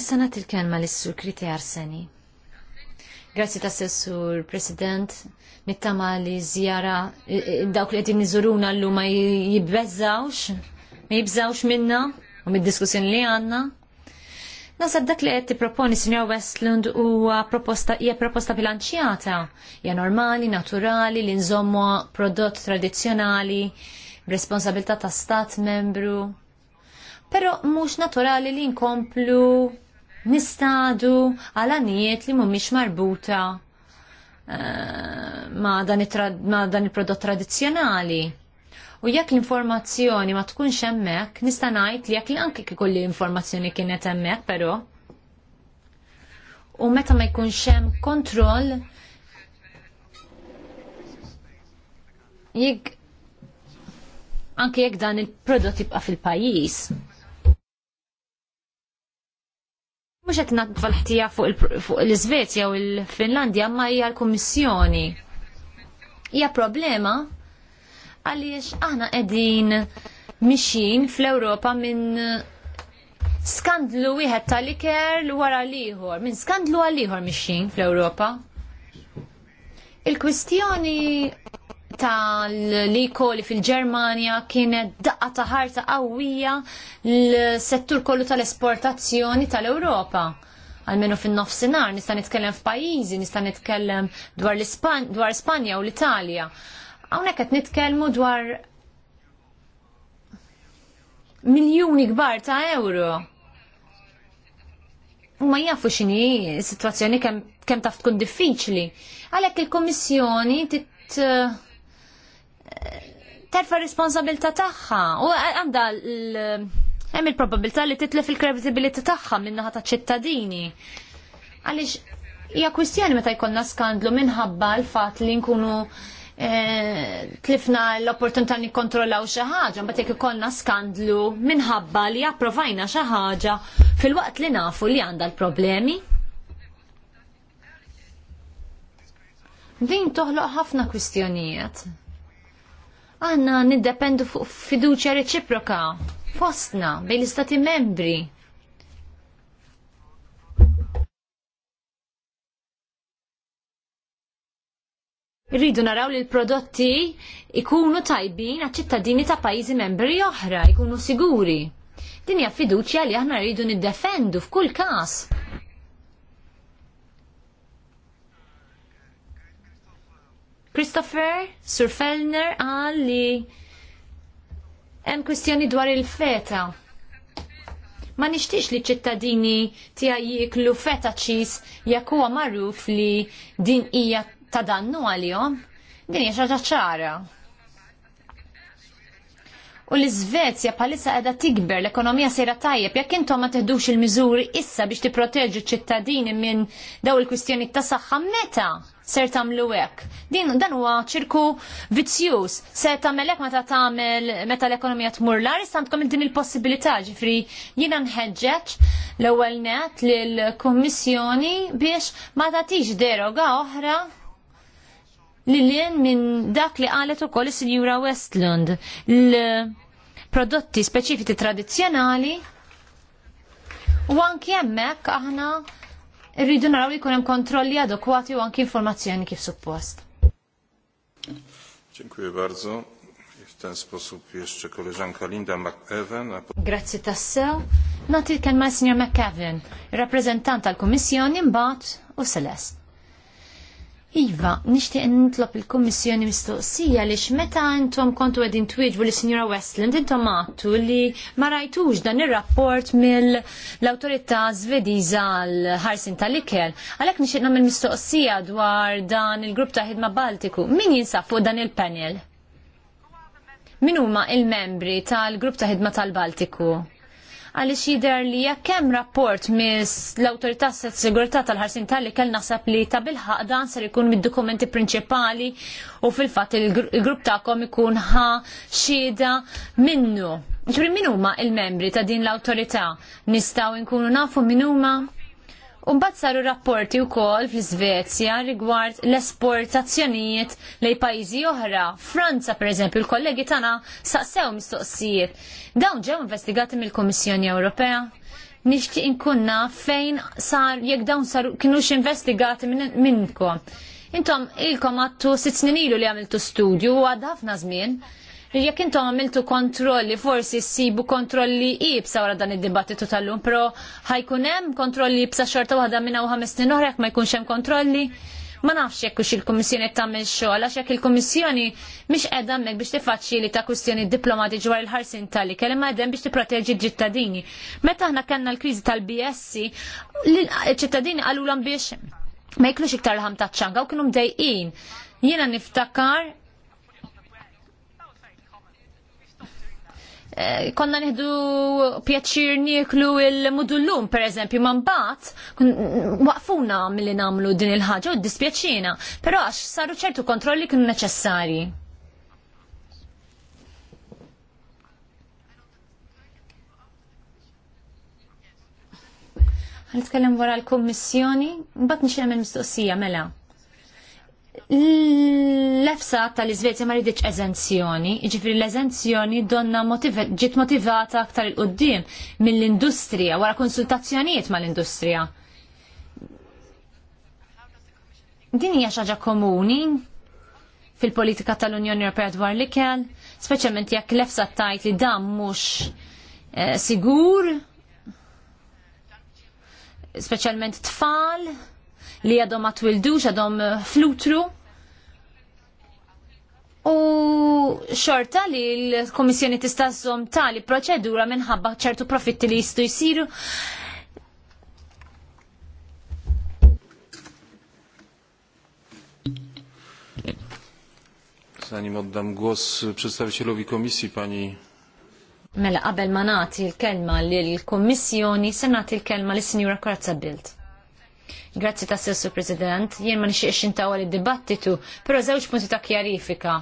Issa nagħti il-kelma lis-Sur Kriti Arseni. Grazzi ta' Sur President, nittama li żjara dawk li qegħdin niżuruna llum ma jibbeżawx, ma jibżawx minna u mid-diskussjoni li għandna. Nasab dak li qed tipproponi Sinjor Westlund huwa proposta hija proposta bilanċjata, hija normali, naturali li nżommu prodott tradizzjonali, responsabilità ta' stat membru. Però mhux naturali li nkomplu nistadu għal anijiet li mhumiex marbuta uh, ma' dan il-prodott tradizzjonali U jekk l-informazzjoni ma tkunx hemmhekk, nista' ngħid li jekk anke l informazzjoni kienet hemmhekk però. U meta ma jkunx hemm kontroll jekk anke jekk dan il-prodott jibqa' fil-pajjiż. Mhux qed nadfa ħtija fuq l-Iżvezja u l-Finlandja ma hija l-Kummissjoni. Hija problema għaliex aħna qegħdin mixin fl-Ewropa minn skandlu wieħed tal-iker wara liħor, minn skandlu għal ieħor mixin fl-Ewropa. Il-kwistjoni tal-likoli fil-Germania kienet daqqa ta' ħarta qawwija l-settur kollu tal-esportazzjoni tal-Ewropa. Almenu fin-nofsinhar nista' nitkellem f'pajjiżi, nista' nitkellem dwar l-Ispanja u l-Italja. Hawnhekk qed nitkellmu dwar miljuni kbar ta' euro. U ma jafu x'inhi situazzjoni sitwazzjoni kemm kem taf tkun diffiċli. Għalhekk il-Kummissjoni tit eh, terfa' responsabilità tagħha u għandha hemm il-probabilità li titlef il-kredibilità tagħha min-naħa ta' ċittadini. Għaliex hija kwistjoni meta jkollna skandlu minħabba l-fatt li nkunu Eh, tlifna l-opportunità nikkontrollaw xi ħaġa, mbagħad jekk ikollna skandlu minħabba li approvajna xi ħaġa fil-waqt li nafu li għandha l-problemi. Din toħloq ħafna kwistjonijiet. Għanna niddependu fuq fiduċja reċiproka fostna bejn l-istati membri Irridu naraw li l-prodotti ikunu tajbin għat ċittadini ta' pajjiżi membri oħra, ikunu siguri. Din hija fiduċja li aħna rridu niddefendu f'kull każ. Christopher Surfelner għal li hemm kwistjoni dwar il-feta. Ma nixtiex li ċittadini tiegħi jieklu feta ċis jekk huwa magħruf li din hija ta' dannu għalihom, din hija xaġa ċara. U l-Iżvezja bħalissa qiegħda tikber l-ekonomija sejra tajjeb jekk intom ma teħdux il-miżuri issa biex tipproteġu ċ-ċittadini minn daw il-kwistjoni ta' saħħa meta ser tagħmlu hekk. Din dan huwa ċirku vizzjuż. Se tagħmel hekk meta tagħmel meta l-ekonomija tmur lar issa għandkom din il-possibilità ġifri jiena nħeġġeġ l-ewwel net lill-Kummissjoni biex ma tagħtix deroga oħra li l minn dak li qalet ukoll is-Sinjura Westland l-prodotti speċifiċi tradizzjonali u anki hemmhekk aħna rridu naraw li kunem hemm kontrolli adekwati u anki informazzjoni kif suppost. Dziękuję bardzo. I w ten sposób jeszcze koleżanka Linda McEwen. A... Grazie tassew. Nati kelma signor McEwen, rappresentant tal komissjoni mbagħad u Celeste. Iva, nixtieq nitlob il-Kummissjoni mistoqsija li meta intom kontu għedin twieġbu li Sinjora Westland intom għattu li ma rajtux dan ir-rapport mill-Awtorità Svediża l-ħarsin tal-ikel. Għalhekk nixtieq nagħmel mistoqsija dwar dan il-grupp ta' ħidma Baltiku. Min jinsab fuq dan il-panel? Min huma il-membri tal-grupp ta' ħidma tal-Baltiku? għaliex jidher li jekk hemm rapport mis l-Awtorità Set Sigurtà tal-Ħarsin tal kell naħseb li ta' bilħaq dan ser ikun mid-dokumenti prinċipali u fil-fatt il-grupp tagħkom ikun ħa xieda minnu. Ġbri min huma il-membri ta' din l-awtorità? Nistgħu nkunu nafu min huma? Umbat saru rapporti u kol fl-Svezja rigward l-esportazzjonijiet lej pajjiżi oħra. Franza, per eżempju, il-kollegi tana saqsew mistoqsijiet. Dawn ġew investigati mill kummissjoni Ewropea. Nixtieq inkunna fejn sar jekk dawn saru kienux investigati minnkom. Intom ilkom għattu sitt snin ilu li għamiltu studju u għad ħafna żmien Jekk intom għamiltu kontrolli, forsi ssibu kontrolli ibsa wara dan id-dibattitu tal-lum, però ħajkun hemm kontrolli ibsa xorta waħda minna u ħames snin oħra ma jkunx hemm kontrolli. Ma nafx jekk il kummissjoni tamil tagħmel xogħol għax jekk il-Kummissjoni mhix qiegħda hemmhekk biex tiffaċċili ta' kwistjoni diplomatiċi dwar il-ħarsin tali, ma għedhem biex tipproteġi ġittadini Meta aħna kellna l-kriżi tal-BSC, l-ċittadini qalulhom biex ma jiklux iktar ħam taċċanga u kienu mdejqin. Jiena niftakar Eh, konna nieħdu pjaċir nieklu il-mudullum, per eżempju, man bat, waqfuna mill-li namlu din il-ħagġa u dispjaċina, pero għax saru ċertu kontrolli kienu neċessari. Għal-tkellem wara l-kommissjoni, bat nxemmen mistoqsija mela l-efsa tal-Izvezja ma ridiċ eżenzjoni, ġifri l-eżenzjoni donna ġiet motivata aktar il-qoddim mill-industrija, wara konsultazzjonijiet mal-industrija. Din hija xaġa komuni fil-politika tal-Unjoni Ewropea dwar l-ikel, speċjalment jekk l-efsa tajt li dan mhux eh, sigur, speċjalment tfal li għadhom ma twildux, għadhom flutru. U xorta li l-Komissjoni tista' żżomm tali proċedura minħabba ċertu profitti li jistgħu jsiru. Zanim oddam głos przedstawicielowi komisji pani Mela qabel ma nagħti l-kelma lill-Kummissjoni se nagħti l-kelma lis-Sinjura Korazza Bild. Grazzi ta' Sessu President, jien ma nixtieqx intawal lid dibattitu però żewġ punti ta' kjarifika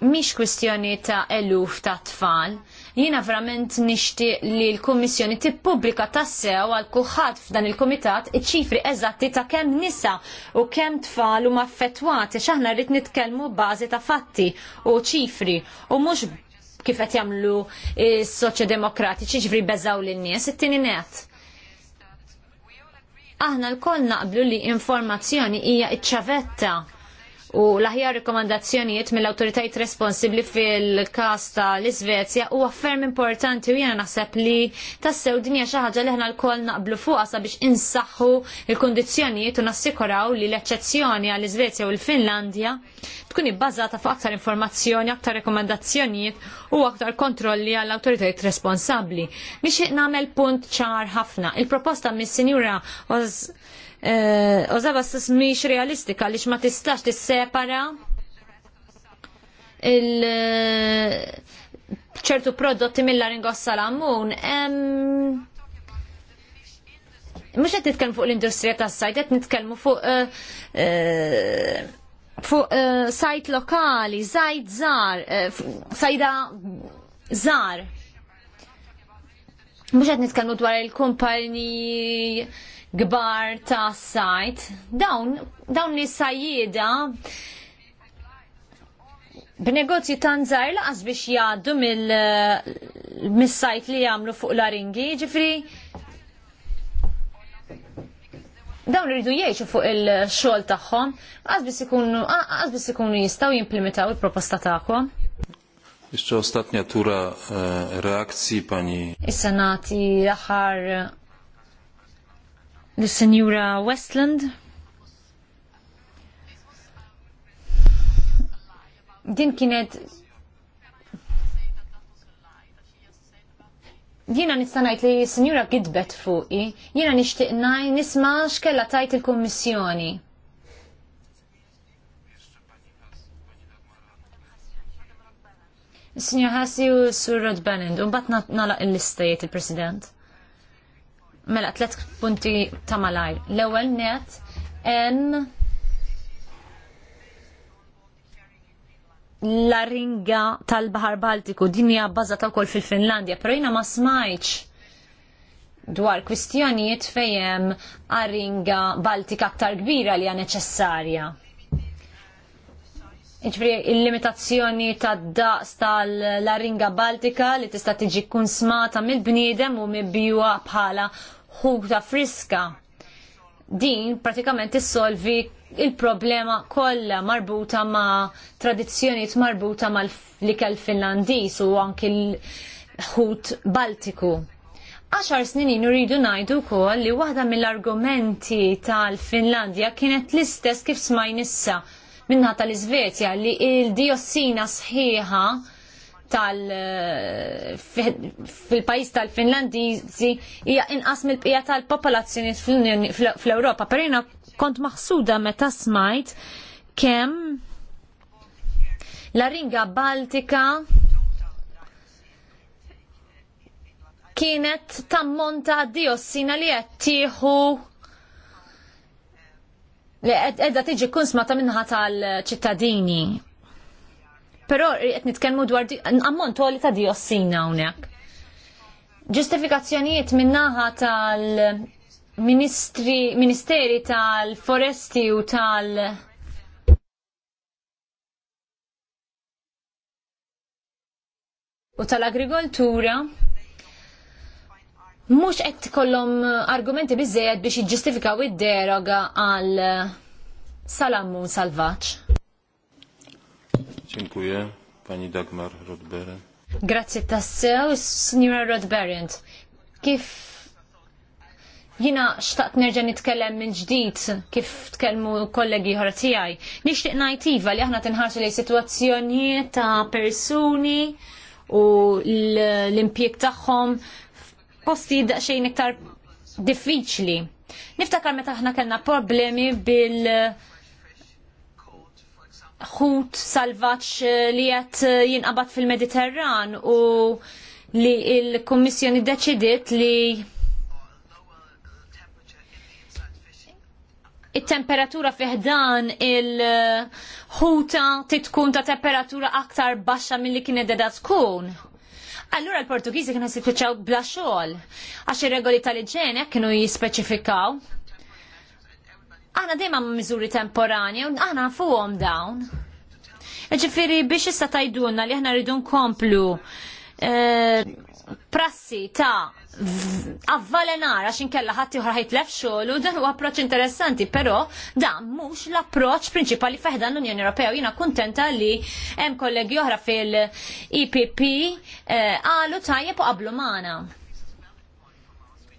mhix kwistjoni ta' eluf ta' tfal. Jiena verament nixtieq li l-Kummissjoni tippubblika tassew għal kulħadd f'dan il-Kumitat iċ-ċifri eżatti ta' kemm nisa u kemm tfal huma affettwati x'aħna rrid nitkellmu bażi ta' fatti u ċifri u mhux kif qed jagħmlu s-soċjodemokratiċi ġifri beżaw lin-nies it-tieni net. Aħna lkoll naqblu li informazzjoni hija iċ ċavetta u l-aħjar rekomandazzjonijiet mill-autoritajiet responsibli fil-kas l-Svezja u affermi importanti u jena naħseb li tassew dinja xaħġa li ħna l-kol naqblu fuqa sabiex insaxħu il-kondizjonijiet u nassikuraw li l-eċċezzjoni għall iżvezja u l-Finlandja tkun ibbażata fuq aktar informazzjoni, aktar rekomandazzjonijiet u aktar kontrolli għall autoritajiet responsabli. Mixi namel punt ċar ħafna. Il-proposta mis-sinjura użaba s mish realistika li ma tistax tissepara il eh, ċertu prodotti mill-laringos salamun. Mux għed nitkelmu fuq l-industrija tas sajt, għed nitkelmu fuq eh, eh, fuq sajt lokali, sajt zar, sajda zar. Mux għed nitkelmu dwar il-kumpanji gbar ta' sajt. Dawn, dawn li sajjida b'negozju tanżar laqas biex jgħaddu mill-sajt eh, li jagħmlu fuq l-aringi, ġifri dawn rridu jgħixu fuq il-xogħol tagħhom, għazbis ikunu għazbis ikunu jistgħu jimplementaw il-proposta tagħkom. Issa ostatnia tura eh, reakzji pani. Is-senati l-aħħar l-Senjura Westland. Din kienet Jiena nistanajt li s-Sinjura gidbet fuqi, jiena nixtieq ngħid nisma xkella tajt il kummissjoni Signor Hassi u Sur Rod Bennend, un bat nalaq il-listajiet il-President. Mela, tlet punti ta' malajr. l ewwel net, en l-aringa tal-Bahar Baltiku, din hija bbażata wkoll fil-Finlandja, però jiena ma smajtx dwar kwistjonijiet hemm aringa Baltika aktar kbira li hija neċessarja. Iġbri, il-limitazzjoni ta' daqs tal-laringa Baltika li tista' tiġi kun smata mill-bniedem u mibjuwa bħala ħubta friska. Din pratikament issolvi il-problema kollha marbuta ma' tradizzjonijiet marbuta mal ikel Finlandiż u anki l-ħut Baltiku. Għaxar snin inu rridu najdu kol li waħda mill-argumenti tal-Finlandja kienet l-istess kif smajnissa minna tal-Izvezja li il-diossina sħiħa tal fil-pajis tal-Finlandiżi hija inqas mill-qija tal-popolazzjoni fl-Ewropa. Perina kont maħsuda meta smajt kemm la ringa Baltika kienet tammonta diossina li qed tieħu li qed tiġi kunsmata minnaħa tal-ċittadini Però qed nitkellmu dwar ammont li ta' diossina hawnhekk. Ġustifikazzjonijiet min-naħa tal- ministri, ministeri tal-foresti u tal- u tal-agrikoltura mhux qed kollom argumenti biżejjed biex jiġġustifikaw id-deroga għal salammu salvaġġ. Dziękuję, pani Dagmar Rodberen. Grazie tassew, signora Rodberent. Kif jina xtaqt nerġa' nitkellem minn ġdid kif tkellmu kollegi ħra tiegħi. Nixtieq ngħid iva li aħna tinħarsu lejn sitwazzjonijiet ta' persuni u l-impjieg tagħhom posti daqsxejn iktar diffiċli. Niftakar meta aħna kellna problemi bil- ħut salvaċ eh, li jett eh, jinqabad fil-Mediterran u li il-Kommissjoni deċidiet li it-temperatura fiħdan il-ħuta titkun ta' temperatura aktar baxxa mill-li kienet edha tkun. Allura l-Portugiżi kienu jispeċaw bla xogħol għax ir-regoli tal ġenek kienu jispeċifikaw aħna dejma miżuri temporani, u aħna fuqom dawn. Ġifiri biex issa tajduna li aħna rridu nkomplu e, prassi ta' avvalenar għax inkella ħadd ieħor ħajtlef xogħol u dan huwa approċċ interessanti, però dan mhux l-approċċ prinċipali feħdan l-Unjoni Ewropea. Jiena kuntenta li hemm kollegi oħra fil-IPP e, qalu tajjeb u qablu magħna.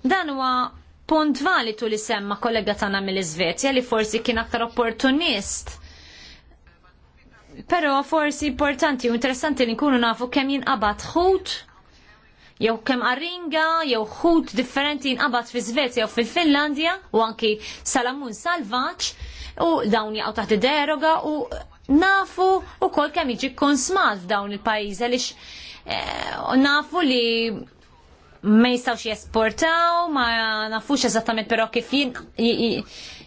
Dan huwa punt valitu li semma kollega tagħna mill-Iżvezja li forsi kien aktar opportunist. Però forsi importanti u interessanti li nkunu nafu kemm jinqabad ħut jew kemm aringa jew ħut differenti jinqabad fi Svezja u fil-Finlandja u anki salamun salvaġġ u dawn jaqgħu taħt deroga u nafu u kol kemm jiġi konsmat f'dawn il-pajjiż għaliex eh, nafu li ma jistawx jesportaw, ma nafux eżattament però kif jien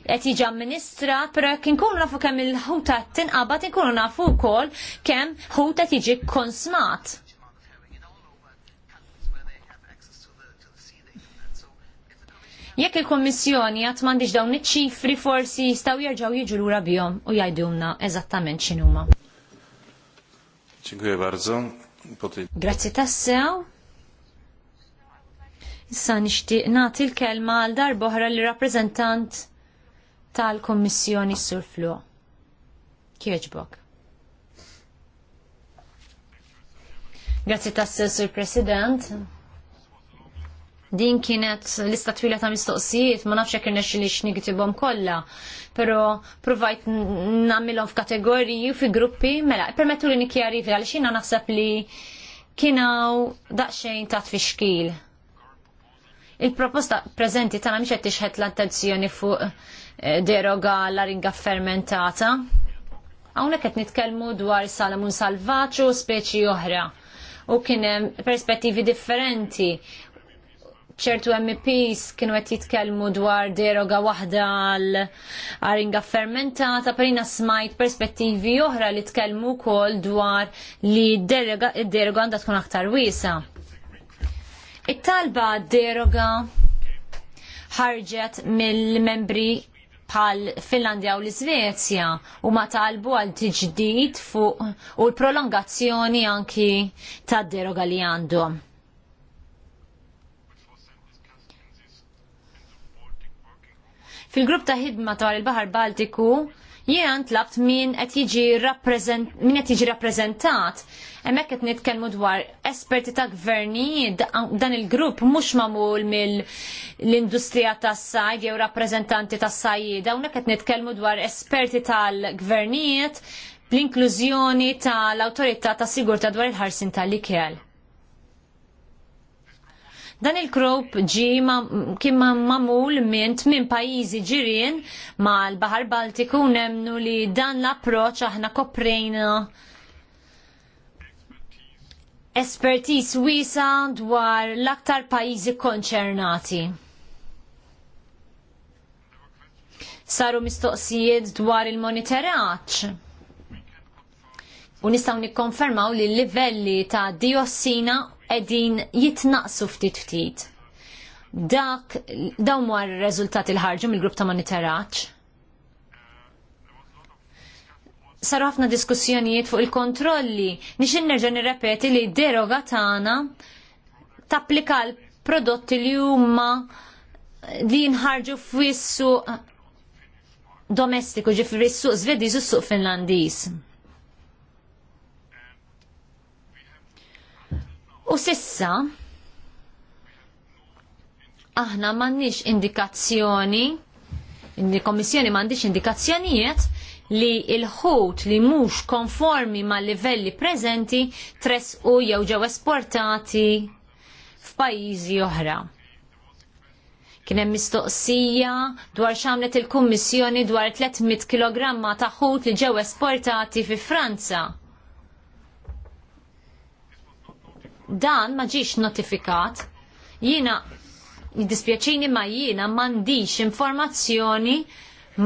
qed jiġi amministra, però jekk inkunu nafu kemm il-ħuta tinqabad inkunu nafu wkoll kemm ħuta tiġi konsmat. Jekk il-Kommissjoni għat mandiġ dawn iċ-ċifri forsi jistgħu jerġgħu jiġu lura bihom u jgħidulna eżattament x'inhuma. Dziękuję bardzo. Grazzi tassew. Issa nixtieq nagħti l-kelma għal darboħra li rappreżentant tal kummissjoni Surflu. Kieġbok. Grazzi tas-Sur President. Din kienet lista twila ta' mistoqsijiet, ma nafx jekk irnexxi li x'nigtibhom kollha, però provajt nagħmilhom f'kategoriji u fi gruppi, mela, permettu li nikjarifi għaliex jiena naħseb li kienaw daqsxejn ta' tfixkil Il-proposta prezenti tagħna mhix qed iċħet l-attenzjoni fuq eh, deroga l-aringa fermentata. Hawnhekk qed nitkelmu dwar salamun salvaċu u speċi oħra u kien hemm perspettivi differenti ċertu MPs kienu għet jitkelmu dwar deroga wahda l aringa fermentata, perina smajt perspettivi oħra li tkelmu kol dwar li deroga għanda tkun aktar wisa. It-talba deroga ħarġet mill-membri bħal Finlandja u l-Svezja u ma talbu għal tiġdid fuq u l-prolongazzjoni anki tad deroga li għandhom. Fil-grupp ta' ħidma dwar il-Baħar Baltiku Jiena tlabt min qed jiġi min qed jiġi rappreżentat. Hemmhekk qed nitkellmu dwar esperti ta' gverni dan il-grupp mhux magħmul mill-industrija tas-sajd jew rappreżentanti tas-sajjieda, hawnhekk qed nitkellmu dwar esperti tal-gvernijiet bl-inklużjoni tal-awtorità tas sigurtà dwar il-ħarsin tal-ikel. Dan il-grupp ġi kien mamul minn minn pajizi ġirien mal-Bahar Baltiku nemnu li dan l-approċ aħna koprejna espertiż wiesa dwar l-aktar pajjiżi konċernati. Saru mistoqsijiet dwar il-monitoraċ. U nistaw nikkonfermaw li l-livelli ta' diossina qegħdin jitnaqsu ftit ftit. Dak dawn war r-reżultati l-ħarġu mill-grupp ta' monitoraġġ saru ħafna diskussjonijiet fuq il-kontrolli. Nix nerġa' nirrepeti li deroga tagħna tapplika l-prodotti li huma li jinħarġu fis-suq domestiku ġifri s-suq Svediż u s-suq Finlandiż. U sissa, aħna m'għandniex indikazzjoni, il-Komissjoni mandiċ indikazzjonijiet li il-ħut li mhux konformi mal livelli preżenti u jew ġew esportati f'pajjiżi oħra. Kien hemm mistoqsija dwar x'għamlet il-Kummissjoni dwar 300 kg ta' ħut li ġew esportati fi Franza. dan ma ġiex notifikat. Jiena jiddispjaċini ma jiena m'għandix informazzjoni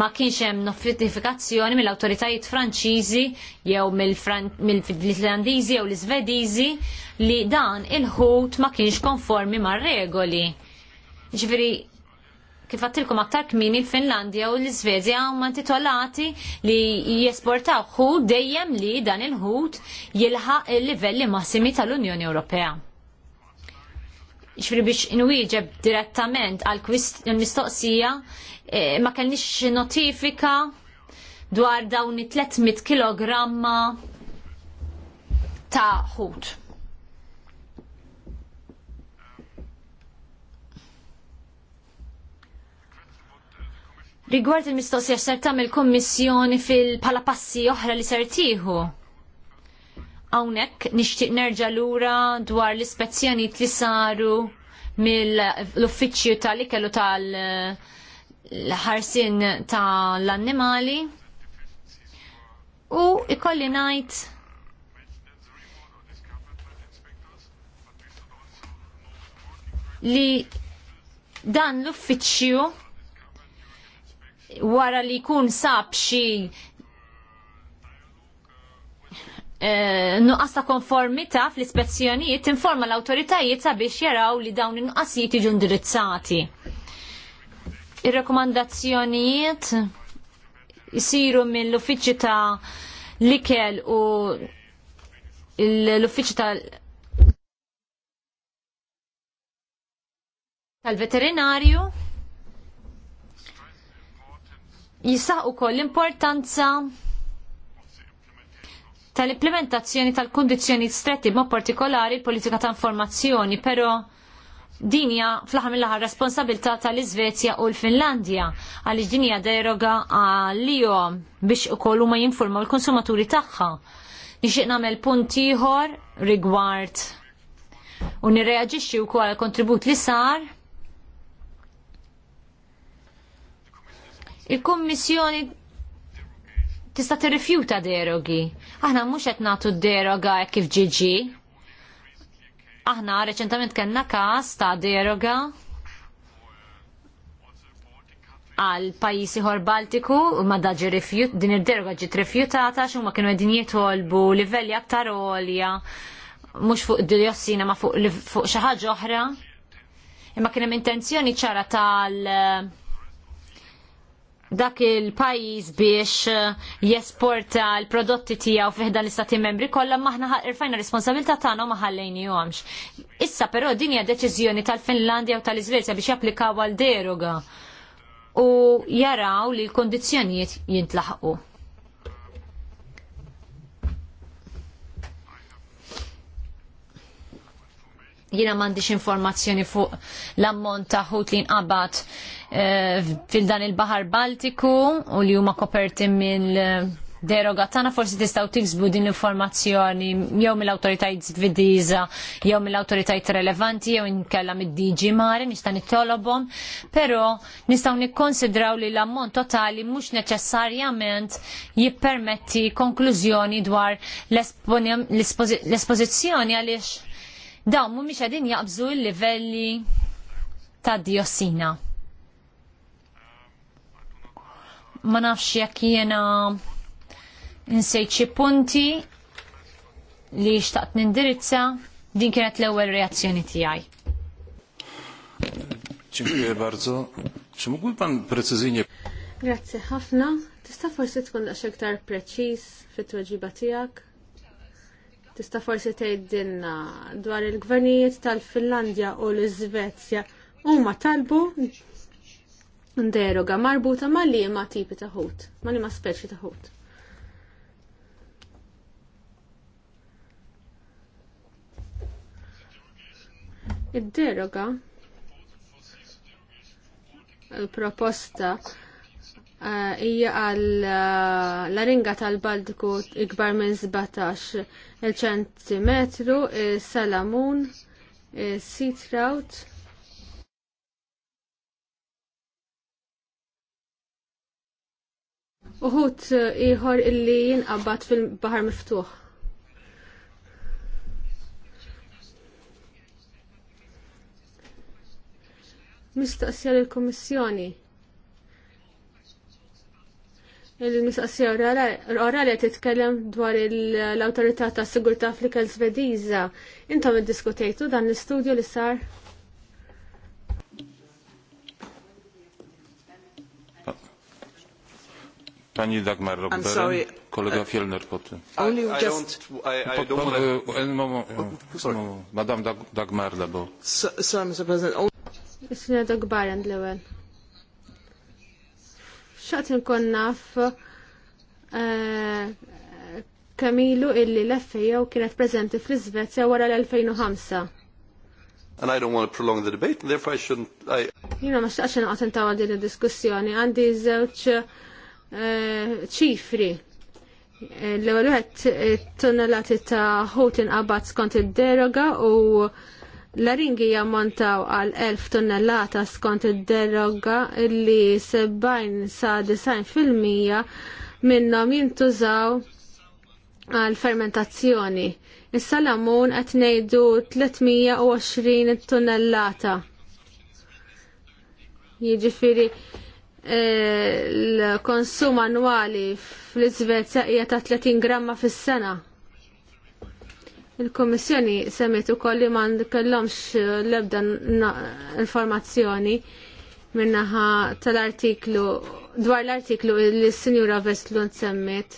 ma kienx hemm notifikazzjoni mill-awtoritajiet Franċiżi jew mill-Islandiżi jew l-Iżvediżi li dan il-ħut ma kienx konformi mar-regoli. Ġifieri kif għattilkom aktar kmini l-Finlandja u l-Svezja huma intitolati li jesportaw ħu dejjem li dan il-ħut jilħaq il-livelli massimi tal-Unjoni Ewropea. Ixfri biex inwieġeb direttament għal mistoqsija eh, ma kellniex notifika dwar dawn 300 kg ta' ħut. Rigward il-mistoqsija ser tagħmel kummissjoni fil-pala passi oħra li ser tieħu. Hawnhekk nixtieq nerġa' lura dwar l-ispezzjonijiet li saru mill-uffiċċju tal ikelu tal ħarsien tal-annimali. U ikolli ngħid li dan l-uffiċċju wara li jkun sab xi eh, nuqqas ta' konformità fl-ispezzjonijiet informa l-awtoritajiet sabiex jaraw li dawn in-nuqqasijiet jiġu indirizzati. Ir-rekomandazzjonijiet jisiru mill-uffiċċju ta' Likel u l-uffiċċju ta' tal-veterinarju jisaq ukoll l-importanza tal-implementazzjoni tal-kondizjoni stretti ma' partikolari politika ta' informazzjoni, pero dinja fl il l responsabilta tal-Izvezja u l-Finlandja għalix dinja deroga għal-lijo biex u kollu ma jinformaw l-konsumaturi tagħha. Nixiq namel puntiħor rigward u nirreagġixxi wkoll għal kontribut li sar il-Kummissjoni tista' tirrifjuta derogi. Aħna mhux qed nagħtu deroga kif ġiġi. Aħna reċentament kellna każ ta' deroga għal pajjiżi ħor Baltiku ma daġi rifjut din id-deroga ġiet rifjutata x'huma kienu għedin jitolbu livelli aktar olja, mhux fuq diossina ma fuq, fuq xi ħaġa oħra. Imma kien hemm intenzjoni ċara tal dak il-pajis biex eh, jesporta l-prodotti tijaw fiħda l-istati membri kollha maħna irfajna responsabilta tagħna u maħallejni jomx. Issa però din hija deċiżjoni tal-Finlandja u tal-Iżvezja biex japplikaw għal deroga u jaraw li l-kondizzjonijiet jintlaħqu. Jiena m'għandix informazzjoni fuq l-ammont ta' ħut li nqabad eh, fil-dan il-Bahar Baltiku u li huma koperti mill deroga tagħna forsi tistgħu tiksbu din l-informazzjoni jew mill-awtoritajiet Svediża jew mill-awtoritajiet relevanti jew inkella mid-DG Mare nista' nittolobhom, però nistgħu nikkonsidraw li l-ammont totali mhux neċessarjament jippermetti konklużjoni dwar l-espożizzjoni għaliex dawn mhumiex qegħdin jaqbżu l-livelli ta' diossina. Ma nafx jekk jiena nsejċi xi punti li xtaqt nindirizza din kienet l-ewwel reazzjoni tiegħi. Dziękuję bardzo. Czy mógłby pan precyzyjnie... Grazie ħafna. Tista' forsi tkun daqs iktar preċiż fit-tweġiba tiegħek? Tista' forsi tgħidilna dwar il-gvernijiet tal-Finlandja u l-Iżvezja huma talbu deroga marbuta ma' liema tipi ta' ħut, ma' liema speċi ta' ħut. Id-deroga il-proposta Eh, hija għal eh, l-aringa tal-Baltiku ikbar minn 17 cm salamun sea trout. Uħut eh, iħor illi jinqabbat fil-bahar miftuħ. Mistaqsija l-Komissjoni. Il-mistoqsija orali qed titkellem dwar l autorità ta' Sigurtà Afrika l Svediża. Intom id-diskutejtu dan l-istudju li sar? Pani Dagmar Robberen, sorry, kolega uh, Fielner Only just... I, don't want to... Uh, eh, oh, eh, Madame Dagmar Labo. Sorry, Mr. President. Isna Dagmar and Lewin xaqt nkun naf eh, Kamilu illi l u kienet prezenti fl-Svezja wara l-2005. And I don't want to prolong the debate, and therefore I shouldn't... I... Jina ma xtaqx naqt intawa din il-diskussjoni, għandi zewċ eh, ċifri. Eh, L-ewel għed tunnelati ta' ħut inqabad skont id-deroga u L-aringi jammontaw għal 1000 tonnellata skont id-deroga li 70 sa 90% minnhom jintużaw għal fermentazzjoni. Is-salamun qed ngħidu 320 tonnellata. Jiġifieri eh, l-konsum annwali fl-Iżvezja hija ta' 30 gramma fis-sena il kummissjoni semmet ukoll li ma kellhomx l-ebda informazzjoni minnaħa tal-artiklu dwar l-artiklu li s-Sinjura Vestlund semmet.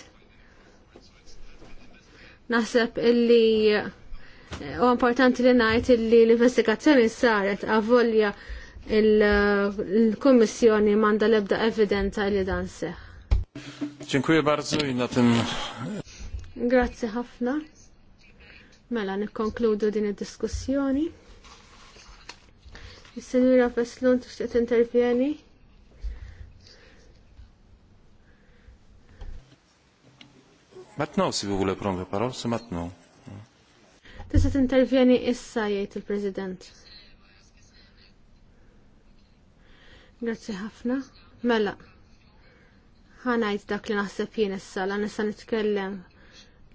Naħseb illi eh, u importanti li najt illi l-investigazzjoni saret għavolja il-Kommissjoni manda l-ebda evidenta li dan seħ. Dziękuję bardzo i na tym. Grazie ħafna. Mela nikkonkludu din id-diskussjoni. Is-Sinjura Feslun tixtieq intervjeni. Matnaw si vuole promve parol, ma tnaw. Tista' tintervjeni issa jgħid il-President. Grazzi ħafna. Mela, ħanajt dak li naħseb jien issa, la nista' nitkellem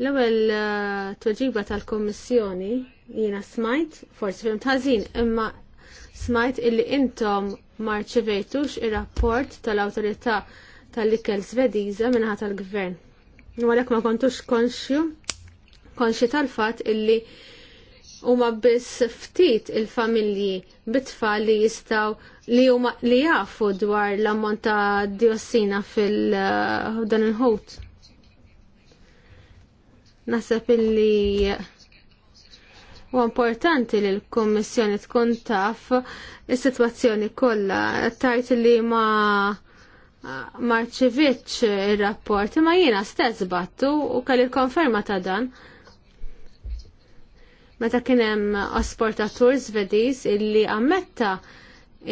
L-ewwel eh, tweġiba tal kummissjoni jiena smajt, forsi fim tażin, imma smajt illi intom marċivejtux ir-rapport tal-Awtorità tal-Ikel Svediża minħat tal-Gvern. Għalhekk ma kontux konxju konxi tal-fatt illi huma biss ftit il-familji bit-tfal li jistgħu li huma li jafu dwar l-ammont ta' diossina fil-dan eh, il-ħut. Nasab illi u importanti li l-Kommissjoni tkun taf is-sitwazzjoni kollha. Tajt li ma marċivitx ir-rapport, ma jiena stess battu u kelli konferma ta' dan. Meta kien hemm asportatur Svediż illi ammetta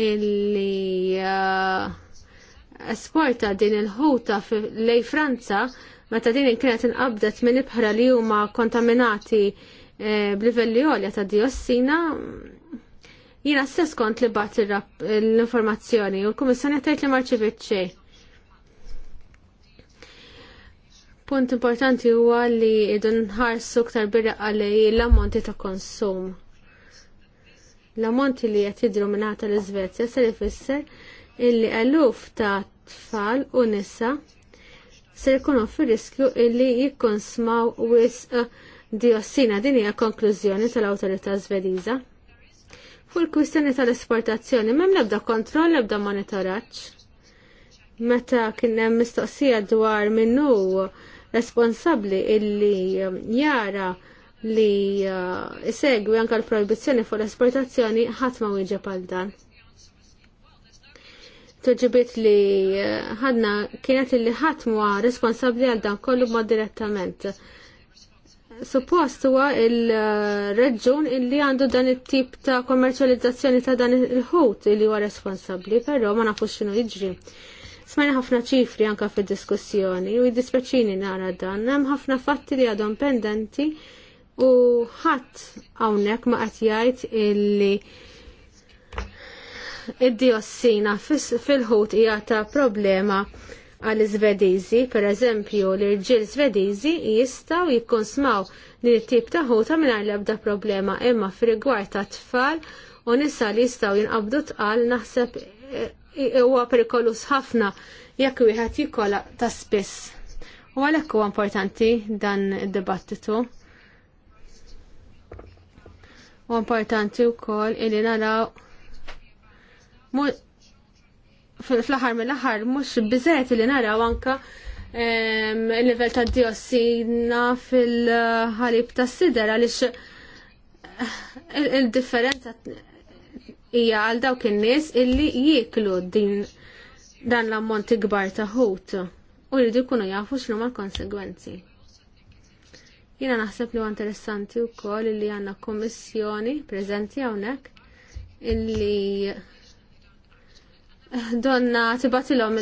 illi uh, esporta din il-ħuta lej Franza Meta din kienet inqabdet minn ibħra li huma kontaminati eh, b'livelli għolja ta' diossina, jina stess kont li bat l-informazzjoni u l-Kummissjoni tgħid li marċivit xejn. Punt importanti huwa li idun ħarsu ktar birra għalli l-ammonti ta' konsum. L-ammonti li qed jidhru minnata l-Iżvezja se jfisser illi eluf ta' tfal u nisa Se jkunu fil-riskju illi jikkonsmaw wisq eh, diossina din hija konklużjoni tal-awtorità Żvediża. Fuq il-kwistjoni tal-esportazzjoni m'hemm l-ebda kontroll l-ebda monitoraġġ. Meta kien hemm mistoqsija dwar minnu responsabbli illi eh, jara li jsegwi eh, anke l-proibizzjoni fuq l-esportazzjoni ħadd ma wieġeb għal dan toġibit li eh, ħadna kienet li ħadd għa responsabli għal dan kollu ma direttament. Suppost huwa il-reġun illi għandu dan it-tip ta' kommerċjalizzazzjoni ta' dan il-ħut li huwa responsabbli, però ma nafux x'inhu jiġri. Smajna ħafna ċifri anka fid-diskussjoni u jiddispeċini nara dan, hemm ħafna fatti li għadhom pendenti u ħadd hawnhekk ma qed jgħid illi id-diossina fil-ħut hija ta' problema għal iżvediżi per eżempju, l irġiel svedizi jistaw jikkonsmaw li tip ta' ħuta mingħajr l-ebda problema imma fir-rigward ta' tfal u nisa li jistaw jinqabdu tqal naħseb e, e, huwa perikolus ħafna jekk wieħed jikola ta' spiss. U għalhekk huwa importanti dan id-dibattitu. U importanti wkoll illi naraw fl-aħħar mill-aħħar mhux biżgħet li naraw anka il level ta' diossina fil-ħalib ta' sider għaliex eh, il-differenza hija għal dawk in-nies illi jieklu din dan l-ammont ikbar ta' ħut u li jkunu jafu x'nu ma' konsegwenzi. Jiena naħseb li huwa interessanti wkoll illi għandna kommissjoni preżenti hawnhekk illi donna tibatilhom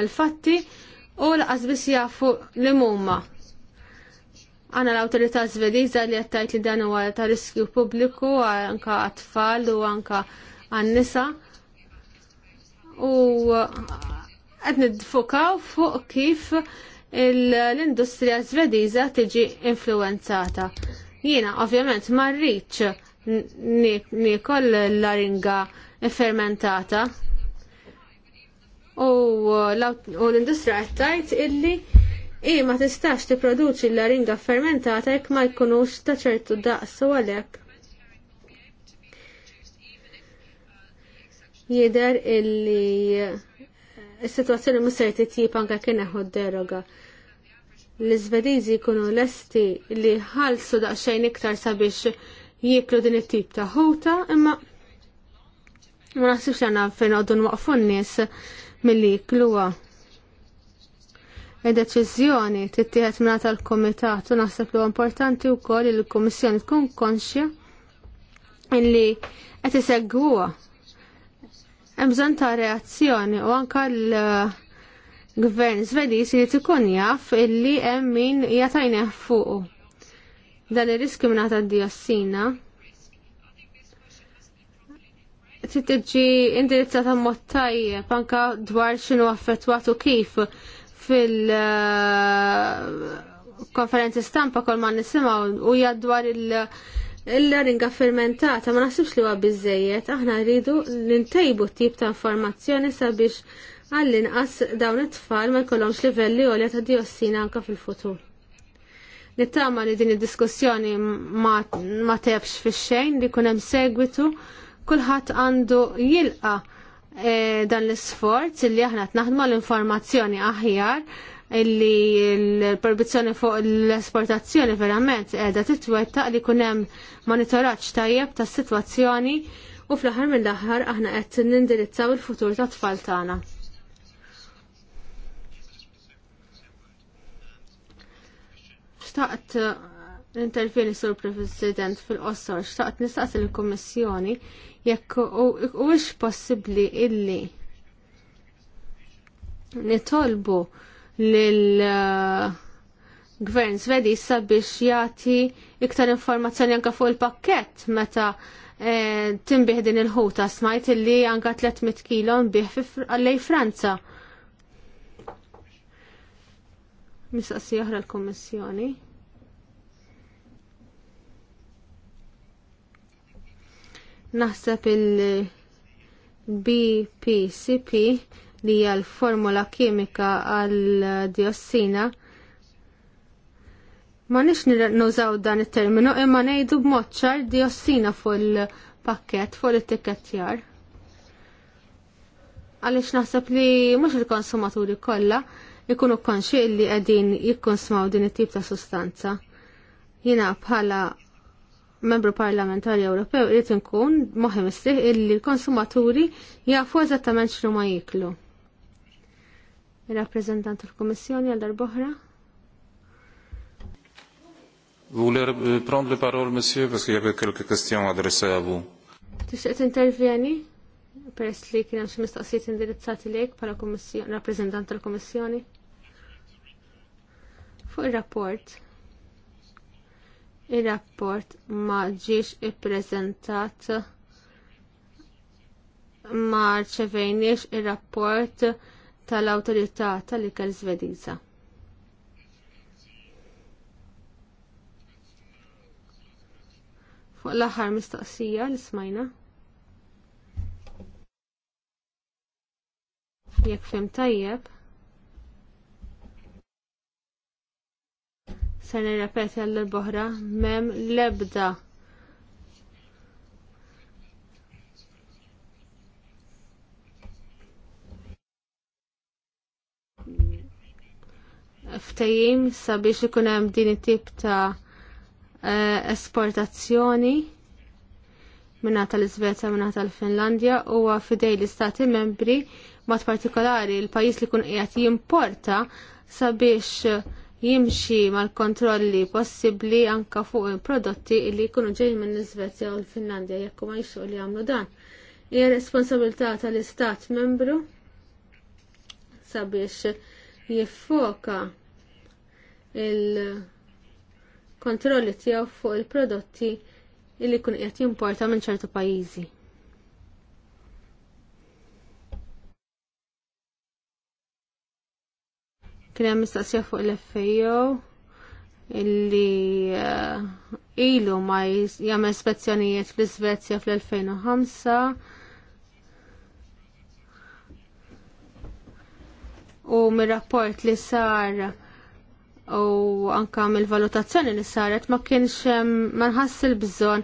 il-fatti u l-qas biss jafu li mumma. Għana l autorita zvediza li għattajt li dan huwa ta' riskju pubbliku anka għat-tfal u anka għannisa. nisa U d-fukaw fuq kif l-industrija zvediza tiġi influenzata. Jiena ovvjament marriċ nikol l-laringa fermentata. U uh, l industri qed illi i ma tistax tipproduċi l-laringa fermentata jekk ma jkunux ta' ċertu daqs u għalhekk. Jidher illi uh, s-sitwazzjoni mhux se titjib anke kien deroga l-Iżvediżi jkunu lesti li ħalsu daqsxejn iktar sabiex jiklu din it-tip ta' ħuta, imma Ma naħsibx għana fejn għoddu nwaqfu n-nis mill-li kluwa. Id-deċizjoni tittieħed minna tal-komitat u naħseb li importanti u koll li l-komissjoni tkun konxja illi qed isegwuha. Hemm bżonn ta' reazzjoni u anke l-gvern Svediż li tkun jaf illi hemm min jatajneh fuqu. Dan ir-riskju mingħata d-diossina titġi indirizzata mod tajjeb anka dwar x'inhu affettwat u kif fil- uh, konferenzi stampa kol ma nisimaw u jadwar il- Il-laringa fermentata ma nasibx li huwa aħna rridu l-intejbu tip ta' informazzjoni sabiex għall-inqas dawn it-tfal ma jkollhomx livelli li ta' diossina anka fil-futur. Nittama li din id-diskussjoni ma tebx fix xejn li kunem hemm segwitu kulħadd għandu jilqa e, dan l-isforz li aħna naħdmu l-informazzjoni aħjar illi l-proibizzjoni fuq l-esportazzjoni verament edha titwettaq li kunem monitoraċ tajjeb ta' situazzjoni u fl-aħħar mill-aħħar aħna qed nindirizzaw il-futur ta' tfal tagħna. Xtaqt eh, intervjeni sur President fil-qossor, xtaqt nistaqsi l-Kummissjoni jekk huwiex possibbli illi nitolbu lil uh, gvern svedi sabiex jagħti iktar informazzjoni anke fuq il-pakkett meta eh, timbih din il-ħuta smajt illi anka 300 kilo nbih għallej Franza. Mistaqsi oħra l-Kommissjoni. Naħseb il-BPCP li hija l-formula kimika għal diossina ma nix nużaw dan it-terminu imma ngħidu b'moċċar diossina fuq il-pakket fuq it-tikketjar. Għaliex naħseb li mhux il-konsumaturi kollha ikunu konxi li qegħdin jikkonsumaw din it-tip ta' sustanza. Jina bħala membru parlamentari Ewropew irid inkun moħem issih illi l-konsumaturi jafu eżattament x'nu ma jiklu. rappreżentant tal-Kummissjoni għal darb'oħra. Voulez euh, prendre la parole, monsieur, parce qu'il y avait quelques questions adressées à vous. Tixtieq intervjeni? Peress li kien hemm xi mistoqsijiet indirizzati lejk bħala rappreżentant tal-Kummissjoni. Fuq ir-rapport Il-rapport ma ġiex ippreżentat ma rċevejniex il-rapport tal awtorità tal-ikel Svediża. Fuq l-aħħar mistoqsija li smajna. Jekk fim tajjeb. Se nirrepeti għall boħra mem lebda ftajim sabiex ikun hemm din it-tip ta' eh, esportazzjoni minna tal-Iżvezja minna tal-Finlandja huwa fidej l-istati membri mat partikolari l-pajjiż li kun qiegħed jimporta sabiex jimxi mal-kontrolli possibbli anke fuq il-prodotti li jkunu ġejjin minn Iżvezja u l-Finlandja jekk ma jixtiequ li jagħmlu dan. Hija responsabilità tal-Istat membru sabiex jiffoka il-kontrolli tiegħu fuq il-prodotti li jkun qed jimporta minn ċertu pajjiżi. Kien hemm mistaqsija fuq l-FAO illi uh, ilu ma jagħmel ispezzjonijiet fl-Iżvezja fl-2005 u mir-rapport li sar u anka mill-valutazzjoni li saret ma kienx ma nħassil bżonn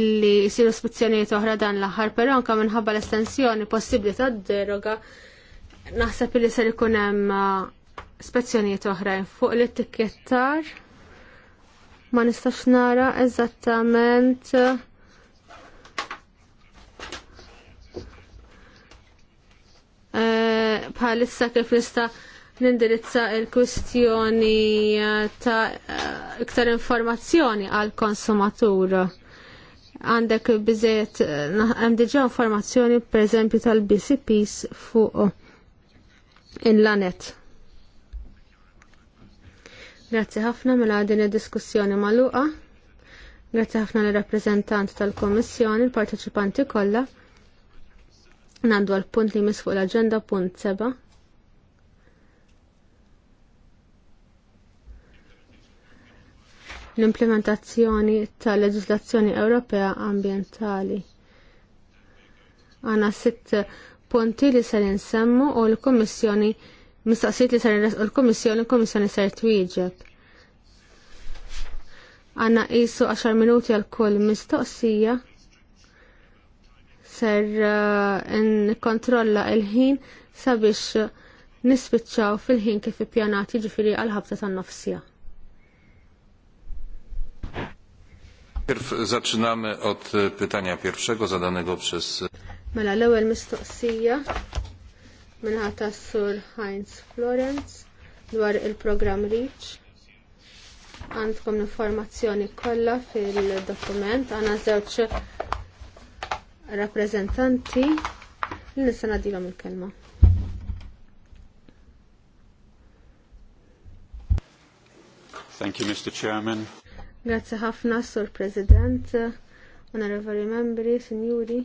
illi jisiru ispezzjonijiet oħra dan l-aħħar, però anka minħabba l-estensjoni possibbli tad-deroga naħseb li ser ikun hemm uh, spezzjonijiet oħrajn fuq l etikettar ma nistax nara eżattament eh, bħalissa kif nista nindirizza il-kwistjoni eh, ta' eh, iktar informazzjoni għal konsumatur għandek bizet hemm diġà informazzjoni pereżempju tal-BCPs fuq il-lanet Grazzi ħafna mela din id-diskussjoni magħluqa. Grazzi ħafna l rappreżentant tal kummissjoni il-parteċipanti kollha. Nandu għal punt li misfuq l-aġenda punt seba'. L-implementazzjoni tal-leġislazzjoni Ewropea ambientali. Għana sitt punti li se insemmu u l kummissjoni mistaqsijiet li ser l komissjoni l komissjoni ser twieġeb. Għanna qisu 10 minuti għal kull mistoqsija ser eh, nkontrolla il-ħin sabiex nispiċċaw fil-ħin kif ippjanati ġifiri għal-ħabta tan-nofsija. Zaczynamy od eh, pytania pierwszego zadanego przez... Eh, mela l-ewwel mistoqsija minnata Sur Heinz Florence dwar il-program Reach. Għandkom informazzjoni kollha fil-dokument, għana żewġ rappreżentanti li nista' ngħadilhom il-kelma. Thank you, Mr. Chairman. Grazie ħafna, Sur President, Honorable Membri, Signori.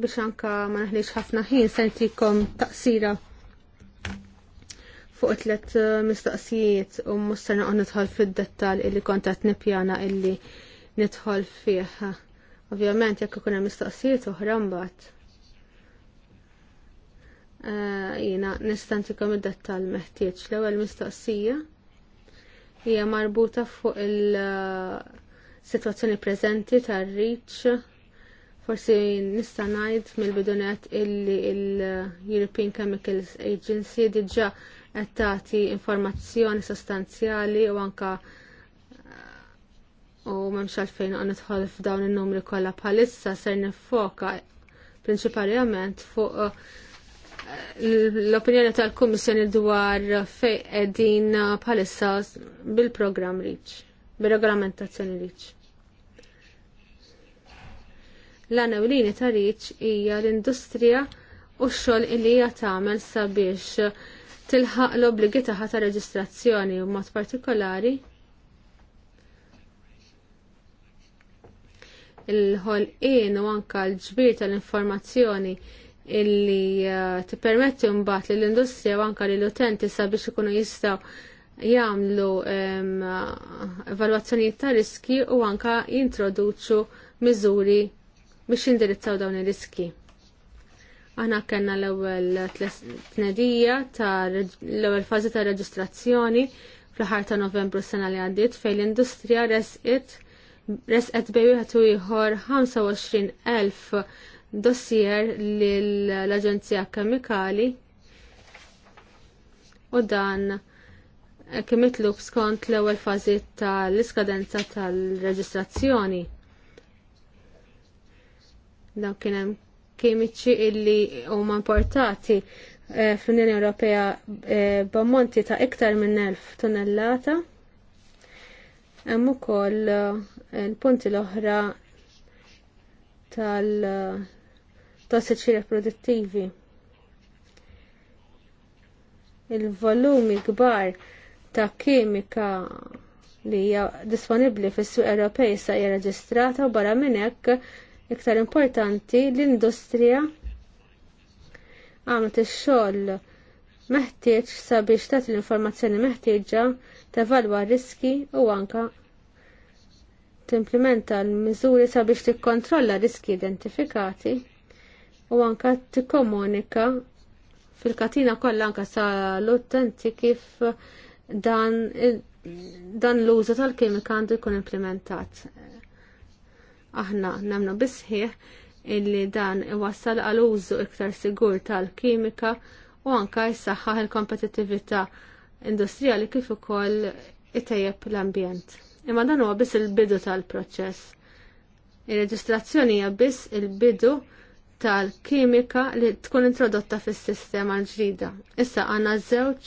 biex anka ma naħlix ħafna ħin sentikom taqsira fuq tlet uh, mistoqsijiet u musta naqqa nidħol fid-dettal illi kontat nipjana illi nidħol fih. Ovvjament jekk ikun hemm mistoqsijiet oħra mbagħad. Uh, Jiena nista' id-dettall meħtieġ. L-ewwel mistoqsija hija marbuta fuq il-sitwazzjoni uh, preżenti tar riċċ Forsi nista' ngħid mill-bidunet illi l-European Chemicals Agency diġà qed tagħti informazzjoni sostanzjali u anka u m'hemmx għalfejn qed nidħol f'dawn in-numri kollha bħalissa ser niffoka prinċipalment fuq uh, l-opinjoni tal-Kummissjoni dwar fejn qegħdin bħalissa bil-programm Reach, bir regolamentazzjoni Reach l-anewlini tariċ hija l-industrija u x-xogħol illi hija tagħmel sabiex tilħaq l-obbligi tagħha ta' reġistrazzjoni u mod partikolari il-ħolqien u anka l-ġbir tal-informazzjoni illi uh, tippermetti mbagħad lill industrija u anka lill utenti sabiex ikunu jistgħu jagħmlu um, evalwazzjonijiet ta' riski u anka jintroduċu miżuri biex indirizzaw dawn ir-riski. Aħna kellna l-ewwel tnedija ta' l-ewwel fażi ta' reġistrazzjoni fl-ħar ta' Novembru sena li għaddiet fejn l-industrija resqet resqet bej wieħed u ieħor 25,000 dossier lill-Aġenzija Kemikali u dan kemm mitlub skont l-ewwel fażi tal-iskadenza tal-reġistrazzjoni dawn kien hemm kimiċi illi huma importati eh, fl-Unjoni Ewropea eh, b'ammonti ta' iktar minn elf tonnellata. Hemm ukoll eh, il-punti l-oħra tal-tossiċi reproduttivi. Il-volumi kbar ta' kimika li hija disponibbli fis-suq Ewropej sa hija reġistrata u barra minn hekk iktar importanti l-industrija għamlet ix-xogħol meħtieġ sabiex tagħti l-informazzjoni meħtieġa tevalwa riski u anka timplementa l-miżuri sabiex tikkontrolla riski identifikati u anka tikkomunika fil-katina kollha anka sa l-utenti kif dan dan l-użu tal-kimika għandu jkun implementat. Aħna namnu bisħieħ illi dan iwassal għal użu iktar sigur tal-kimika u anka jsaħħaħ il-kompetittività industrijali kif ukoll itejjeb l-ambjent. Imma dan huwa biss il-bidu tal-proċess. Ir-reġistrazzjoni hija biss il-bidu tal-kimika li tkun introdotta fis-sistema l-ġdida. Issa għandna żewġ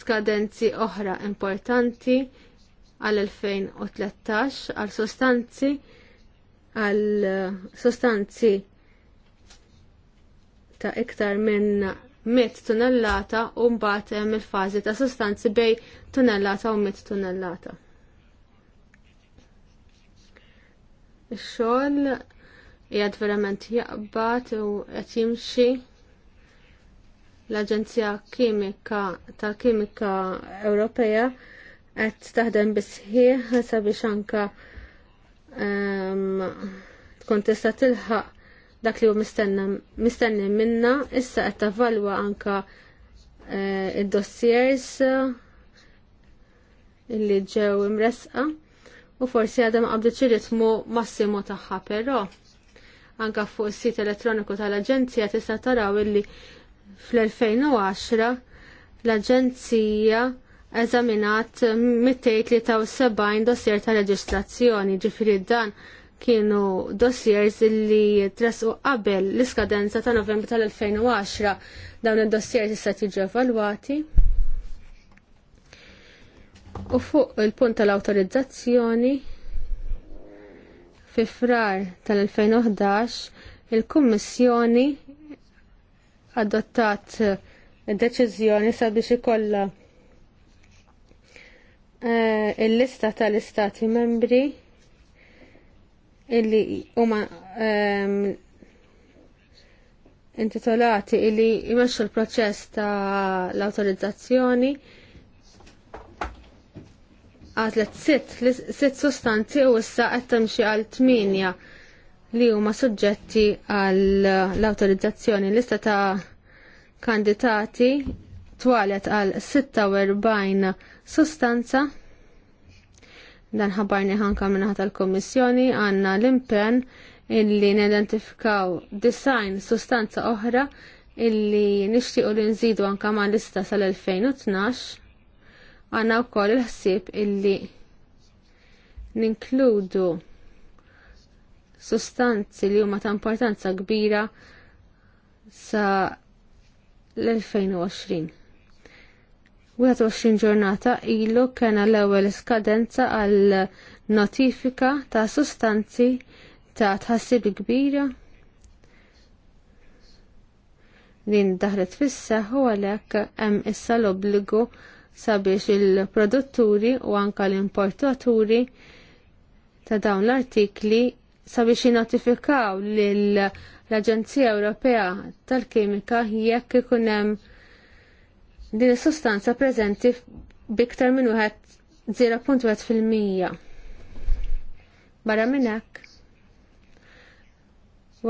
skadenzi oħra importanti għal-2013 għal sostanzi għal uh, sostanzi ta' iktar minn mit tonnellata u mbagħad hemm il-fażi ta' sostanzi bej tonnellata u mit tonnellata. Ix-xogħol qiegħed verament jaqbad u qed jimxi l-Aġenzija Kimika tal-Kimika Ewropea qed taħdem bis-sħiħ sabiex anke Ehm, tkun tista' tilħaq dak li hu mistenni minna, issa qed tavalwa anka eh, id-dossiers illi ġew imresqa u forsi għadha ma qabdet ritmu massimo tagħha però anka fuq is-sit elettroniku tal-Aġenzija tista' taraw illi fl-2010 l-Aġenzija eżaminat 273 dossier ta' reġistrazzjoni, ġifiri dan kienu dossiers li tresqu qabel l-iskadenza ta' novembru tal-2010 dawn id-dossiers issa tiġi evalwati. U fuq il-punt tal-autorizzazzjoni fi frar tal-2011 il-Kummissjoni adottat id-deċiżjoni sabiex ikollha Eh, il-lista tal-istati membri illi huma ehm, intitolati illi jmexxu l-proċess ta' l-autorizzazzjoni sitt, sitt sostanzi u issa qed temxi għal tminja li huma suġġetti għall l-autorizzazzjoni lista ta' kandidati twalet għal 46 sustanza dan ħabarni ħanka minnaħat tal-Komissjoni għanna l-impen illi nidentifikaw design sustanza oħra illi nixtiequ li nżidu anka ma' lista sal-2012 għanna u koll il-ħsib illi ninkludu sustanzi li huma ta' importanza kbira sa l-2020. 21 ġurnata ilu kena l-ewwel skadenza għal notifika ta' sustanzi ta' tħassib kbira din daħlet fissa u għalhekk hemm issa l-obbligu sabiex il-produtturi u anka l-importaturi ta' dawn l-artikli sabiex jinotifikaw lill-Aġenzija Ewropea tal-Kimika jekk ikun hemm din is-sustanza preżenti biktar minn wieħed 0.1 fil-mija. Barra minn hekk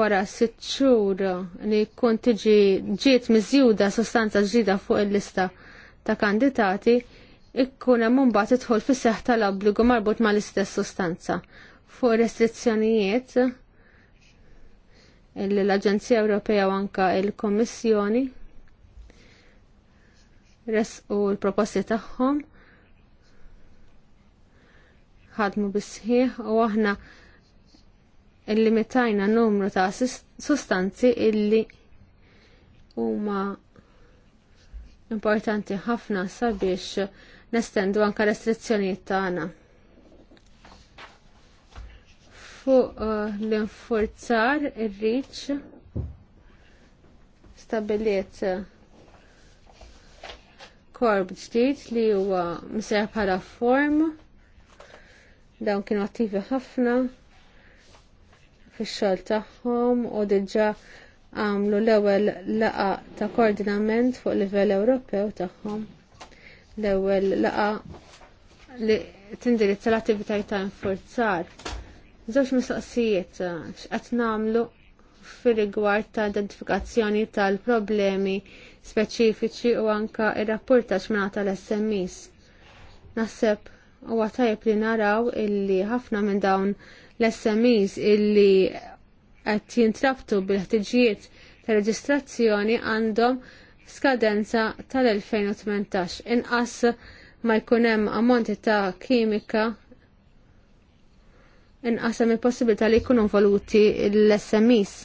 wara sitt xhur li jkun tiġi ġiet miżjuda sostanza ġdida fuq il-lista ta' kandidati, ikkun hemm imbagħad idħol fis seħħ tal-obbligu marbut mal-istess sostanza. Fuq restrizzjonijiet l-Aġenzija Ewropea u anke l-Kommissjoni u l-proposti tagħhom ħadmu bisħiħ u aħna illimitajna numru ta' sustanzi illi huma importanti ħafna sabiex nestendu anka restrizzjonijiet tagħna. Fuq uh, l-infurzar ir-riċ stabiliet uh, korb ġdid li huwa msejħ bħala form dawn kienu attivi ħafna fix-xogħol tagħhom u diġà għamlu l-ewwel laqa ta' koordinament fuq livell Ewropew tagħhom. L-ewwel laqa li tindirizza l-attivitajiet ta' infurzar. Żewġ mistoqsijiet x'qed nagħmlu fir-rigward ta' identifikazzjoni tal-problemi speċifiċi u anka ir-rapportax minna tal sms Naħseb u għatajb li naraw illi ħafna minn dawn l sms illi għat jintrabtu bil-ħtiġijiet ta' reġistrazzjoni għandhom skadenza tal-2018. Inqas ma jkunem ammonti ta' kimika inqasam il-possibilità li jkunu voluti l sms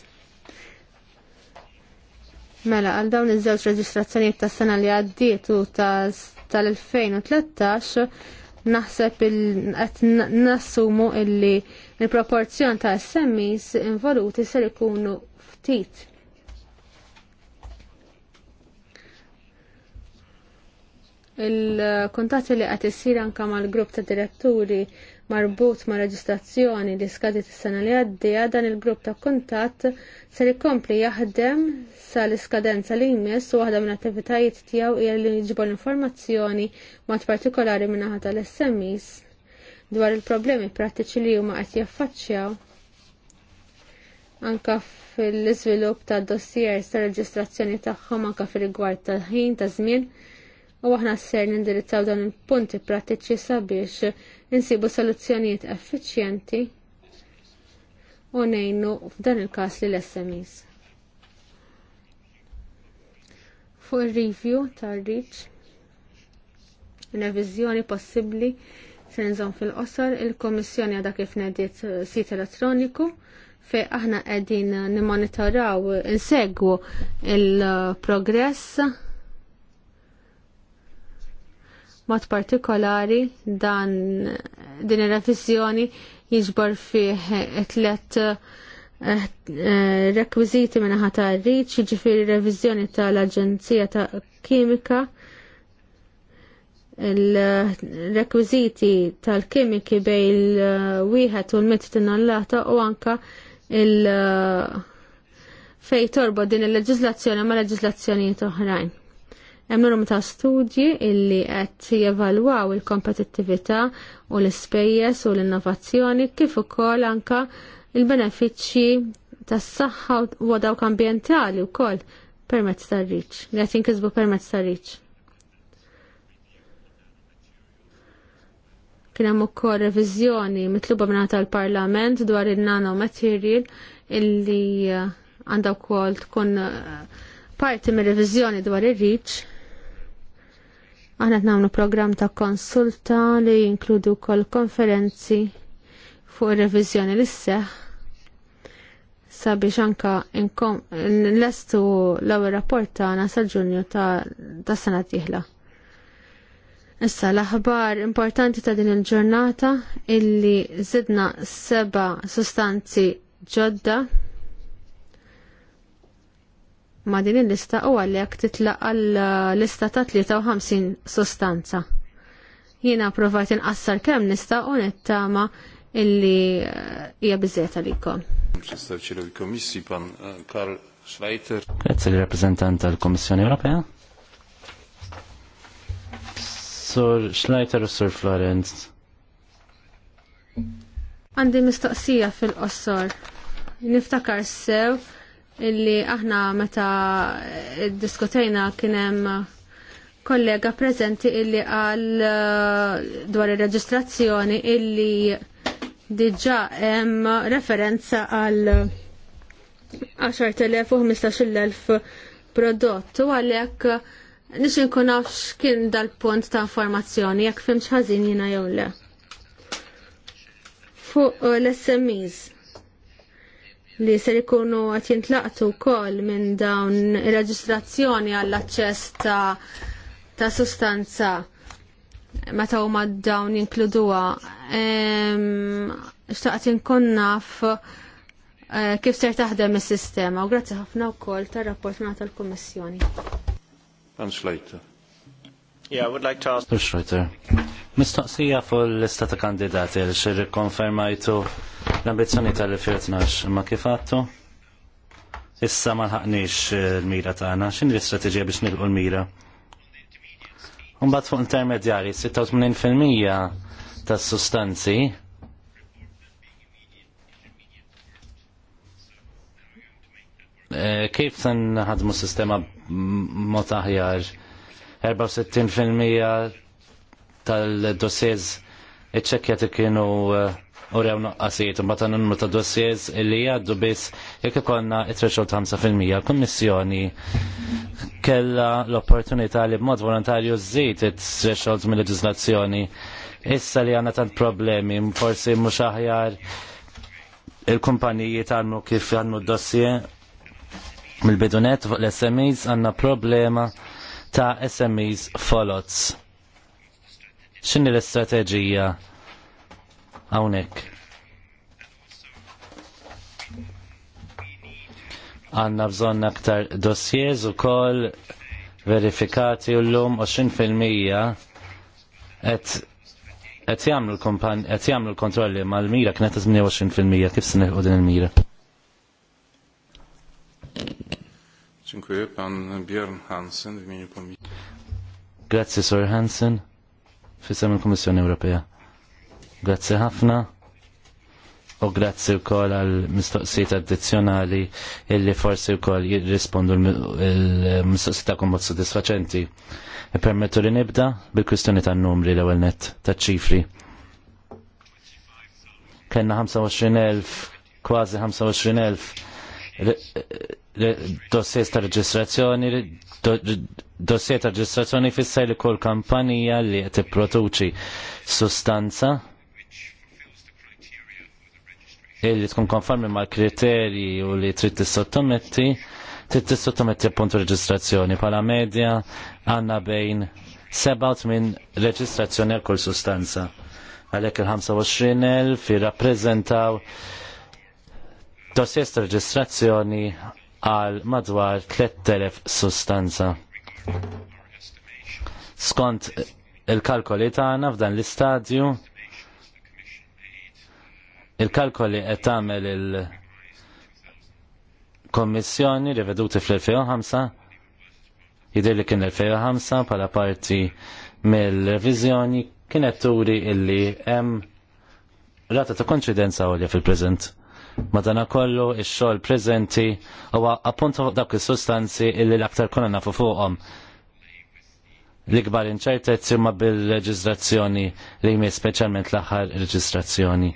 Mela, għal dawn iż-żewġ reġistrazzjonijiet tas sena li għaddiet u tal-2013 naħseb qed nassumu illi il-proporzjon ta' SMEs involuti ser ikunu ftit. Il-kontatti li qed issir anke mal-grupp ta' diretturi marbut ma' reġistrazzjoni li skadit is-sena li għaddija dan il-grupp ta' kuntatt se jkompli jaħdem sal-iskadenza li jmiss u waħda minn attivitajiet tiegħu hija li jiġbor informazzjoni mod partikolari min-naħa tal-SMEs dwar il-problemi prattiċi li huma qed jaffaċċjaw anka fil-iżvilupp ta' dossiers ta' reġistrazzjoni tagħhom anka fir rigward tal-ħin ta' żmien ta u aħna s-ser nindirizzaw dan il-punti pratiċi sabiex insibu soluzzjonijiet effiċjenti u nejnu f'dan il-kas li l-SMEs. Fuq il-review tar-reach, revizjoni possibbli se nżomm fil-qosor il-Komissjoni għadha kif nediet sit elettroniku fej aħna qegħdin nimmonitoraw insegwu il-progress mod partikolari dan din ir-revizjoni jiġbor fih eh, tlet eh, eh, rekwiziti minna ħata rriċ, ġifiri revizjoni tal-Aġenzija ta' Kimika, il-rekwiziti tal-kimiki bej il-wieħed u l-mitt tinnollata u anka il- fej torbo din il-leġizlazzjoni ma' leġiżlazzjonijiet oħrajn. Hemm numru ta' studji illi qed jevalwaw il-kompetittività u l-ispejjeż u l-innovazzjoni kif ukoll anka il-benefiċċji tas-saħħa u dawk ambjentali wkoll permezz tar-riċ, li qed jinkisbu permezz tar-riċ. Kien hemm ukoll reviżjoni mitluba minn tal-Parlament dwar in-nano material illi għandha wkoll tkun eh, parti mir-reviżjoni dwar ir-riċ Aħna qed nagħmlu programm ta' konsulta li jinkludu wkoll konferenzi fuq ir-reviżjoni li sseħħ sabiex anka nlestu l-ewwel rapport tagħna sa' Ġunju ta' sena tieħla. Issa l-aħbar importanti ta' din il-ġurnata illi zidna seba' sustanzi ġodda ma' din il-lista u għalhekk titlaq l-lista ta' 53 sostanza. Jiena provajt inqassar kemm nista' u nittama illi eh, hija biżejjed għalikom. il-Komissi pan eh, Karl Schleiter. Grazie l-rappresentant tal-Kommissjoni Ewropea. Sur Schleiter u Sur Florence. Għandi mistoqsija fil-qossor. Niftakar sew illi aħna meta diskutejna kienem kollega prezenti illi għal eh, dwar il-reġistrazzjoni illi diġa hemm referenza għal 10.000 u 15.000 prodott u għalek nix nkun naf dal-punt ta' informazzjoni jekk fimx ħażin jina jew le. Fuq eh, l-SMEs li ser ikunu qed jintlaqtu wkoll minn dawn ir reġistrazzjoni għall-aċċess ta', ta sustanza meta huma dawn jinkluduha. Xtaqt inkun naf eh, kif ser taħdem is-sistema u grazzi ħafna wkoll tar-rapport minn tal-Kummissjoni. Schleiter. Yeah, I would like to ask. Mistoqsija fuq l-istata kandidati li xir konfermajtu l-ambizjoni tal-2012 ma kifattu? Issa ma ħaqnix eh, l-mira tagħna, x'inhi l-istrateġija biex nilqu l-mira? Mbagħad fuq intermedjari 86% tas-sustanzi eh, kif tan ħadmu sistema mod aħjar 64% tal-dossiers iċċekjati kienu uh, u rew naqqasijiet u matan n ta' dossiers li jgħaddu biss jekk ikonna it-threshold 5%. Kummissjoni kella l-opportunità li b'mod volontarju żżid it-threshold mill-leġiżlazzjoni. Issa li għandna tant problemi, forsi mhux aħjar il-kumpaniji tagħmlu kif għannu d-dossier mill-bidunet fuq l-SMEs għandna problema ta' SMEs folots xinni l-istrateġija għawnek? Għanna bżonna aktar dossiers u kol verifikati u l-lum 20% qed qed jagħmlu l kontrolli ma l-kontrolli mal-mira kienet 28% kif s se u din il-mira. Dziękuję pan Bjorn Hansen w imieniu komisji. Grazie Sir Hansen fissem il-Komissjoni Ewropea. Grazzi ħafna u grazzi u kol għal mistoqsijiet addizjonali illi forsi u kol jirrispondu l-mistoqsijiet għakum bot soddisfaċenti. E permettu li nibda bil-kwistjoni ta' numri l ewwel net ta' ċifri. Kenna 25.000, kważi 25.000 dossiers ta' reġistrazzjoni, dossier ta' ġistrazzjoni fisser li kull kampanija li qed tipproduċi sustanza illi tkun konformi mal kriterji u li trid tissottometti trid tissottometti punt reġistrazzjoni bħala medja għandna bejn seba' reġistrazzjoni għal kull sustanza. Għalhekk il-25,000 jirrappreżentaw dossier ta' reġistrazzjoni għal madwar 3000 sustanza. Skont il-kalkoli tagħna f'dan l-istadju il-kalkoli qed tagħmel il-Kommissjoni veduti fl-2005 jidher li kien l-2005 bħala parti mill-reviżjoni kienet turi illi hemm rata ta' konċidenza għolja fil-preżent. Madana kollu ix-xogħol preżenti huwa appunto dak il sustanzi illi l-aktar konna nafu fuqhom. L-ikbar inċertezzi ma bil-reġistrazzjoni li jmiss speċjalment l-aħħar reġistrazzjoni.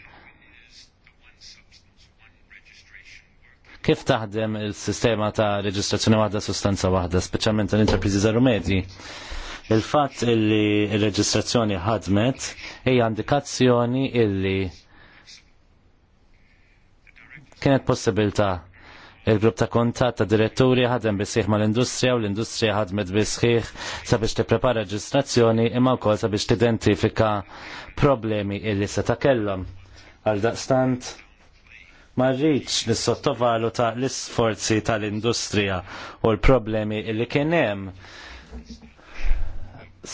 Kif taħdem il-sistema ta' reġistrazzjoni waħda sustanza waħda, speċjalment tal-interprizi zero medji? Il-fatt illi il-reġistrazzjoni ħadmet hija indikazzjoni illi kienet possibilta il-grupp ta' kontat ta' diretturi ħadem bisħiħ ma l-industrija u l-industrija ħadmet bisħiħ sabiex tipprepara reġistrazzjoni imma wkoll sabiex tidentifika problemi illi se ta' kellhom. Għal daqstant ma rridx nis-sottovalu ta' l-isforzi tal-industrija u l-problemi illi kien hemm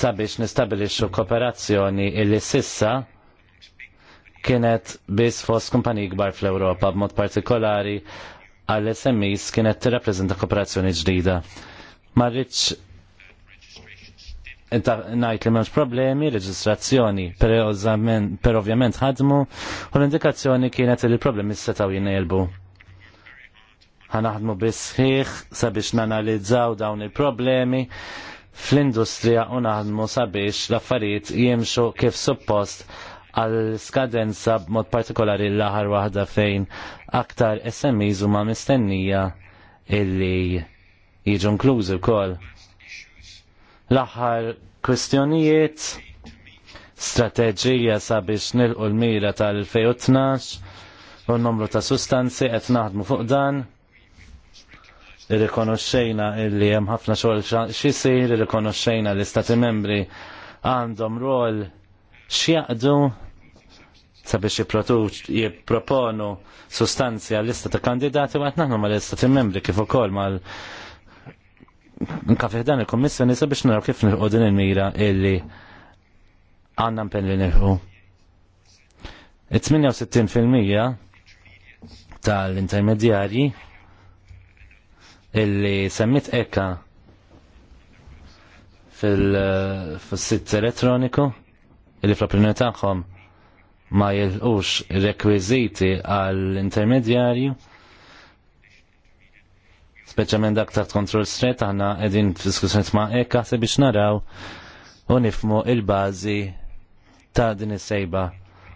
sabiex nistabilixxu kooperazzjoni illi sissa kienet biss fost kumpani kbar fl-Ewropa b'mod partikolari għall SMEs kienet tirrappreżenta kooperazzjoni ġdida. Ma rridx ngħid li m'hemmx problemi, reġistrazzjoni, per ovvjament ħadmu, u l-indikazzjoni kienet li l-problemi setaw jinnelbu. ħanaħdmu bisħiħ sabiex nanalizzaw dawn il-problemi fl-industrija u naħdmu sabiex l-affarijiet jimxu kif suppost għal skadenza b'mod partikolari l-aħar waħda fejn aktar SMEs huma mistennija illi jiġu inklużi wkoll. L-aħħar kwestjonijiet strateġija sabiex nilqu l-mira tal-2012 u n-numru ta' sustanzi qed naħdmu fuq dan irrikonoxxejna illi hemm ħafna xogħol xisir, irrikonoxxejna l-istati membri għandhom rol x'jaqdu sabiex jipproponu sustanzi għal-lista ta' kandidati u għatnaħnu ma' lista ta' membri kif ukoll ma' nkafih dan il komissjoni sabiex naraw kif nilqu din il-mira illi għanna mpen li nilħu. 68% tal-intermedjarji illi semmit eka fil-sit elettroniku li fl-opinjoni tagħhom ma jilqux rekwiżiti għall intermedjarju speċjalment dak taħt kontroll stret aħna qegħdin f'diskussjoniet ma' ekka se biex naraw u nifmu il-bażi ta' din is-sejba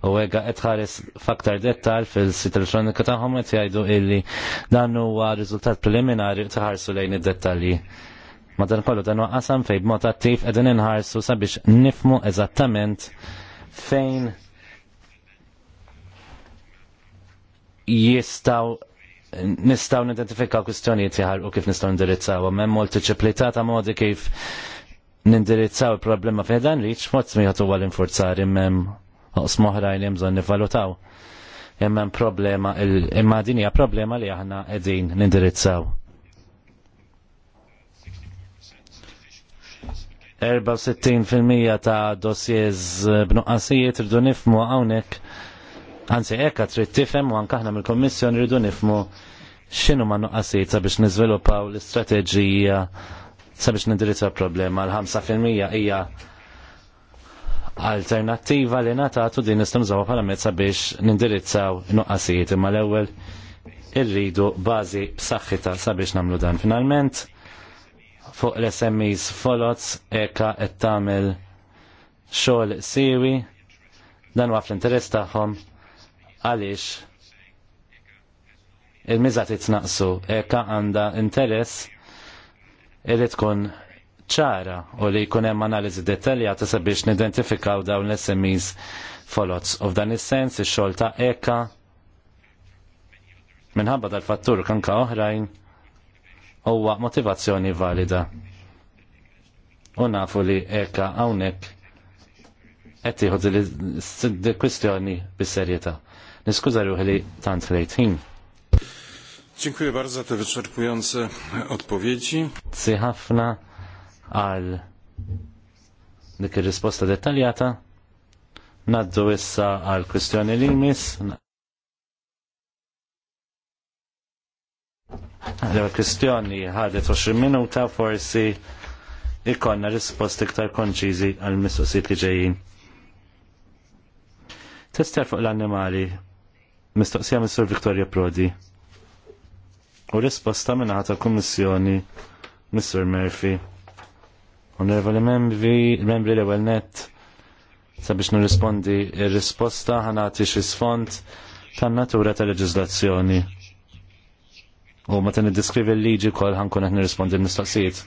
u għega etħares faktar dettal fil-sit elettronika taħħom għet jgħidu illi dan huwa riżultat preliminari u taħarsu lejn id-dettalji. Madankollu dan waqqasam fejn b'mod attiv qegħdin inħarsu sabiex nifmu eżattament fejn jistaw nistaw nidentifikaw kwistjonijiet u kif nistaw indirizzaw, hemm multiċiplità ta' modi kif nindirizzaw il-problema fejn dan li x'mod smiħat huwa l-infurzar imem oqs moħrajn li bżonn nivvalutaw. Imma problema, imma din hija problema li aħna qegħdin nindirizzaw. 64% ta' dossiers eh, b'nuqqasijiet rridu nifmu hawnhekk anzi hekk trid tifhem u anke aħna mill-Kommissjoni rridu nifmu x'inhu ma' nuqqasijiet sabiex niżviluppaw l-istrateġija sabiex nindirizza problema l-5% hija alternattiva li natatu din nistimżawa bħala mezz sabiex nindirizzaw nuqqasijiet imma l-ewwel irridu bażi b'saħħitha sabiex nagħmlu dan finalment fuq l-SMEs folots eka qed tagħmel xogħol siwi dan waf fl-interess tagħhom għaliex il-miża titnaqsu eka għandha interess li tkun ċara u li jkun hemm analiżi dettaljata sabiex nidentifikaw dawn l-SMEs folots. U f'dan is-sens ix-xogħol ta' eka minħabba dal-fattur kanka oħrajn huwa motivazzjoni valida. U nafu li eka hawnhekk qed tieħu di kwistjoni bis-serjetà. Niskuża ruħi li tant lejt ħin. Dziękuję bardzo za te wyczerpujące odpowiedzi. Ci ħafna għal dik risposta dettaljata. Naddu issa għal kwistjoni l-imis. Għallu kwistjoni ħadet 20 minuta forsi ikonna risposti iktar konċiżi għal mistoqsijiet li ġejjin. Tester fuq l-annimali, mistoqsija Mr. Victoria Prodi. U risposta minna ħata kummissjoni Mr. Murphy. Onorevoli membri, membri l-ewel net, sabiex nirrispondi ir-risposta ħanati xi sfond tan-natura tal-leġiżlazzjoni U ma t diskrivi l-liġi kol ħankun għetni nirrispondi l-mistoqsijiet.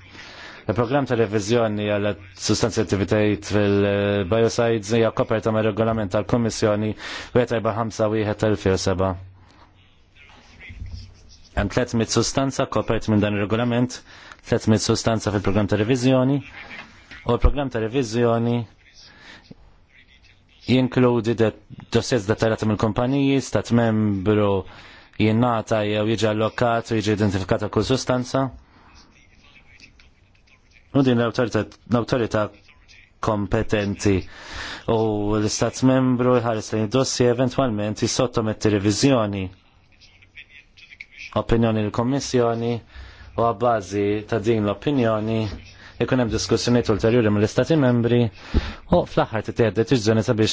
Il-program ta' revizjoni għal sustanzi fil-biosides hija koperta ma' regolament tal komissjoni u għet 5 tal-2007. Għan 300 sustanza kopert minn dan il-regolament, 300 sustanza fil-program ta' revizjoni u l-program ta' jinkludi dossiers dettaljati mill-kompaniji, stat membru jinnata jew jiġi allokat u jiġi identifikata kull sustanza. U din l-autorità kompetenti u l-istat membru jħares li dossi eventualment jissottometti televizjoni opinjoni l-Kommissjoni u għabbażi ta' din l-opinjoni ikun hemm diskussjonijiet ulterjuri mill-Istati membri u fl-aħħar titgħid deċiżjoni sabiex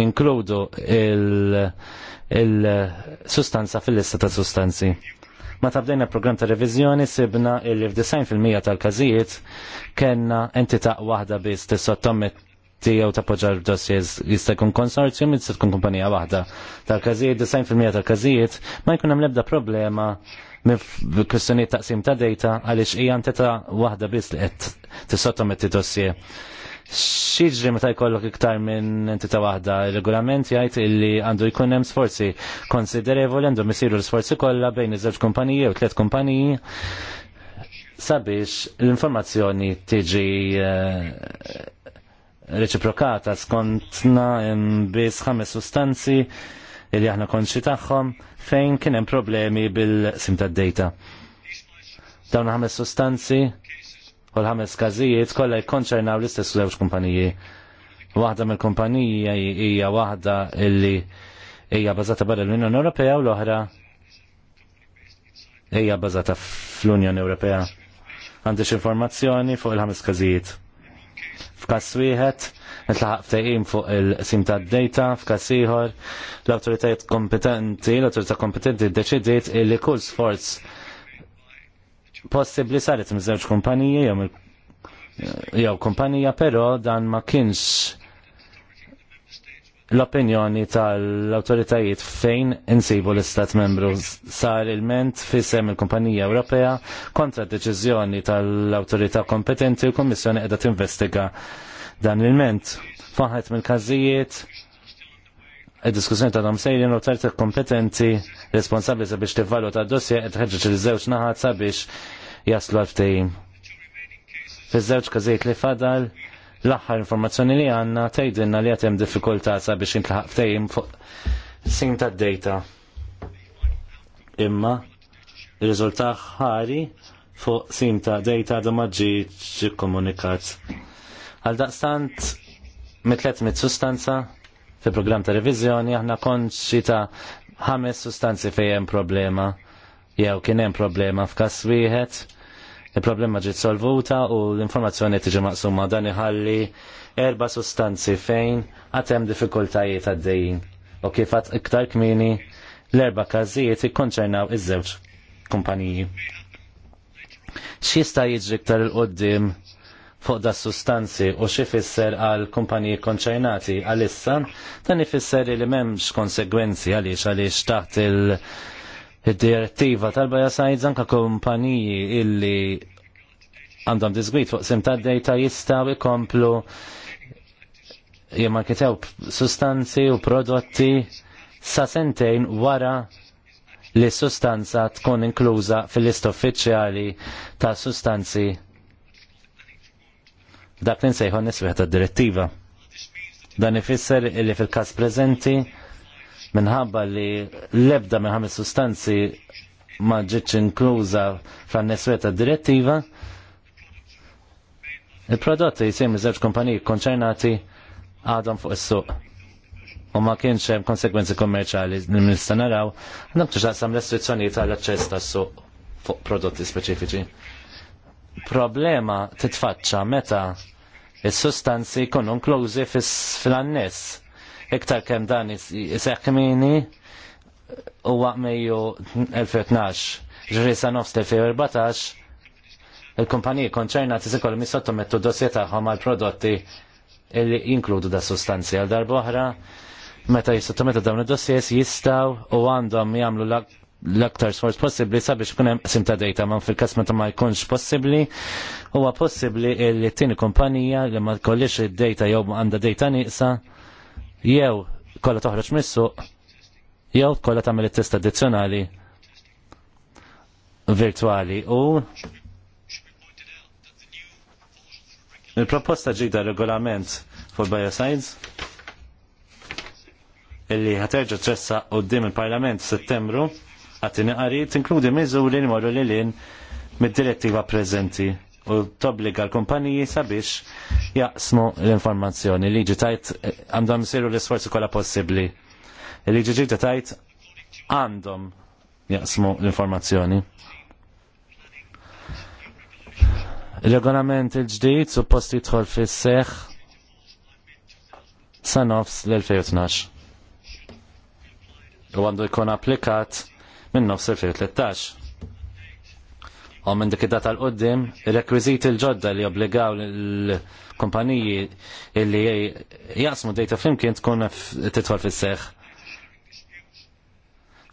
ninkludu il-sustanza fil-lista ta' sustanzi. Meta bdejna program ta' reviżjoni sibna li fil-mija tal-każijiet kellna entità waħda biss tissottommet tiegħu tappoġġar dossiers jista' jkun konsorzjum jista' tkun kumpanija waħda. Tal-każijiet, 90% tal-każijiet ma jkun hemm l-ebda problema mif kwestjoni taqsim ta' data għaliex hija teta waħda biss li qed t dossier. Xieġri meta jkollok iktar minn entita waħda, il-regolament jgħid illi għandu jkun hemm sforzi konsiderevoli għandu misiru l-sforzi kollha bejn iż-żewġ kumpaniji u tliet kumpaniji sabiex l-informazzjoni tiġi eh, reċiprokata skontna biss ħames sustanzi li aħna konċi tagħhom fejn kien hemm problemi bil simta tad-data. Dawn ħames sustanzi u l-ħames każijiet kollha jkonċernaw l-istess żewġ kumpaniji. Waħda mill-kumpaniji hija waħda illi hija bażata barra l-Unjoni Ewropea u l-oħra hija bażata fl-Unjoni Ewropea. Għandix informazzjoni fuq il-ħames każijiet. F'każ wieħed nitlaħaq ftehim fuq il-sim ta' data f'kasiħor l-autoritajiet kompetenti, l-autorità kompetenti ddeċidiet li kull sforz possibbli saret miż kumpaniji jew kumpanija, però dan ma kienx l-opinjoni tal-autoritajiet fejn insibu l-Istat membru sar il-ment fissem il-Kumpanija Ewropea kontra d deċiżjoni tal-autorità kompetenti u kommissjoni edha tinvestiga dan il-ment. Faħet mill-każijiet id-diskussjoni ta' dam sejrin u tarti kompetenti responsabli sabiex tivvalu ta' dossier qed ħeġġeġ il-żewġ naħat sabiex jaslu għal-ftehim. Fiż-żewġ każijiet li fadal l-aħħar informazzjoni li għandna tgħidilna li għatem hemm sabiex jintlaħaq ftehim fuq sim ta' data Imma il-rizultat ħari fuq sim ta' data għadu ġietx komunikat Għal daqstant mitlet mit sustanza fi program ta' revizjoni aħna konċi ta' ħames sustanzi fejn problema jew kien hemm problema f'każ wieħed il-problema ġiet solvuta u l-informazzjoni tiġi maqsuma dan iħalli erba' sustanzi fejn għad hemm diffikultajiet għaddejjin. U kif għad iktar kmini l-erba' każijiet ikkonċernaw iż-żewġ kumpaniji. X'jista' jiġri iktar il-qoddim fuq da sustanzi u xi fisser għal kumpaniji konċernati għalissa dan ifisser li m'hemmx konsegwenzi għaliex għaliex taħt il- direttiva tal-baja sajd anka kumpaniji illi għandhom disgwit fuq sim ta' dejta jistaw ikomplu jemarkitew sustanzi u prodotti sa' sentejn wara li sustanza tkun inkluża fil-list uffiċjali ta' sustanzi dak li nsejħu nisweħ ta' direttiva. Dan ifisser li fil-kas prezenti minħabba li lebda minn ħames sustanzi ma ġietx inkluża fl-annesweta direttiva, il-prodotti jisem żewġ kumpaniji konċernati għadhom fuq is-suq u ma kienx hemm konsekwenzi kommerċali li nista' naraw, nabtu xaqsam restrizzjonijiet tal-aċċess tas-suq fuq prodotti speċifiċi. Problema titfaċċa meta il-sustanzi jkunu inklużi fil-annis. Iktar kemm dan is-sekmini u għamiju 2012, ġrisa nofs 2014, il-kumpaniji t-sikol misottu mettu dossier tagħhom għal prodotti li jinkludu da sustanzi għal darboħra meta jisottomettu dawn id-dossiers jistaw u għandhom jagħmlu l-aktar sforz possibli sabiex kun hemm qsim ta' dejta ma' fil-każ meta ma jkunx possibbli huwa possibbli li t-tieni kumpanija li ma jkollix id-dejta jew għandha dejta nieqsa jew kollha toħroġ mis-suq jew kollha tagħmel it-test addizzjonali virtuali u il-proposta ġida regolament for bioscience illi ħaterġa tressa qoddim il-Parlament settembru Għattini qari tinkludi miżuri li morru li mid-direttiva preżenti u tobbliga l-kumpaniji sabiex jaqsmu l-informazzjoni. Liġi tajt għandhom siru l-isforzi kolla possibli. Liġi ġibda tajt għandhom jaqsmu l-informazzjoni. Il-regolament il-ġdijt suppost jidħol fis seħ sa nofs l-2012. U għandu jkun applikat minn nofs 2013. U minn dik id-data l-qoddim, il-rekwiziti l-ġodda li obbligaw l-kumpaniji li jaqsmu data flimkien tkun titfall fis seħ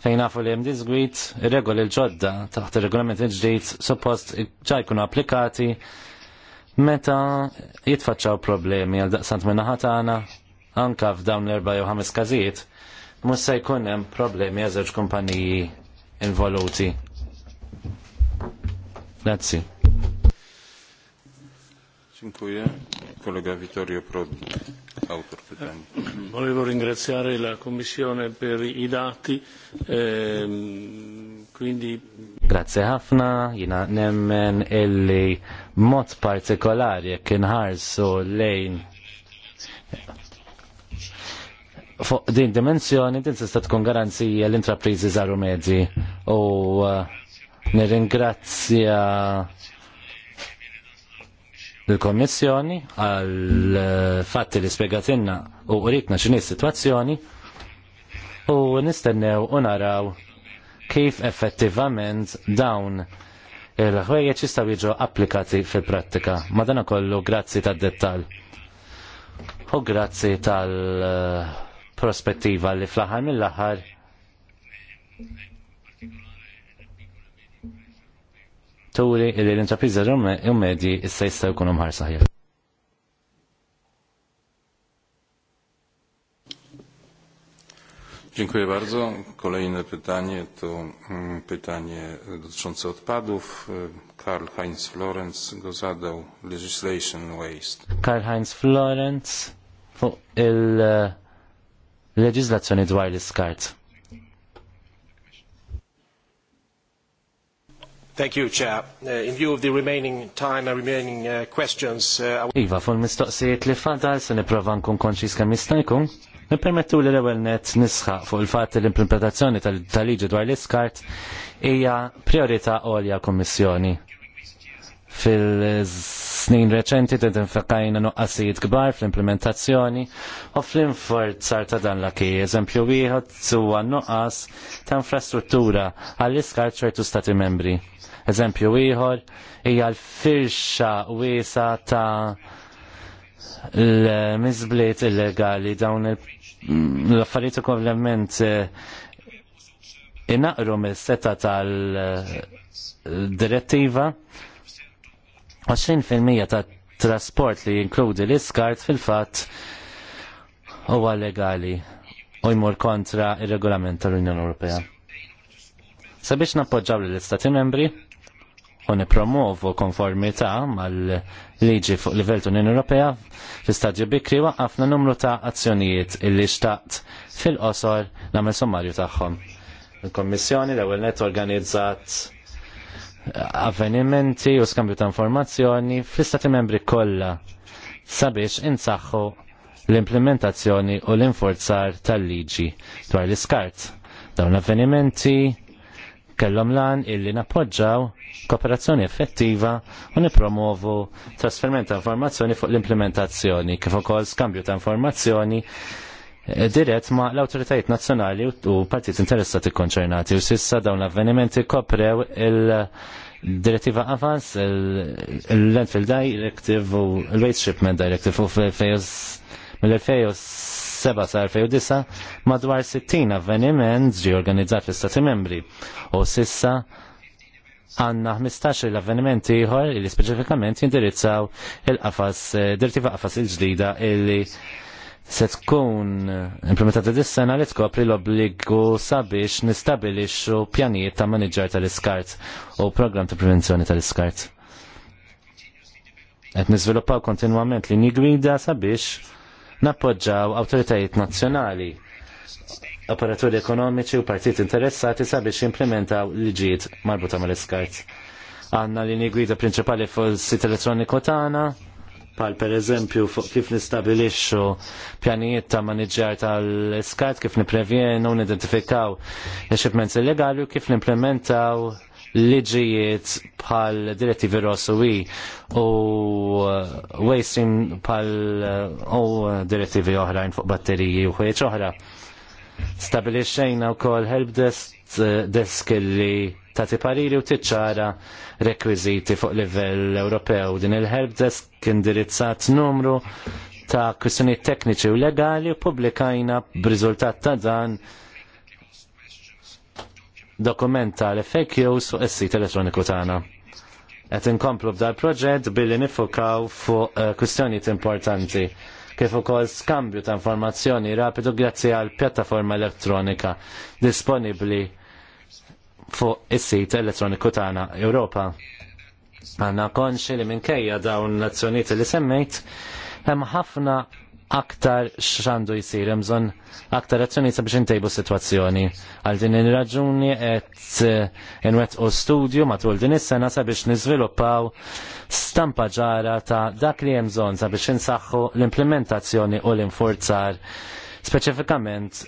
Fejn nafu li hemm disgwit, regoli il ġodda taħt ir-regolament il-ġdid suppost ġa jkunu applikati meta jitfaċċaw problemi għal daqsant minna ħatana anka f'dawn l-erba' jew ħames każijiet mhux se jkun hemm problemi għal żewġ kumpaniji involuti. Grazzi. Dziękuję. Kolega Vittorio Prodi, autor pytania. Volevo ringraziare la Commissione per i dati. Ehm, quindi... Grazie ħafna, jina nemmen illi mod partikolari jekk inħarsu lejn fuq din dimensjoni din tista' tkun garanzija l-intrapriżi żaru mezzi. u uh, nirringrazzja l-Kommissjoni għal uh, fatti li spiegatinna u rikna x'inhi s-sitwazzjoni u nistennew u naraw kif effettivament dawn il ħwejjeċ jistgħu jiġu applikati fil-prattika. Madana kollu grazzi tad-dettal. U grazzi tal- uh, prospettiva li fl-aħħar mill-aħħar turi li l intrapriza u medji issa jista' jkunu saħjar. Dziękuję bardzo. Kolejne pytanie to mm, pytanie dotyczące odpadów. Karl Heinz Florenz go zadał Legislation Waste. Karl Heinz Florenz il leġizlazzjoni dwar l-iskart. Thank you, Chair. Uh, in view of the remaining time and remaining uh, questions... Uh, iva, fuq mistoqsijiet li fadal se niprofa nkun konċis kemm jista' jkun. Nippermettu li l-ewwel net nisħaq fuq il-fatt li l-implementazzjoni tal-liġi dwar l-iskart hija priorità għolja Kummissjoni fil-snin reċenti t infekajna nuqqasijiet kbar fl-implementazzjoni u fl-inforzar ta' dan l Eżempju wieħed huwa nuqqas ta' infrastruttura għall-iskar ċertu stati membri. Eżempju ieħor hija l-firxa wiesa ta' l-mizbliet illegali dawn l-affarijiet ukollament eh, inaqru mis-seta tal-direttiva eh, 20% ta' trasport li jinkludi l-iskart fil-fat huwa legali u jmur kontra il regolament tal-Unjoni Ewropea. Sabiex nappoġġaw l-Istati membri u nipromovu konformità mal-liġi fuq livell tal-Unjoni Ewropea fl-istadju bikri waqafna numru ta' azzjonijiet illi xtaqt fil-qosor namel sommarju tagħhom. Il-Kommissjoni l-ewwel net organizzat avvenimenti u skambju ta' informazzjoni fl-istati membri kollha sabiex insaħħu l-implementazzjoni u l-inforzar tal-liġi dwar l-iskart. Dawn l-avvenimenti kellhom lan illi nappoġġaw kooperazzjoni effettiva u nipromovu trasferment ta' informazzjoni fuq l-implementazzjoni kif ukoll skambju ta' informazzjoni Eh, dirett ma l-autoritajiet nazzjonali u partit interessati konċernati u sissa dawn l-avvenimenti koprew il-direttiva avans, l-Landfill Directive u l-Waste Shipment Directive u mill-2007 sa 2009 madwar 60 avveniment ġi organizzat fl-Stati membri u sissa għanna 15 l-avvenimenti ieħor li speċifikament jindirizzaw il-qafas, eh, direttiva qafas il-ġdida illi se tkun implementata dis-sena li tkopri l-obbligu sabiex nistabilixxu pjanijiet ta' maniġar tal-iskart u programm ta' prevenzjoni tal-iskart. Qed niżviluppaw kontinwament li gwida sabiex nappoġġaw awtoritajiet nazzjonali, operaturi ekonomiċi u partiti interessati sabiex implementaw liġijiet marbuta mal-iskart. Għanna li gwida prinċipali fuq sit elettroniku tagħna, pal per eżempju fuq kif nistabilixxu pjanijiet ta' maniġġar tal-iskat, kif niprevjenu, nidentifikaw l-xipments illegali u kif nimplementaw liġijiet bħal direttivi ROSUI u wasting bħal u direttivi oħrajn fuq batteriji u ħwieċ oħra. Stabilixxejna wkoll helpdesk desk li Ta' pariri u tiċċara rekwiżiti fuq livell Ewropew. Din il help desk indirizzat numru ta' kwistjonijiet tekniċi u legali u publikajna b'riżultat ta' dan dokumenta l-FAQs fuq is-sit elettroniku tagħna. Qed inkomplu b'dal proġett billi nifukaw fuq eh, kwistjonijiet importanti kif ukoll skambju ta' informazzjoni rapidu grazzi għal pjattaforma elettronika disponibbli fuq is-sit elettroniku tagħna Ewropa. Għanna konxi li minkejja dawn l-azzjoniet li semmejt, hemm ħafna aktar xandu jisir, mżon aktar azzjoni sabiex intejbu situazzjoni. Għal din il-raġuni et inwet u studju matul din is-sena sabiex nizviluppaw stampa ġara ta' dak li jemżon sabiex insaxħu l-implementazzjoni u l-infurzar speċifikament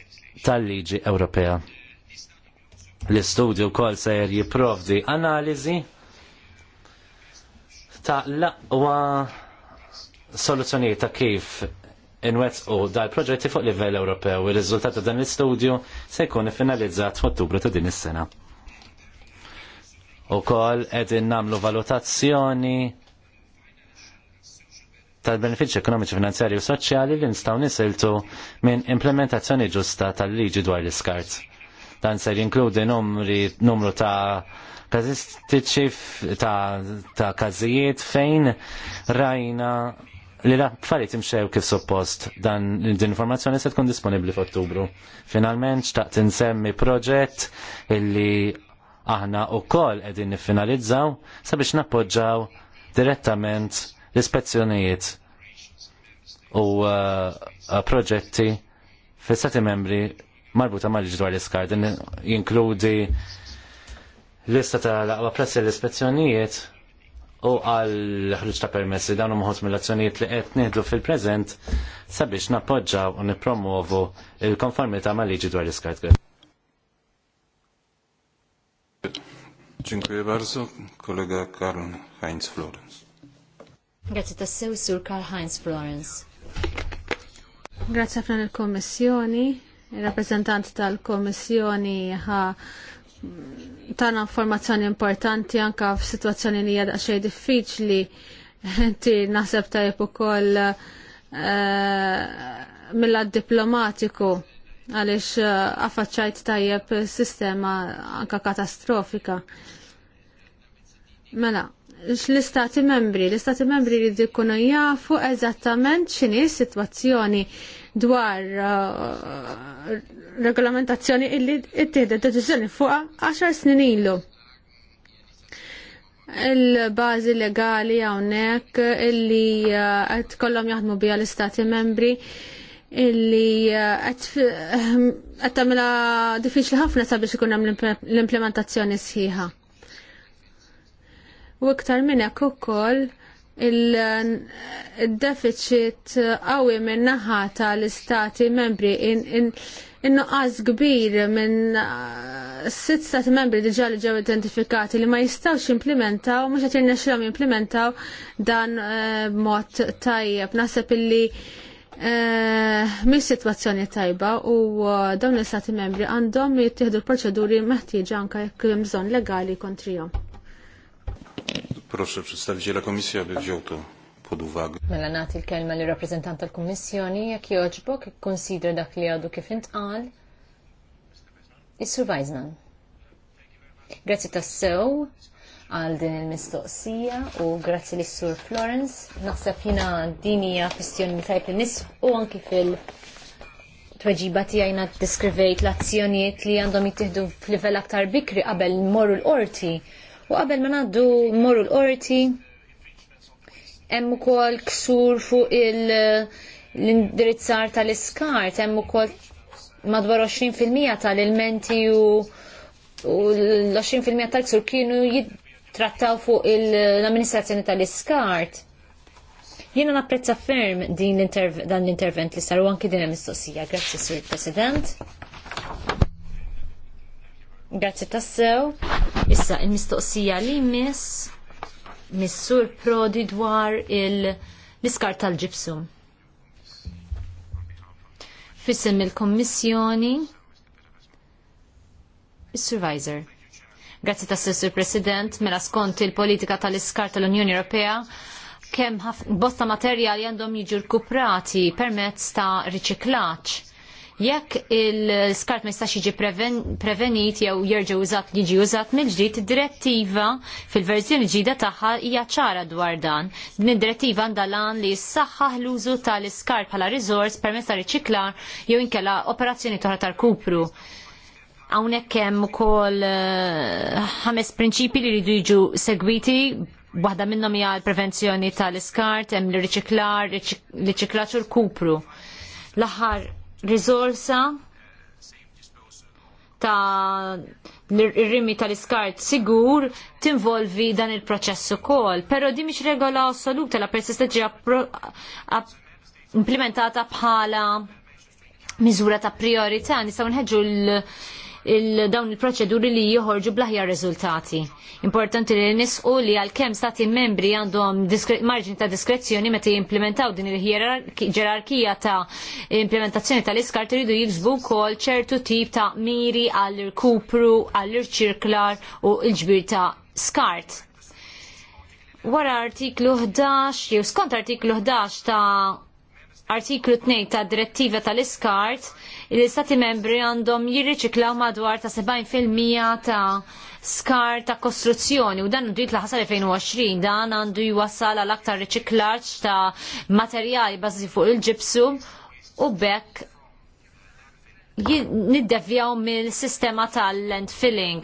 tal-liġi Ewropea. L-istudju kol ser jiprovdi analizi ta' laqwa soluzzjonijiet ta' kif inwet u dal-proġetti fuq livell Ewropew. Il-riżultat ta' dan l-istudju se jkun finalizzat f'Ottubru ta' din is-sena. U kol edin namlu valutazzjoni tal benefiċċji ekonomiċi, finanzjarji u soċjali li nistgħu nisiltu minn implementazzjoni ġusta tal-liġi dwar l-iskart Dan ser jinkludi numri, numru ta' kazistiċi ta', ta kazijiet fejn rajna li la farit imxew kif suppost dan din informazzjoni se tkun disponibli f'Ottubru. Finalment xtaqt insemmi proġett illi aħna u koll edin nifinalizzaw sabiex nappoġġaw direttament l-ispezzjonijiet u uh, proġetti fil sati membri marbuta mal dwar l-iskar, din jinkludi lista tal-aqwa prezzi l-ispezzjonijiet u għal ħruġ ta' permessi dawn mħos mill-azzjonijiet li qed nieħdu fil-preżent sabiex nappoġġaw u nippromovu il-konformità ma' liġi dwar l-iskart. Dziękuję bardzo, kolega Karl Heinz Florence. Grazie tassew sur Karl Heinz Florence. Grazie fran il kommissjoni il-rappresentant tal-Komissjoni ħa tana informazzjoni importanti anka f'sitwazzjoni li jadqa xej diffiċli ti naħseb tajb ukoll uh, eh, mill diplomatiku għaliex eh, affaċċajt tajjeb sistema anka katastrofika. Mela, l-istati membri, l-istati membri li dikunu jafu eżattament x'inhi situazzjoni sitwazzjoni dwar uh, regolamentazzjoni illi ittieħdet deċiżjoni fuqha 10 snin ilu. Il-bażi legali hawnhekk illi uh, qed kollom jaħdmu bija l-istati membri illi uh, ehm, qed tagħmilha diffiċli ħafna sabiex ikun hemm l-implementazzjoni sħiħa. U iktar minn hekk ukoll il-deficit qawwi minn naħa tal-istati membri in-nuqqas kbir minn uh, sitt stati membri diġà li ġew identifikati li ma jistgħux implementaw, mhux qed jirnexxilhom jimplementaw dan b'mod uh, tajjeb. Naħseb illi uh, mis sitwazzjoni tajba u dawn l-istati membri għandhom jittieħdu l-proċeduri meħtieġa anke jekk hemm bżonn legali kontrihom. Proszę przedstawiciela komisji, aby wziął to pod uwagę. Mela nagħti l-kelma li rappreżentant tal-Kummissjoni jekk jogħġbok konsidra dak li għadu kif intqal is-Sur Weisman. Grazzi tas-sew għal din il-mistoqsija u grazie lis sur Florence. Naħseb jina din hija kwistjoni tajb li nis u anki fil- tweġiba tiegħi deskrivejt l-azzjonijiet li għandhom jittieħdu f'livell aktar bikri qabel morru l-qorti U qabel ma ngħaddu mmorru l-qorti hemm ukoll ksur fuq l-indirizzar tal-iskart, hemm ukoll madwar 20% tal-ilmenti u l-20% tal-ksur kienu jittrattaw fuq l-amministrazzjoni tal-iskart. Jiena napprezza ferm din dan l-intervent li saru anki din mistoqsija. Grazzi, Sur President. Grazzi tassew. Issa il-mistoqsija li miss missur prodi dwar il-iskar tal-ġipsum. Fissim il-kommissjoni il-supervisor. Grazzi tassew, Sur President, mela skont il-politika tal-iskar tal-Unjoni Ewropea kemm bosta materjali għandhom jiġu rkuprati permezz ta' riċiklaġġ Jekk il-skart ma jistax jiġi prevenit jew jerġa' użat jiġi użat mill-ġdid, id direttiva fil-verżjoni ġdida tagħha hija ċara dwar dan. Din id-direttiva għandha lan li s-saħħaħ l-użu tal-iskart bħala riżors permezz ta' riċiklar jew inkella operazzjoni toħra tal-kupru Hawnhekk hemm ukoll eh, ħames prinċipi li jridu jiġu segwiti waħda minnhom hija l-prevenzjoni tal-iskart, hemm l-riċiklar, riċiklaċ u l-kupru. L-aħħar risorsa ta' l-rimi tal-iskart sigur tinvolvi dan il-proċess ukoll. Però di mhix regola assoluta la persistenti implementata bħala miżura ta' priorità nistgħu nħeġġu il dawn il-proċeduri li joħorġu blaħja riżultati. Importanti li nisqu li għalkemm stati membri għandhom marġin ta' diskrezzjoni meta jimplementaw din il-ġerarkija ta' implementazzjoni tal-iskart iridu jibżbu wkoll ċertu tip ta' miri għall-irkupru, għall-irċirklar u l-ġbir ta' skart. Wara artiklu 11, jew skont artiklu 11 ta' artiklu 2 ta' direttiva tal-iskart, l-istati membri għandhom jirriċiklaw madwar ta' 70% ta' skar ta' kostruzzjoni u dan għandu jitla ħasal 2020 dan għandu jwassal għal aktar riċiklaġġ ta' materjali bażi fuq il ġipsu u bekk niddevjaw mill-sistema tal-landfilling.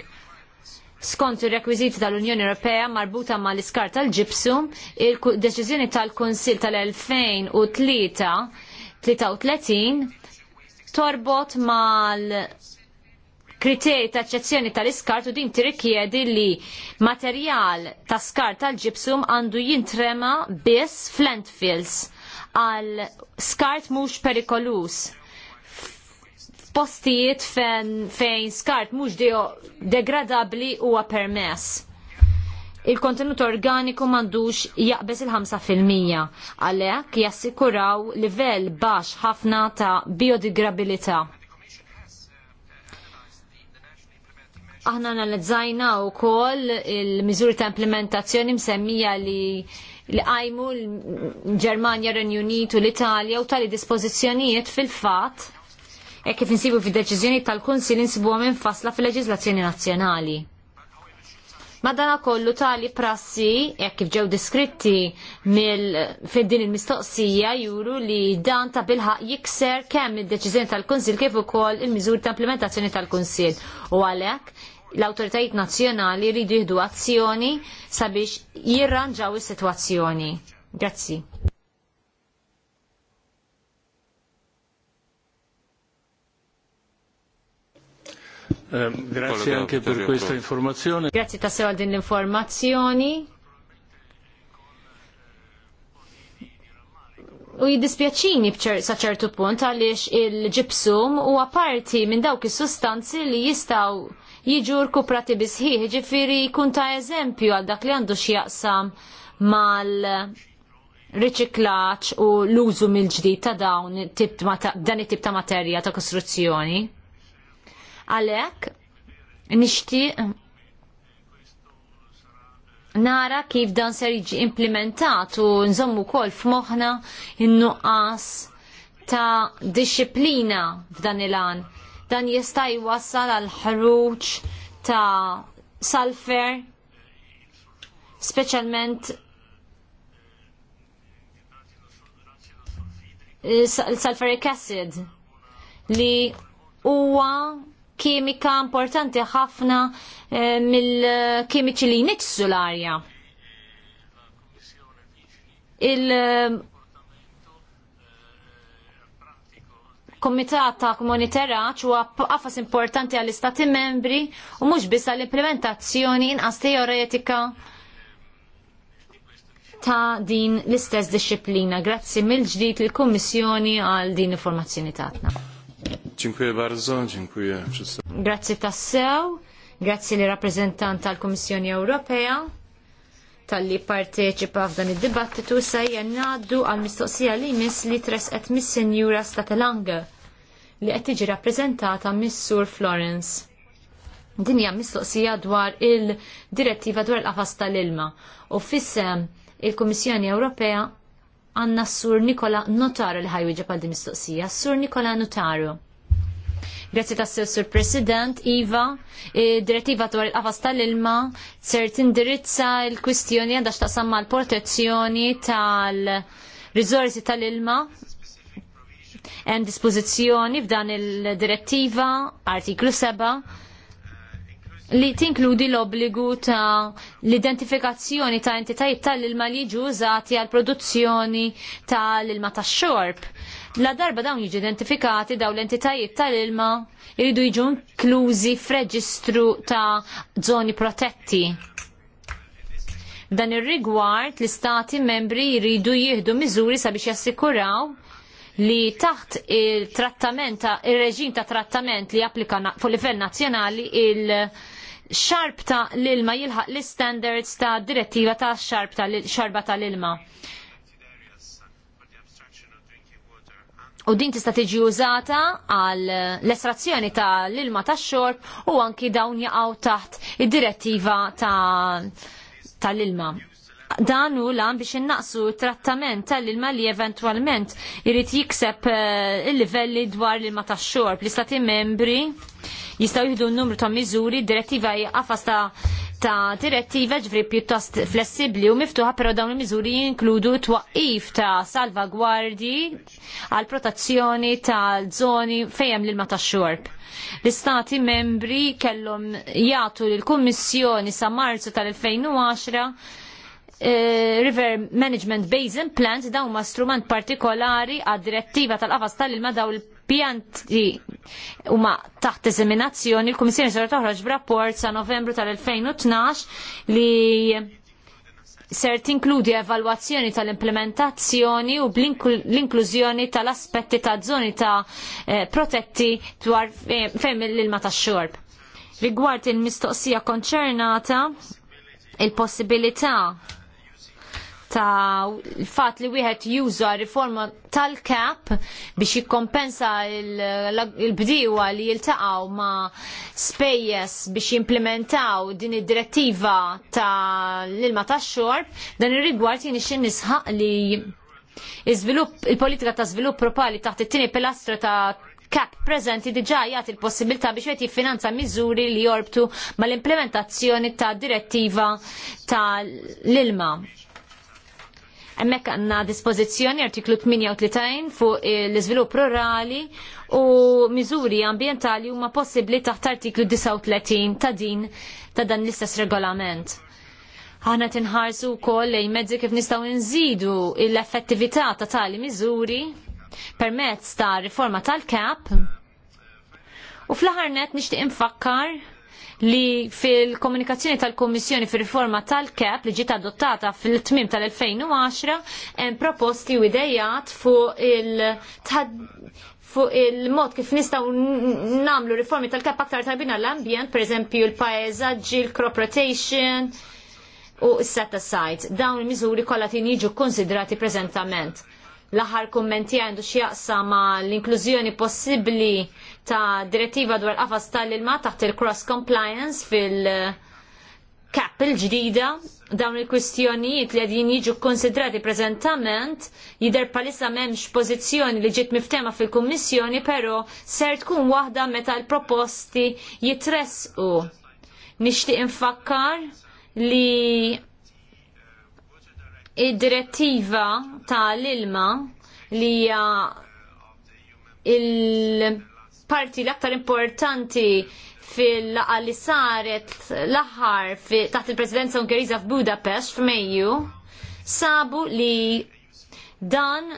Skont ir-rekwiżiti tal-Unjoni Ewropea marbuta mal iskar tal ġipsu il-deċiżjoni tal konsil tal-2003 torbot mal kriteri ta' eccezzjoni tal-iskart u din tirrikjedi li materjal ta' skart tal-ġipsum għandu jintrema biss fl-landfills għal skart mhux perikolus postijiet fejn skart mhux degradabli huwa permess il-kontenut organiku mandux jaqbes il-5% għalhekk jassikuraw livell baxx ħafna ta' biodegrabilita. Aħna analizzajna wkoll il-miżuri ta' implementazzjoni msemmija li li għajmu l-Germania, Renju Unitu, l-Italja u tali dispożizzjonijiet fil-fat e kif insibu fil-deċizjoni tal-Kunsil insibu għamin fasla fil-leġizlazzjoni nazzjonali. Madana kollu tali prassi, jekk kif ġew diskritti mill din il-mistoqsija juru li dan ta' bilħaq jikser kemm id-deċiżjoni tal-Kunsil kif ukoll il-miżuri ta' implementazzjoni tal-Kunsil. U għalhekk l-awtoritajiet nazzjonali jridu jieħdu azzjoni sabiex jirranġaw is-sitwazzjoni. Grazzi. Ehm, grazie anche per questa informazione. Grazie tassew għal din l-informazzjoni. U jiddispjaċini ċertu punt għaliex il-ġipsum u għaparti minn dawk is-sustanzi li jistaw jiġu rkuprati bisħiħ, ġifiri kun ta' eżempju għal dak li għandu xjaqsam mal riċiklaċ u l-użu mill-ġdid ta' dawn dan it-tip ta' materja ta' kostruzzjoni? Għalhekk nixtieq nara kif dan ser jiġi implementat u nżommu kol f'moħħna in-nuqqas ta' disciplina f'dan il-għan. Dan jista' jwassal għal ħruġ ta' salfer, specialment il-sulfuric eh, acid li huwa kimika importanti ħafna eh, mill-kimiċi li jniġsu l-arja. Il eh, Komitat ta' komunitera huwa qafas importanti għall-Istati membri u mhux biss għall-implementazzjoni inqas teoretika ta' din l-istess disciplina. Grazzi mill-ġdid lill kummissjoni għal din l-informazzjoni tagħna. Dziękuję bardzo, dziękuję przedstawicielom. Grazie tassew, grazie li rappresentant tal-Komissjoni Ewropea tal-li parteċipa f'dan id-dibattitu se jennaddu għal mistoqsija li miss li tresqet miss sinjura Statelanga li qed tiġi rappreżentata mis-Sur Florence. Din hija mistoqsija dwar il-direttiva dwar il-qafas tal-ilma u fissem il-Kummissjoni Ewropea għanna s-Sur Nikola Notaru li ħajwieġeb għal di mistoqsija. Sur Nikola Notaro. Grazie ta' Sur President, Iva, direttiva dwar il-qafas tal-ilma, ser tindirizza il-kwistjoni għandax ta' samma l-protezzjoni tal-rizorsi tal-ilma hemm dispożizzjoni f'dan il-direttiva artiklu 7 li tinkludi l-obbligu ta' l-identifikazzjoni ta' entitajiet tal-ilma li jiġu użati għal produzzjoni tal-ilma tax-xorb La darba dawn jiġu identifikati daw l-entitajiet tal-ilma jridu jiġu inklużi f'reġistru ta' zoni protetti. Dan ir-rigward l-istati membri jridu jieħdu miżuri sabiex jassikuraw li taħt il-trattament, il-reġim ta' trattament li applika fuq livell nazzjonali il-xarb ta' l-ilma jilħaq l-standards ta' direttiva ta' xarb ta' l-xarba ta' l-ilma. u din tista' tiġi użata għal l-estrazzjoni ta' l-ilma tax xorb u anki dawn jaqgħu taħt id-direttiva ta' tal-ilma dan u lan biex innaqsu trattament tal-ilma li eventualment irrit jikseb eh, il-livelli dwar l-ilma ta' xor. L-istati membri jistaw jihdu n-numru ta' miżuri, direttiva jgħafas ta' ta' direttiva ġvri piuttost flessibli u miftuħa pero dawn il-miżuri jinkludu twaqif ta' salvagwardi għal protezzjoni ta' zoni fejem l-ilma ta' xorb. L-istati membri kellhom jagħtu l-Kummissjoni sa' Marzu tal-2010 Eh, river Management Basin Plant dawn huma strument partikolari għad direttiva tal-qafas tal-ilma daw il-pjanti huma taħt eżaminazzjoni. Il-Kummissjoni ser toħroġ b'rapport sa' Novembru tal-2012 li ser tinkludi evalwazzjoni tal-implementazzjoni u bl inklużjoni tal-aspetti ta' zoni ta' eh, protetti dwar fejn l-ilma tax-xorb. Rigward il-mistoqsija konċernata, il-possibilità ta' fat li wieħed juża riforma tal-kap biex jikkompensa l-bdiewa li jiltaqgħu ma' spejjeż biex jimplementaw din id-direttiva tal-ilma tax-xorb, dan ir-rigward jien ixin nisħaq li il-politika ta' żvilupp propali taħt it-tieni pilastra ta' kap prezenti diġa jagħti l-possibilità biex qed jiffinanza miżuri li jorbtu mal-implementazzjoni ta' direttiva tal-ilma Hemmhekk għandna dispożizzjoni artiklu 38 fuq eh, l-iżvilupp rurali u miżuri ambjentali huma possibbli taħt artiklu 39 ta' din ta' dan l-istess regolament. Għana tinħarsu wkoll lejn mezzi kif nistgħu nżidu l-effettività ta' tali miżuri permezz ta' riforma tal-kap u fl aħħar nett nixtieq infakkar li fil-komunikazzjoni tal-Kommissjoni fil-riforma tal-CAP li ġiet adottata fil-tmim tal-2010 hemm proposti u idejat fuq il- fuq il-mod kif nistgħu nagħmlu riformi tal-kap aktar tajbin għall-ambjent, pereżempju l-paeżaġġi, l-crop rotation u s-set aside. Dawn il-miżuri kollha tin jiġu konsidrati preżentament l-aħħar kummenti għandu x'jaqsa ma l-inklużjoni possibbli ta' direttiva dwar qafas tal-ilma taħt il-cross compliance fil-kap il-ġdida dawn il-kwistjonijiet li għadin jiġu konsidrati prezentament jider palissa memx pozizjoni li ġiet miftema fil-kommissjoni pero ser tkun waħda meta l-proposti jitresqu. Nixtieq infakkar li id-direttiva tal-ilma li hija il- parti l-aktar importanti fil-laqa li saret l-aħħar taħt il-presidenza Ungheriża f'Budapest f'Mejju sabu li dan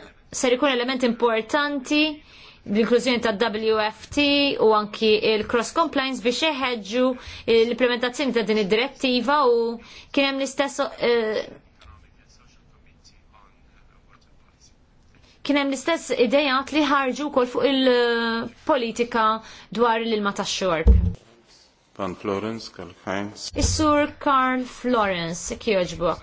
ser ikun element importanti l-inklużjoni ta' WFT u anki il-cross compliance biex jeħeġġu l-implementazzjoni ta' din id-direttiva u kien hemm l-istess uh, kien hemm l-istess idejat li ħarġu wkoll fuq il-politika dwar l-ilma tax-xorb. Pan Florence, Karl Heinz. Is-sur Karl Florence, jogħġbok.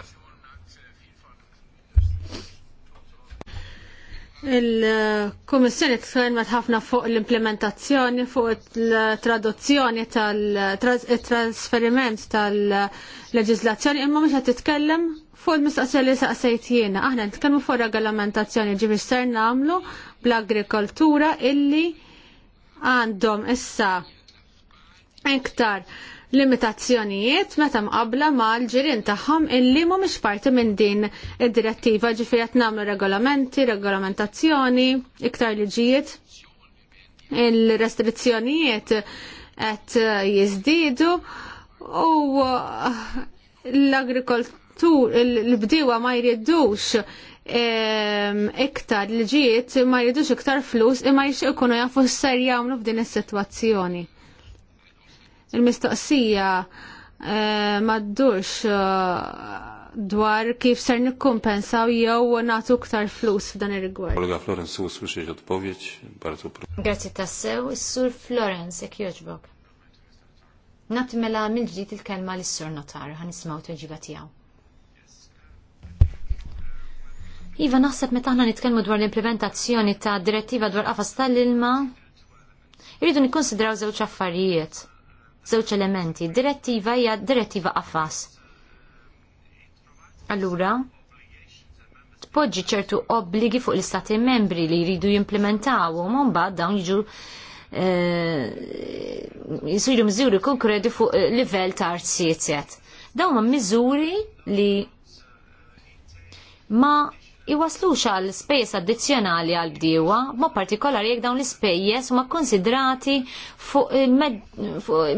Il-Kummissjoni tkellmet ħafna fuq l-implementazzjoni, fuq l traduzzjoni tal-trasferiment tal-leġizlazzjoni, imma mhux qed tkellem Fuq il-mistaqsija li saqsejt jiena, aħna nitkellmu fuq regolamentazzjoni ġibi ser nagħmlu bl-agrikoltura illi għandhom issa iktar limitazzjonijiet meta mqabla mal ġirien tagħhom illi mhumiex parti minn din id-direttiva ġifieri qed nagħmlu regolamenti, regolamentazzjoni, iktar liġijiet. Il-restrizzjonijiet qed jiżdiedu u l-agrikoltura il-settur, il-bdiewa ma jridux iktar l-ġiet ma jridux iktar flus imma jixtieq ikunu jafu s-ser jamlu f'din is-sitwazzjoni. Il-mistoqsija ma ddurx eh, dwar kif ser nikkumpensaw jew nagħtu iktar flus f'dan ir-rigward. Olga Florence u słyszeć odpowiedź bardzo Grazzi tassew, is-sur Florence jekk jogħġbok. Natmela mela mill-ġdid il-kelma lis-sur Notar ħanismaw tweġiba tiegħu. Iva naħseb meta aħna nitkellmu dwar l-implementazzjoni ta' direttiva dwar qafas tal-ilma, irridu nikkonsidraw żewġ affarijiet, żewġ elementi. Direttiva hija direttiva qafas. Allura, tpoġġi ċertu obbligi fuq l-istati membri li jridu jimplementaw u mbagħad dawn jiġu eh, jisiru mżuri konkreti fuq livell ta' arzijiet. Dawn ma' miżuri li ma' iwaslux għal spejjeż addizzjonali għal bdiewa, ma partikolari jekk dawn l-ispejjeż ma konsidrati fuq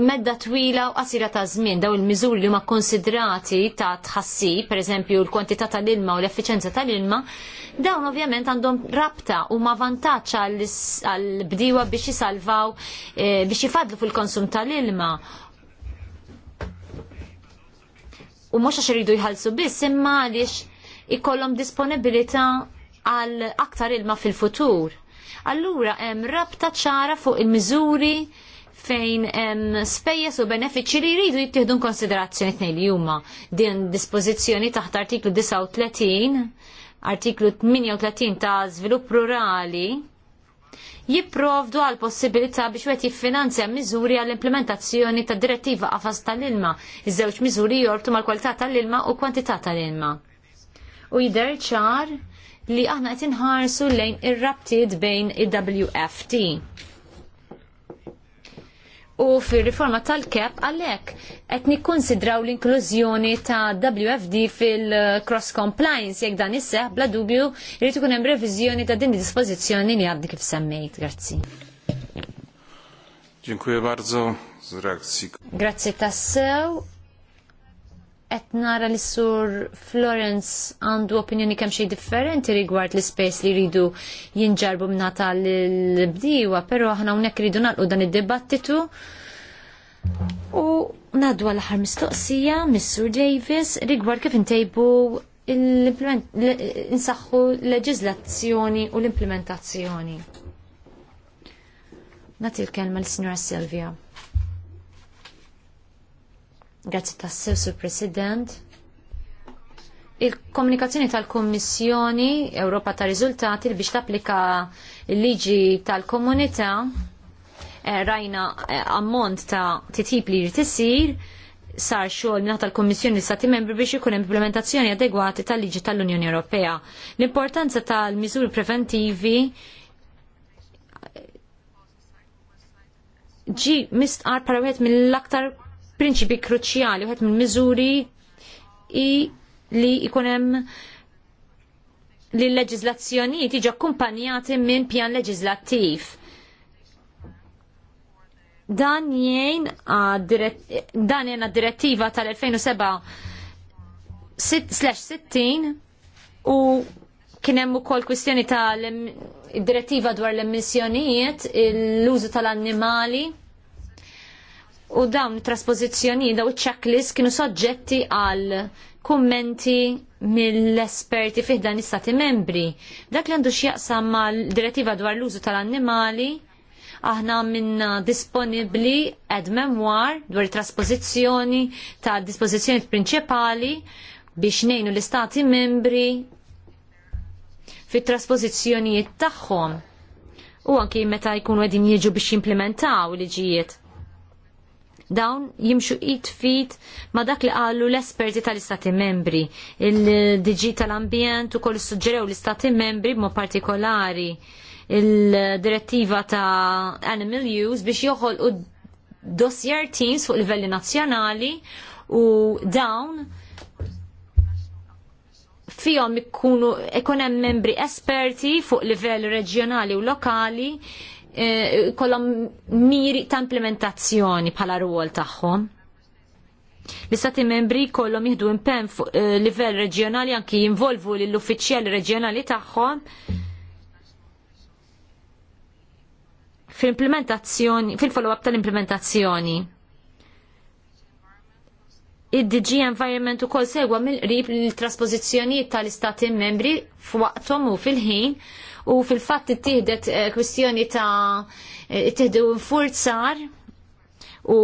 medda twila u qasira ta' żmien daw il-miżuri li huma konsidrati ta' tħassi, pereżempju l-kwantità tal-ilma u l-effiċenza tal-ilma, dawn ovvjament għandhom rabta u ma vantaġġ għal bdiewa biex jisalvaw eh, biex jifadlu fil-konsum tal-ilma u mhux għax iridu jħallsu biss imma għaliex ikollhom disponibilità għal aktar ilma fil-futur. Allura hemm rabta ċara fuq il-miżuri fejn spejjes u benefiċi li jridu jittieħdu konsiderazzjoni tnejn li huma din dispożizzjoni taħt artiklu 39, artiklu 38 ta' żvilupp rurali jipprovdu għal possibilità biex wieħed jiffinanzja miżuri għall implementazzjoni ta' direttiva qafas tal-ilma. Iż-żewġ miżuri jortu mal-kwalità tal-ilma u kwantità tal-ilma u jidher ċar li aħna qed inħarsu lejn ir-rabtiet bejn il-WFT. U fir-riforma tal-kep għalhekk qed nikkonsidraw l-inklużjoni ta' WFD fil-cross compliance jekk dan isseħ bla dubju jrid ikun hemm reviżjoni ta' din dispożizzjoni li għaddi kif semmejt. Grazzi. Dziękuję bardzo z reakcji. Grazie tassew qed nara li sur Florence għandu opinjoni kemm xej differenti rigward l-ispejs li jridu jinġarbu mnata l bdiwa però aħna hawnhekk rridu nagħlqu dan id-dibattitu. U ngħaddu għal aħħar mistoqsija mis-Sur Davis rigward kif intejbu insaħħu leġiżlazzjoni u l-implementazzjoni. Nagħti l-kelma l-Sinjora Silvia. Grazzi tassew, Sur President. Il-komunikazzjoni tal-Kommissjoni Ewropa ta' Riżultati biex tapplika l-liġi tal-komunità eh, rajna eh, ammont ta' titjib li jrid isir sar xogħol minn tal-Kommissjoni Stati Membri biex ikun implementazzjoni adegwati tal-liġi tal-Unjoni Ewropea. L-importanza tal-miżuri preventivi ġi mistqar para mill-aktar prinċipi kruċjali wieħed minn miżuri i li jkun hemm li l leġizlazzjoni tiġi akkumpanjati minn pjan leġizlattiv. Dan jgħin dan jgħin direttiva tal-2007-60 u kien hemm ukoll kwistjoni tal-direttiva dwar l-emissjonijiet, l-użu tal-annimali u dawn traspożizzjoni daw checklist kienu soġġetti għal kummenti mill-esperti fih dan istati membri. Dak li għandu x'jaqsam mal-direttiva dwar l-użu tal-annimali, aħna minna disponibli ed memoir dwar traspożizzjoni ta' dispożizzjoni prinċipali biex nejnu l-istati membri fit traspożizzjonijiet tagħhom u anki meta jkunu qegħdin jiġu biex jimplementaw liġijiet dawn jimxu it-fit ma dak li qalu l-esperti tal-istati membri. Il-DG tal-ambjent u koll suġġerew l-istati membri mo partikolari il-direttiva ta' animal use biex joħol u dossier teams fuq livelli nazzjonali u dawn fihom ikunu ikun hemm membri esperti fuq livell reġjonali u lokali Eh, kollom miri ta' implementazzjoni bħala rwol tagħhom. L-istati membri kollom jieħdu impenn fuq eh, livell reġjonali anki jinvolvu l-uffiċjali reġjonali tagħhom fil-implementazzjoni, fil-follow-up tal-implementazzjoni. Id-DG Environment ukoll segwa mill-qrib l-traspożizzjonijiet tal-istati membri f'waqthom u fil-ħin u fil-fatt tihdet eh, kwistjoni ta' eh, ittieħdu forzar u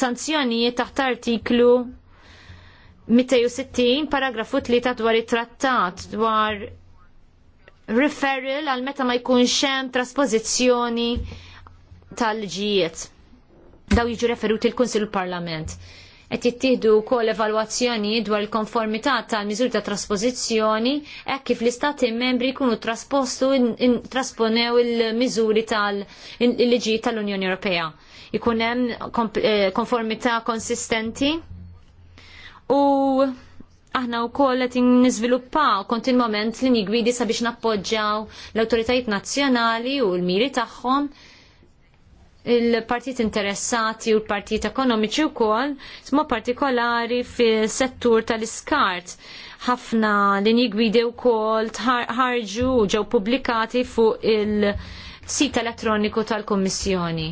sanzjonijiet taħt artiklu 260 paragrafu 3 dwar it-trattat dwar referral għal meta ma jkunx hemm trasposizjoni tal-ġijiet. Daw jiġu referuti l-Kunsil Parlament qed jittieħdu wkoll evalwazzjoni dwar il-konformità tal-miżuri ta' trasposizzjoni hekk kif l-istati membri jkunu traspostu trasponew il-miżuri tal-liġi tal-Unjoni Ewropea. Ikun hemm eh, konformità konsistenti u aħna wkoll qed niżviluppaw kontinwament linji gwidi sabiex nappoġġjaw l-awtoritajiet nazzjonali u l-miri tagħhom il-partijiet interessati u l-partijiet ekonomiċi wkoll smo partikolari fil settur tal-iskart. Ħafna linji gwidi wkoll ħarġu ġew pubblikati fuq il- sit elettroniku tal-Kommissjoni.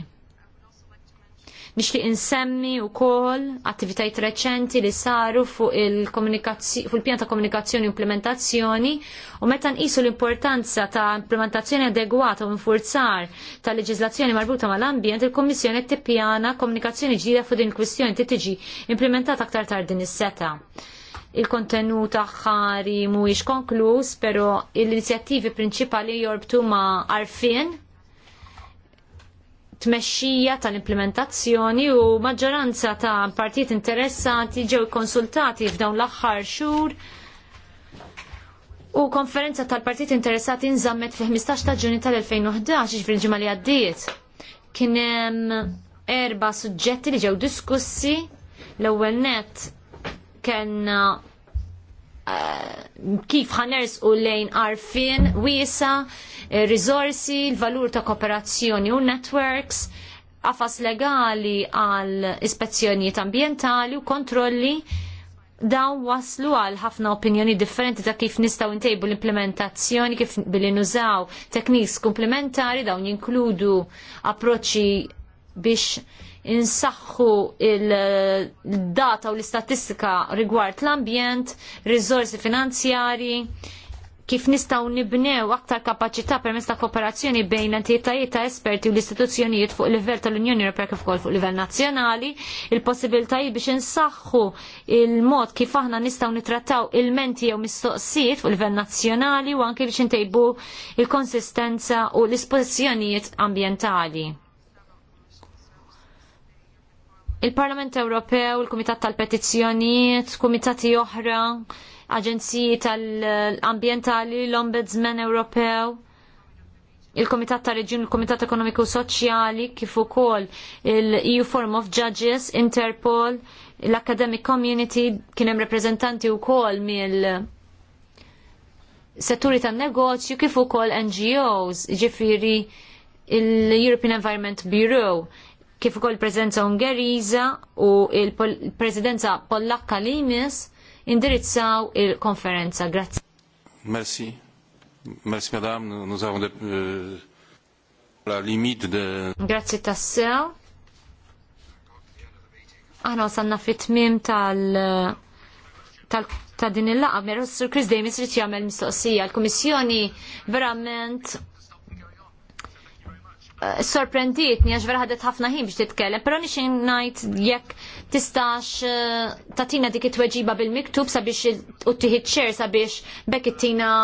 Nixtieq insemmi wkoll attivitajiet reċenti li saru fuq il komunikazzjoni fuq il ta' komunikazzjoni u implementazzjoni u meta nqisu l-importanza ta' implementazzjoni adegwata u nfurzar ta' leġiżlazzjoni marbuta mal-ambjent, il-Kommissjoni qed tippjana komunikazzjoni ġdida fuq din il-kwistjoni ti tiġi implementata aktar tard din is-seta il-kontenut aħħari mhuwiex konkluż, però l-inizjattivi prinċipali jorbtu ma' arfin tmexxija tal-implementazzjoni u maġġoranza ta' partijiet interessati ġew konsultati f'dawn l-aħħar xhur u konferenza tal-partijiet interessati nżammet fi 15 ta' ġuni tal-2011 ġifri ġimma li għaddiet. Kien hemm erba' suġġetti li ġew diskussi l-ewwel nett kellna kif ħaners u lejn arfin wiesa, eh, risorsi, l-valur ta' kooperazzjoni u networks, għafas legali għal ispezzjonijiet ambjentali u kontrolli dawn waslu għal ħafna opinjoni differenti ta' kif nistaw intejbu l-implementazzjoni, kif billi nużaw tekniks komplementari, dawn jinkludu approċċi biex insaħħu il-data u l-istatistika rigward l-ambjent, rizorsi finanzjari, kif nistaw nibnew aktar kapacità permezz ta' kooperazzjoni bejn entitajiet ta' esperti u l-istituzzjonijiet fuq livell tal-Unjoni Ewropea kif ukoll fuq livell nazzjonali, il-possibiltajiet biex insaħħu il-mod kif aħna nistgħu nitrattaw il-menti jew mistoqsijiet fuq livell nazzjonali u anke biex intejbu il-konsistenza u l-ispożizzjonijiet ambjentali. Il-Parlament Ewropew, il-Kumitat tal-Petizzjonijiet, kumitati oħra, aġenziji tal-ambientali, l-Ombudsman Ewropew, il kumitat ta' Reġjun, il kumitat Ekonomiku Soċjali, kif ukoll il-EU Forum of Judges, Interpol, l-Academic Community, kien hemm rappreżentanti wkoll mill setturi tan negozju kif ukoll NGOs, jiġifieri l european Environment Bureau, kif ukoll preżenza Ungeriża u l presidenza Pollakka li indirizzaw il-konferenza. Grazzi. Merci. Merci madame, nous avons de, euh, la limite de Grazzi tassew. Aħna sanna fit-tmim tal tal ta' din il-laqa, mero s-sur Chris Davis li jagħmel mistoqsija. L-Kummissjoni verament sorprendit, għax vera ħadet ħafna ħin biex titkellem, pero nix najt jekk tistax eh, tatina dik it-tweġiba bil-miktub sabiex u tiħit ċer sabiex bekk it-tina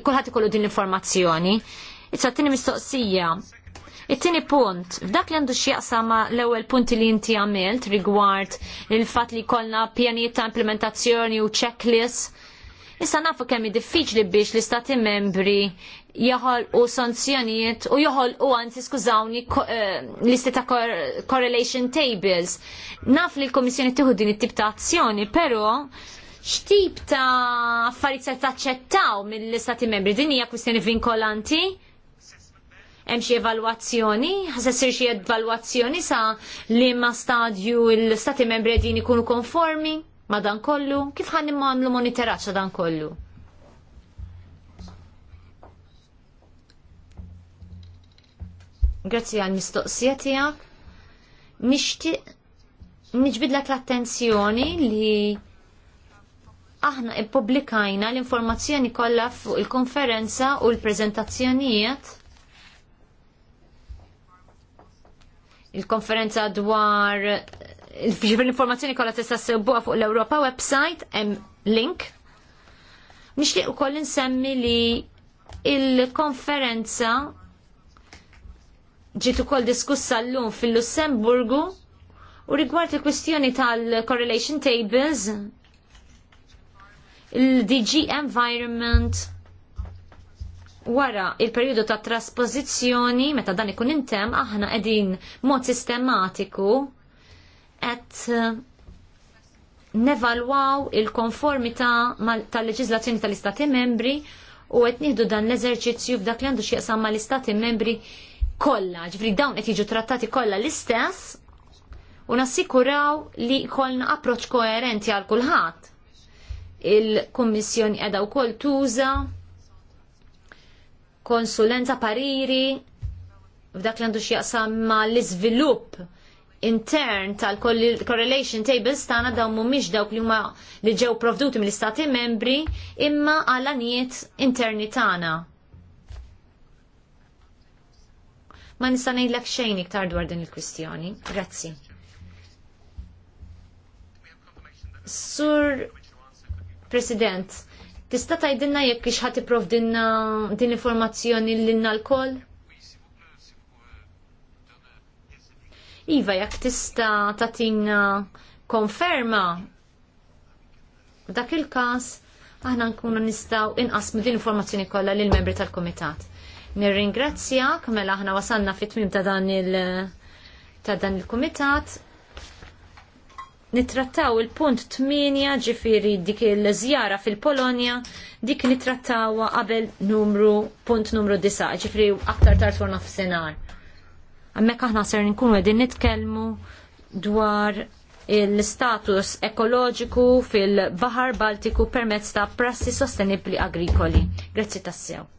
kullħat ikollu din l-informazzjoni. Issa t-tini mistoqsija. It-tini punt, f'dak li għandu x'jaqsama l-ewwel punti li inti għamilt rigward il-fatt li kollna pjanijiet ta' implementazzjoni u checklist Issa nafu kemm diffiċli biex l-istati membri joħol u sanzjonijiet u joħol u għanzi skużawni eh, listi ta' correlation tables. Naf li l-Komissjoni tiħu din it-tip ta' azzjoni, pero x'tip ta' affarijiet se taċċettaw mill-istati membri? Din hija kwistjoni vinkolanti? Hemm xi evalwazzjoni? Ħasessir xi evalwazzjoni sa li ma stadju l-istati membri din ikunu konformi madan kollu? Kif ħan imma għamlu monitoraċċa dan kollu? Grazzi għal mistoqsija tiegħek. Nixtieq niġbidlek l-attenzjoni li aħna ippubblikajna l-informazzjoni kollha fuq il-konferenza u l-preżentazzjonijiet il-konferenza dwar l-informazzjoni kollha tista' ssibbuha fuq l-Ewropa website hemm link. Nixtieq ukoll insemmi li il-konferenza ġiet ukoll diskussa llum fil-Lussemburgu u rigward il-kwestjoni tal-correlation tables il-DG Environment wara il-periodu ta' trasposizjoni meta dan ikun intem aħna qegħdin mod sistematiku qed uh, nevalwaw il-konformità tal-leġiżlazzjoni tal-Istati membri u qed nieħdu dan l-eżerċizzju f'dak li għandu xieqsam mal-Istati membri kollha, ġifri dawn qed jiġu trattati kollha l-istess u nassikuraw li kolna approċ koerenti għal kulħadd. Il-Kummissjoni qiegħda wkoll tuża konsulenza pariri f'dak li għandu x'jaqsam ma l-iżvilupp intern tal-correlation tables tagħna dawn mhumiex dawk li huma li ġew provduti mill-istati membri imma għal anijiet interni tagħna. ma nista' ngħidlek xejn iktar dwar din il-kwistjoni. Grazzi. Sur President, tista' tgħidilna jekk ix ħadd ipprovdilna din informazzjoni lilna l-koll? Iva, jekk tista' tatina konferma f'dak il-każ aħna nkunu nistgħu inqasmu din informazzjoni kollha lill-membri tal-kumitat. Nirringrazzjak mela aħna wasalna fit-tmim ta' dan il- ta' dan il-kumitat. Nitrattaw il-punt 8 ġifiri dik il-żjara fil-Polonja, dik nitrattawa qabel numru punt numru 9, ġifiri aktar tard forna f'senar. Għammek aħna ser nkunu qegħdin nitkellmu dwar l-status ekoloġiku fil-Bahar Baltiku permezz ta' prassi sostenibli agrikoli. Grazzi tassew.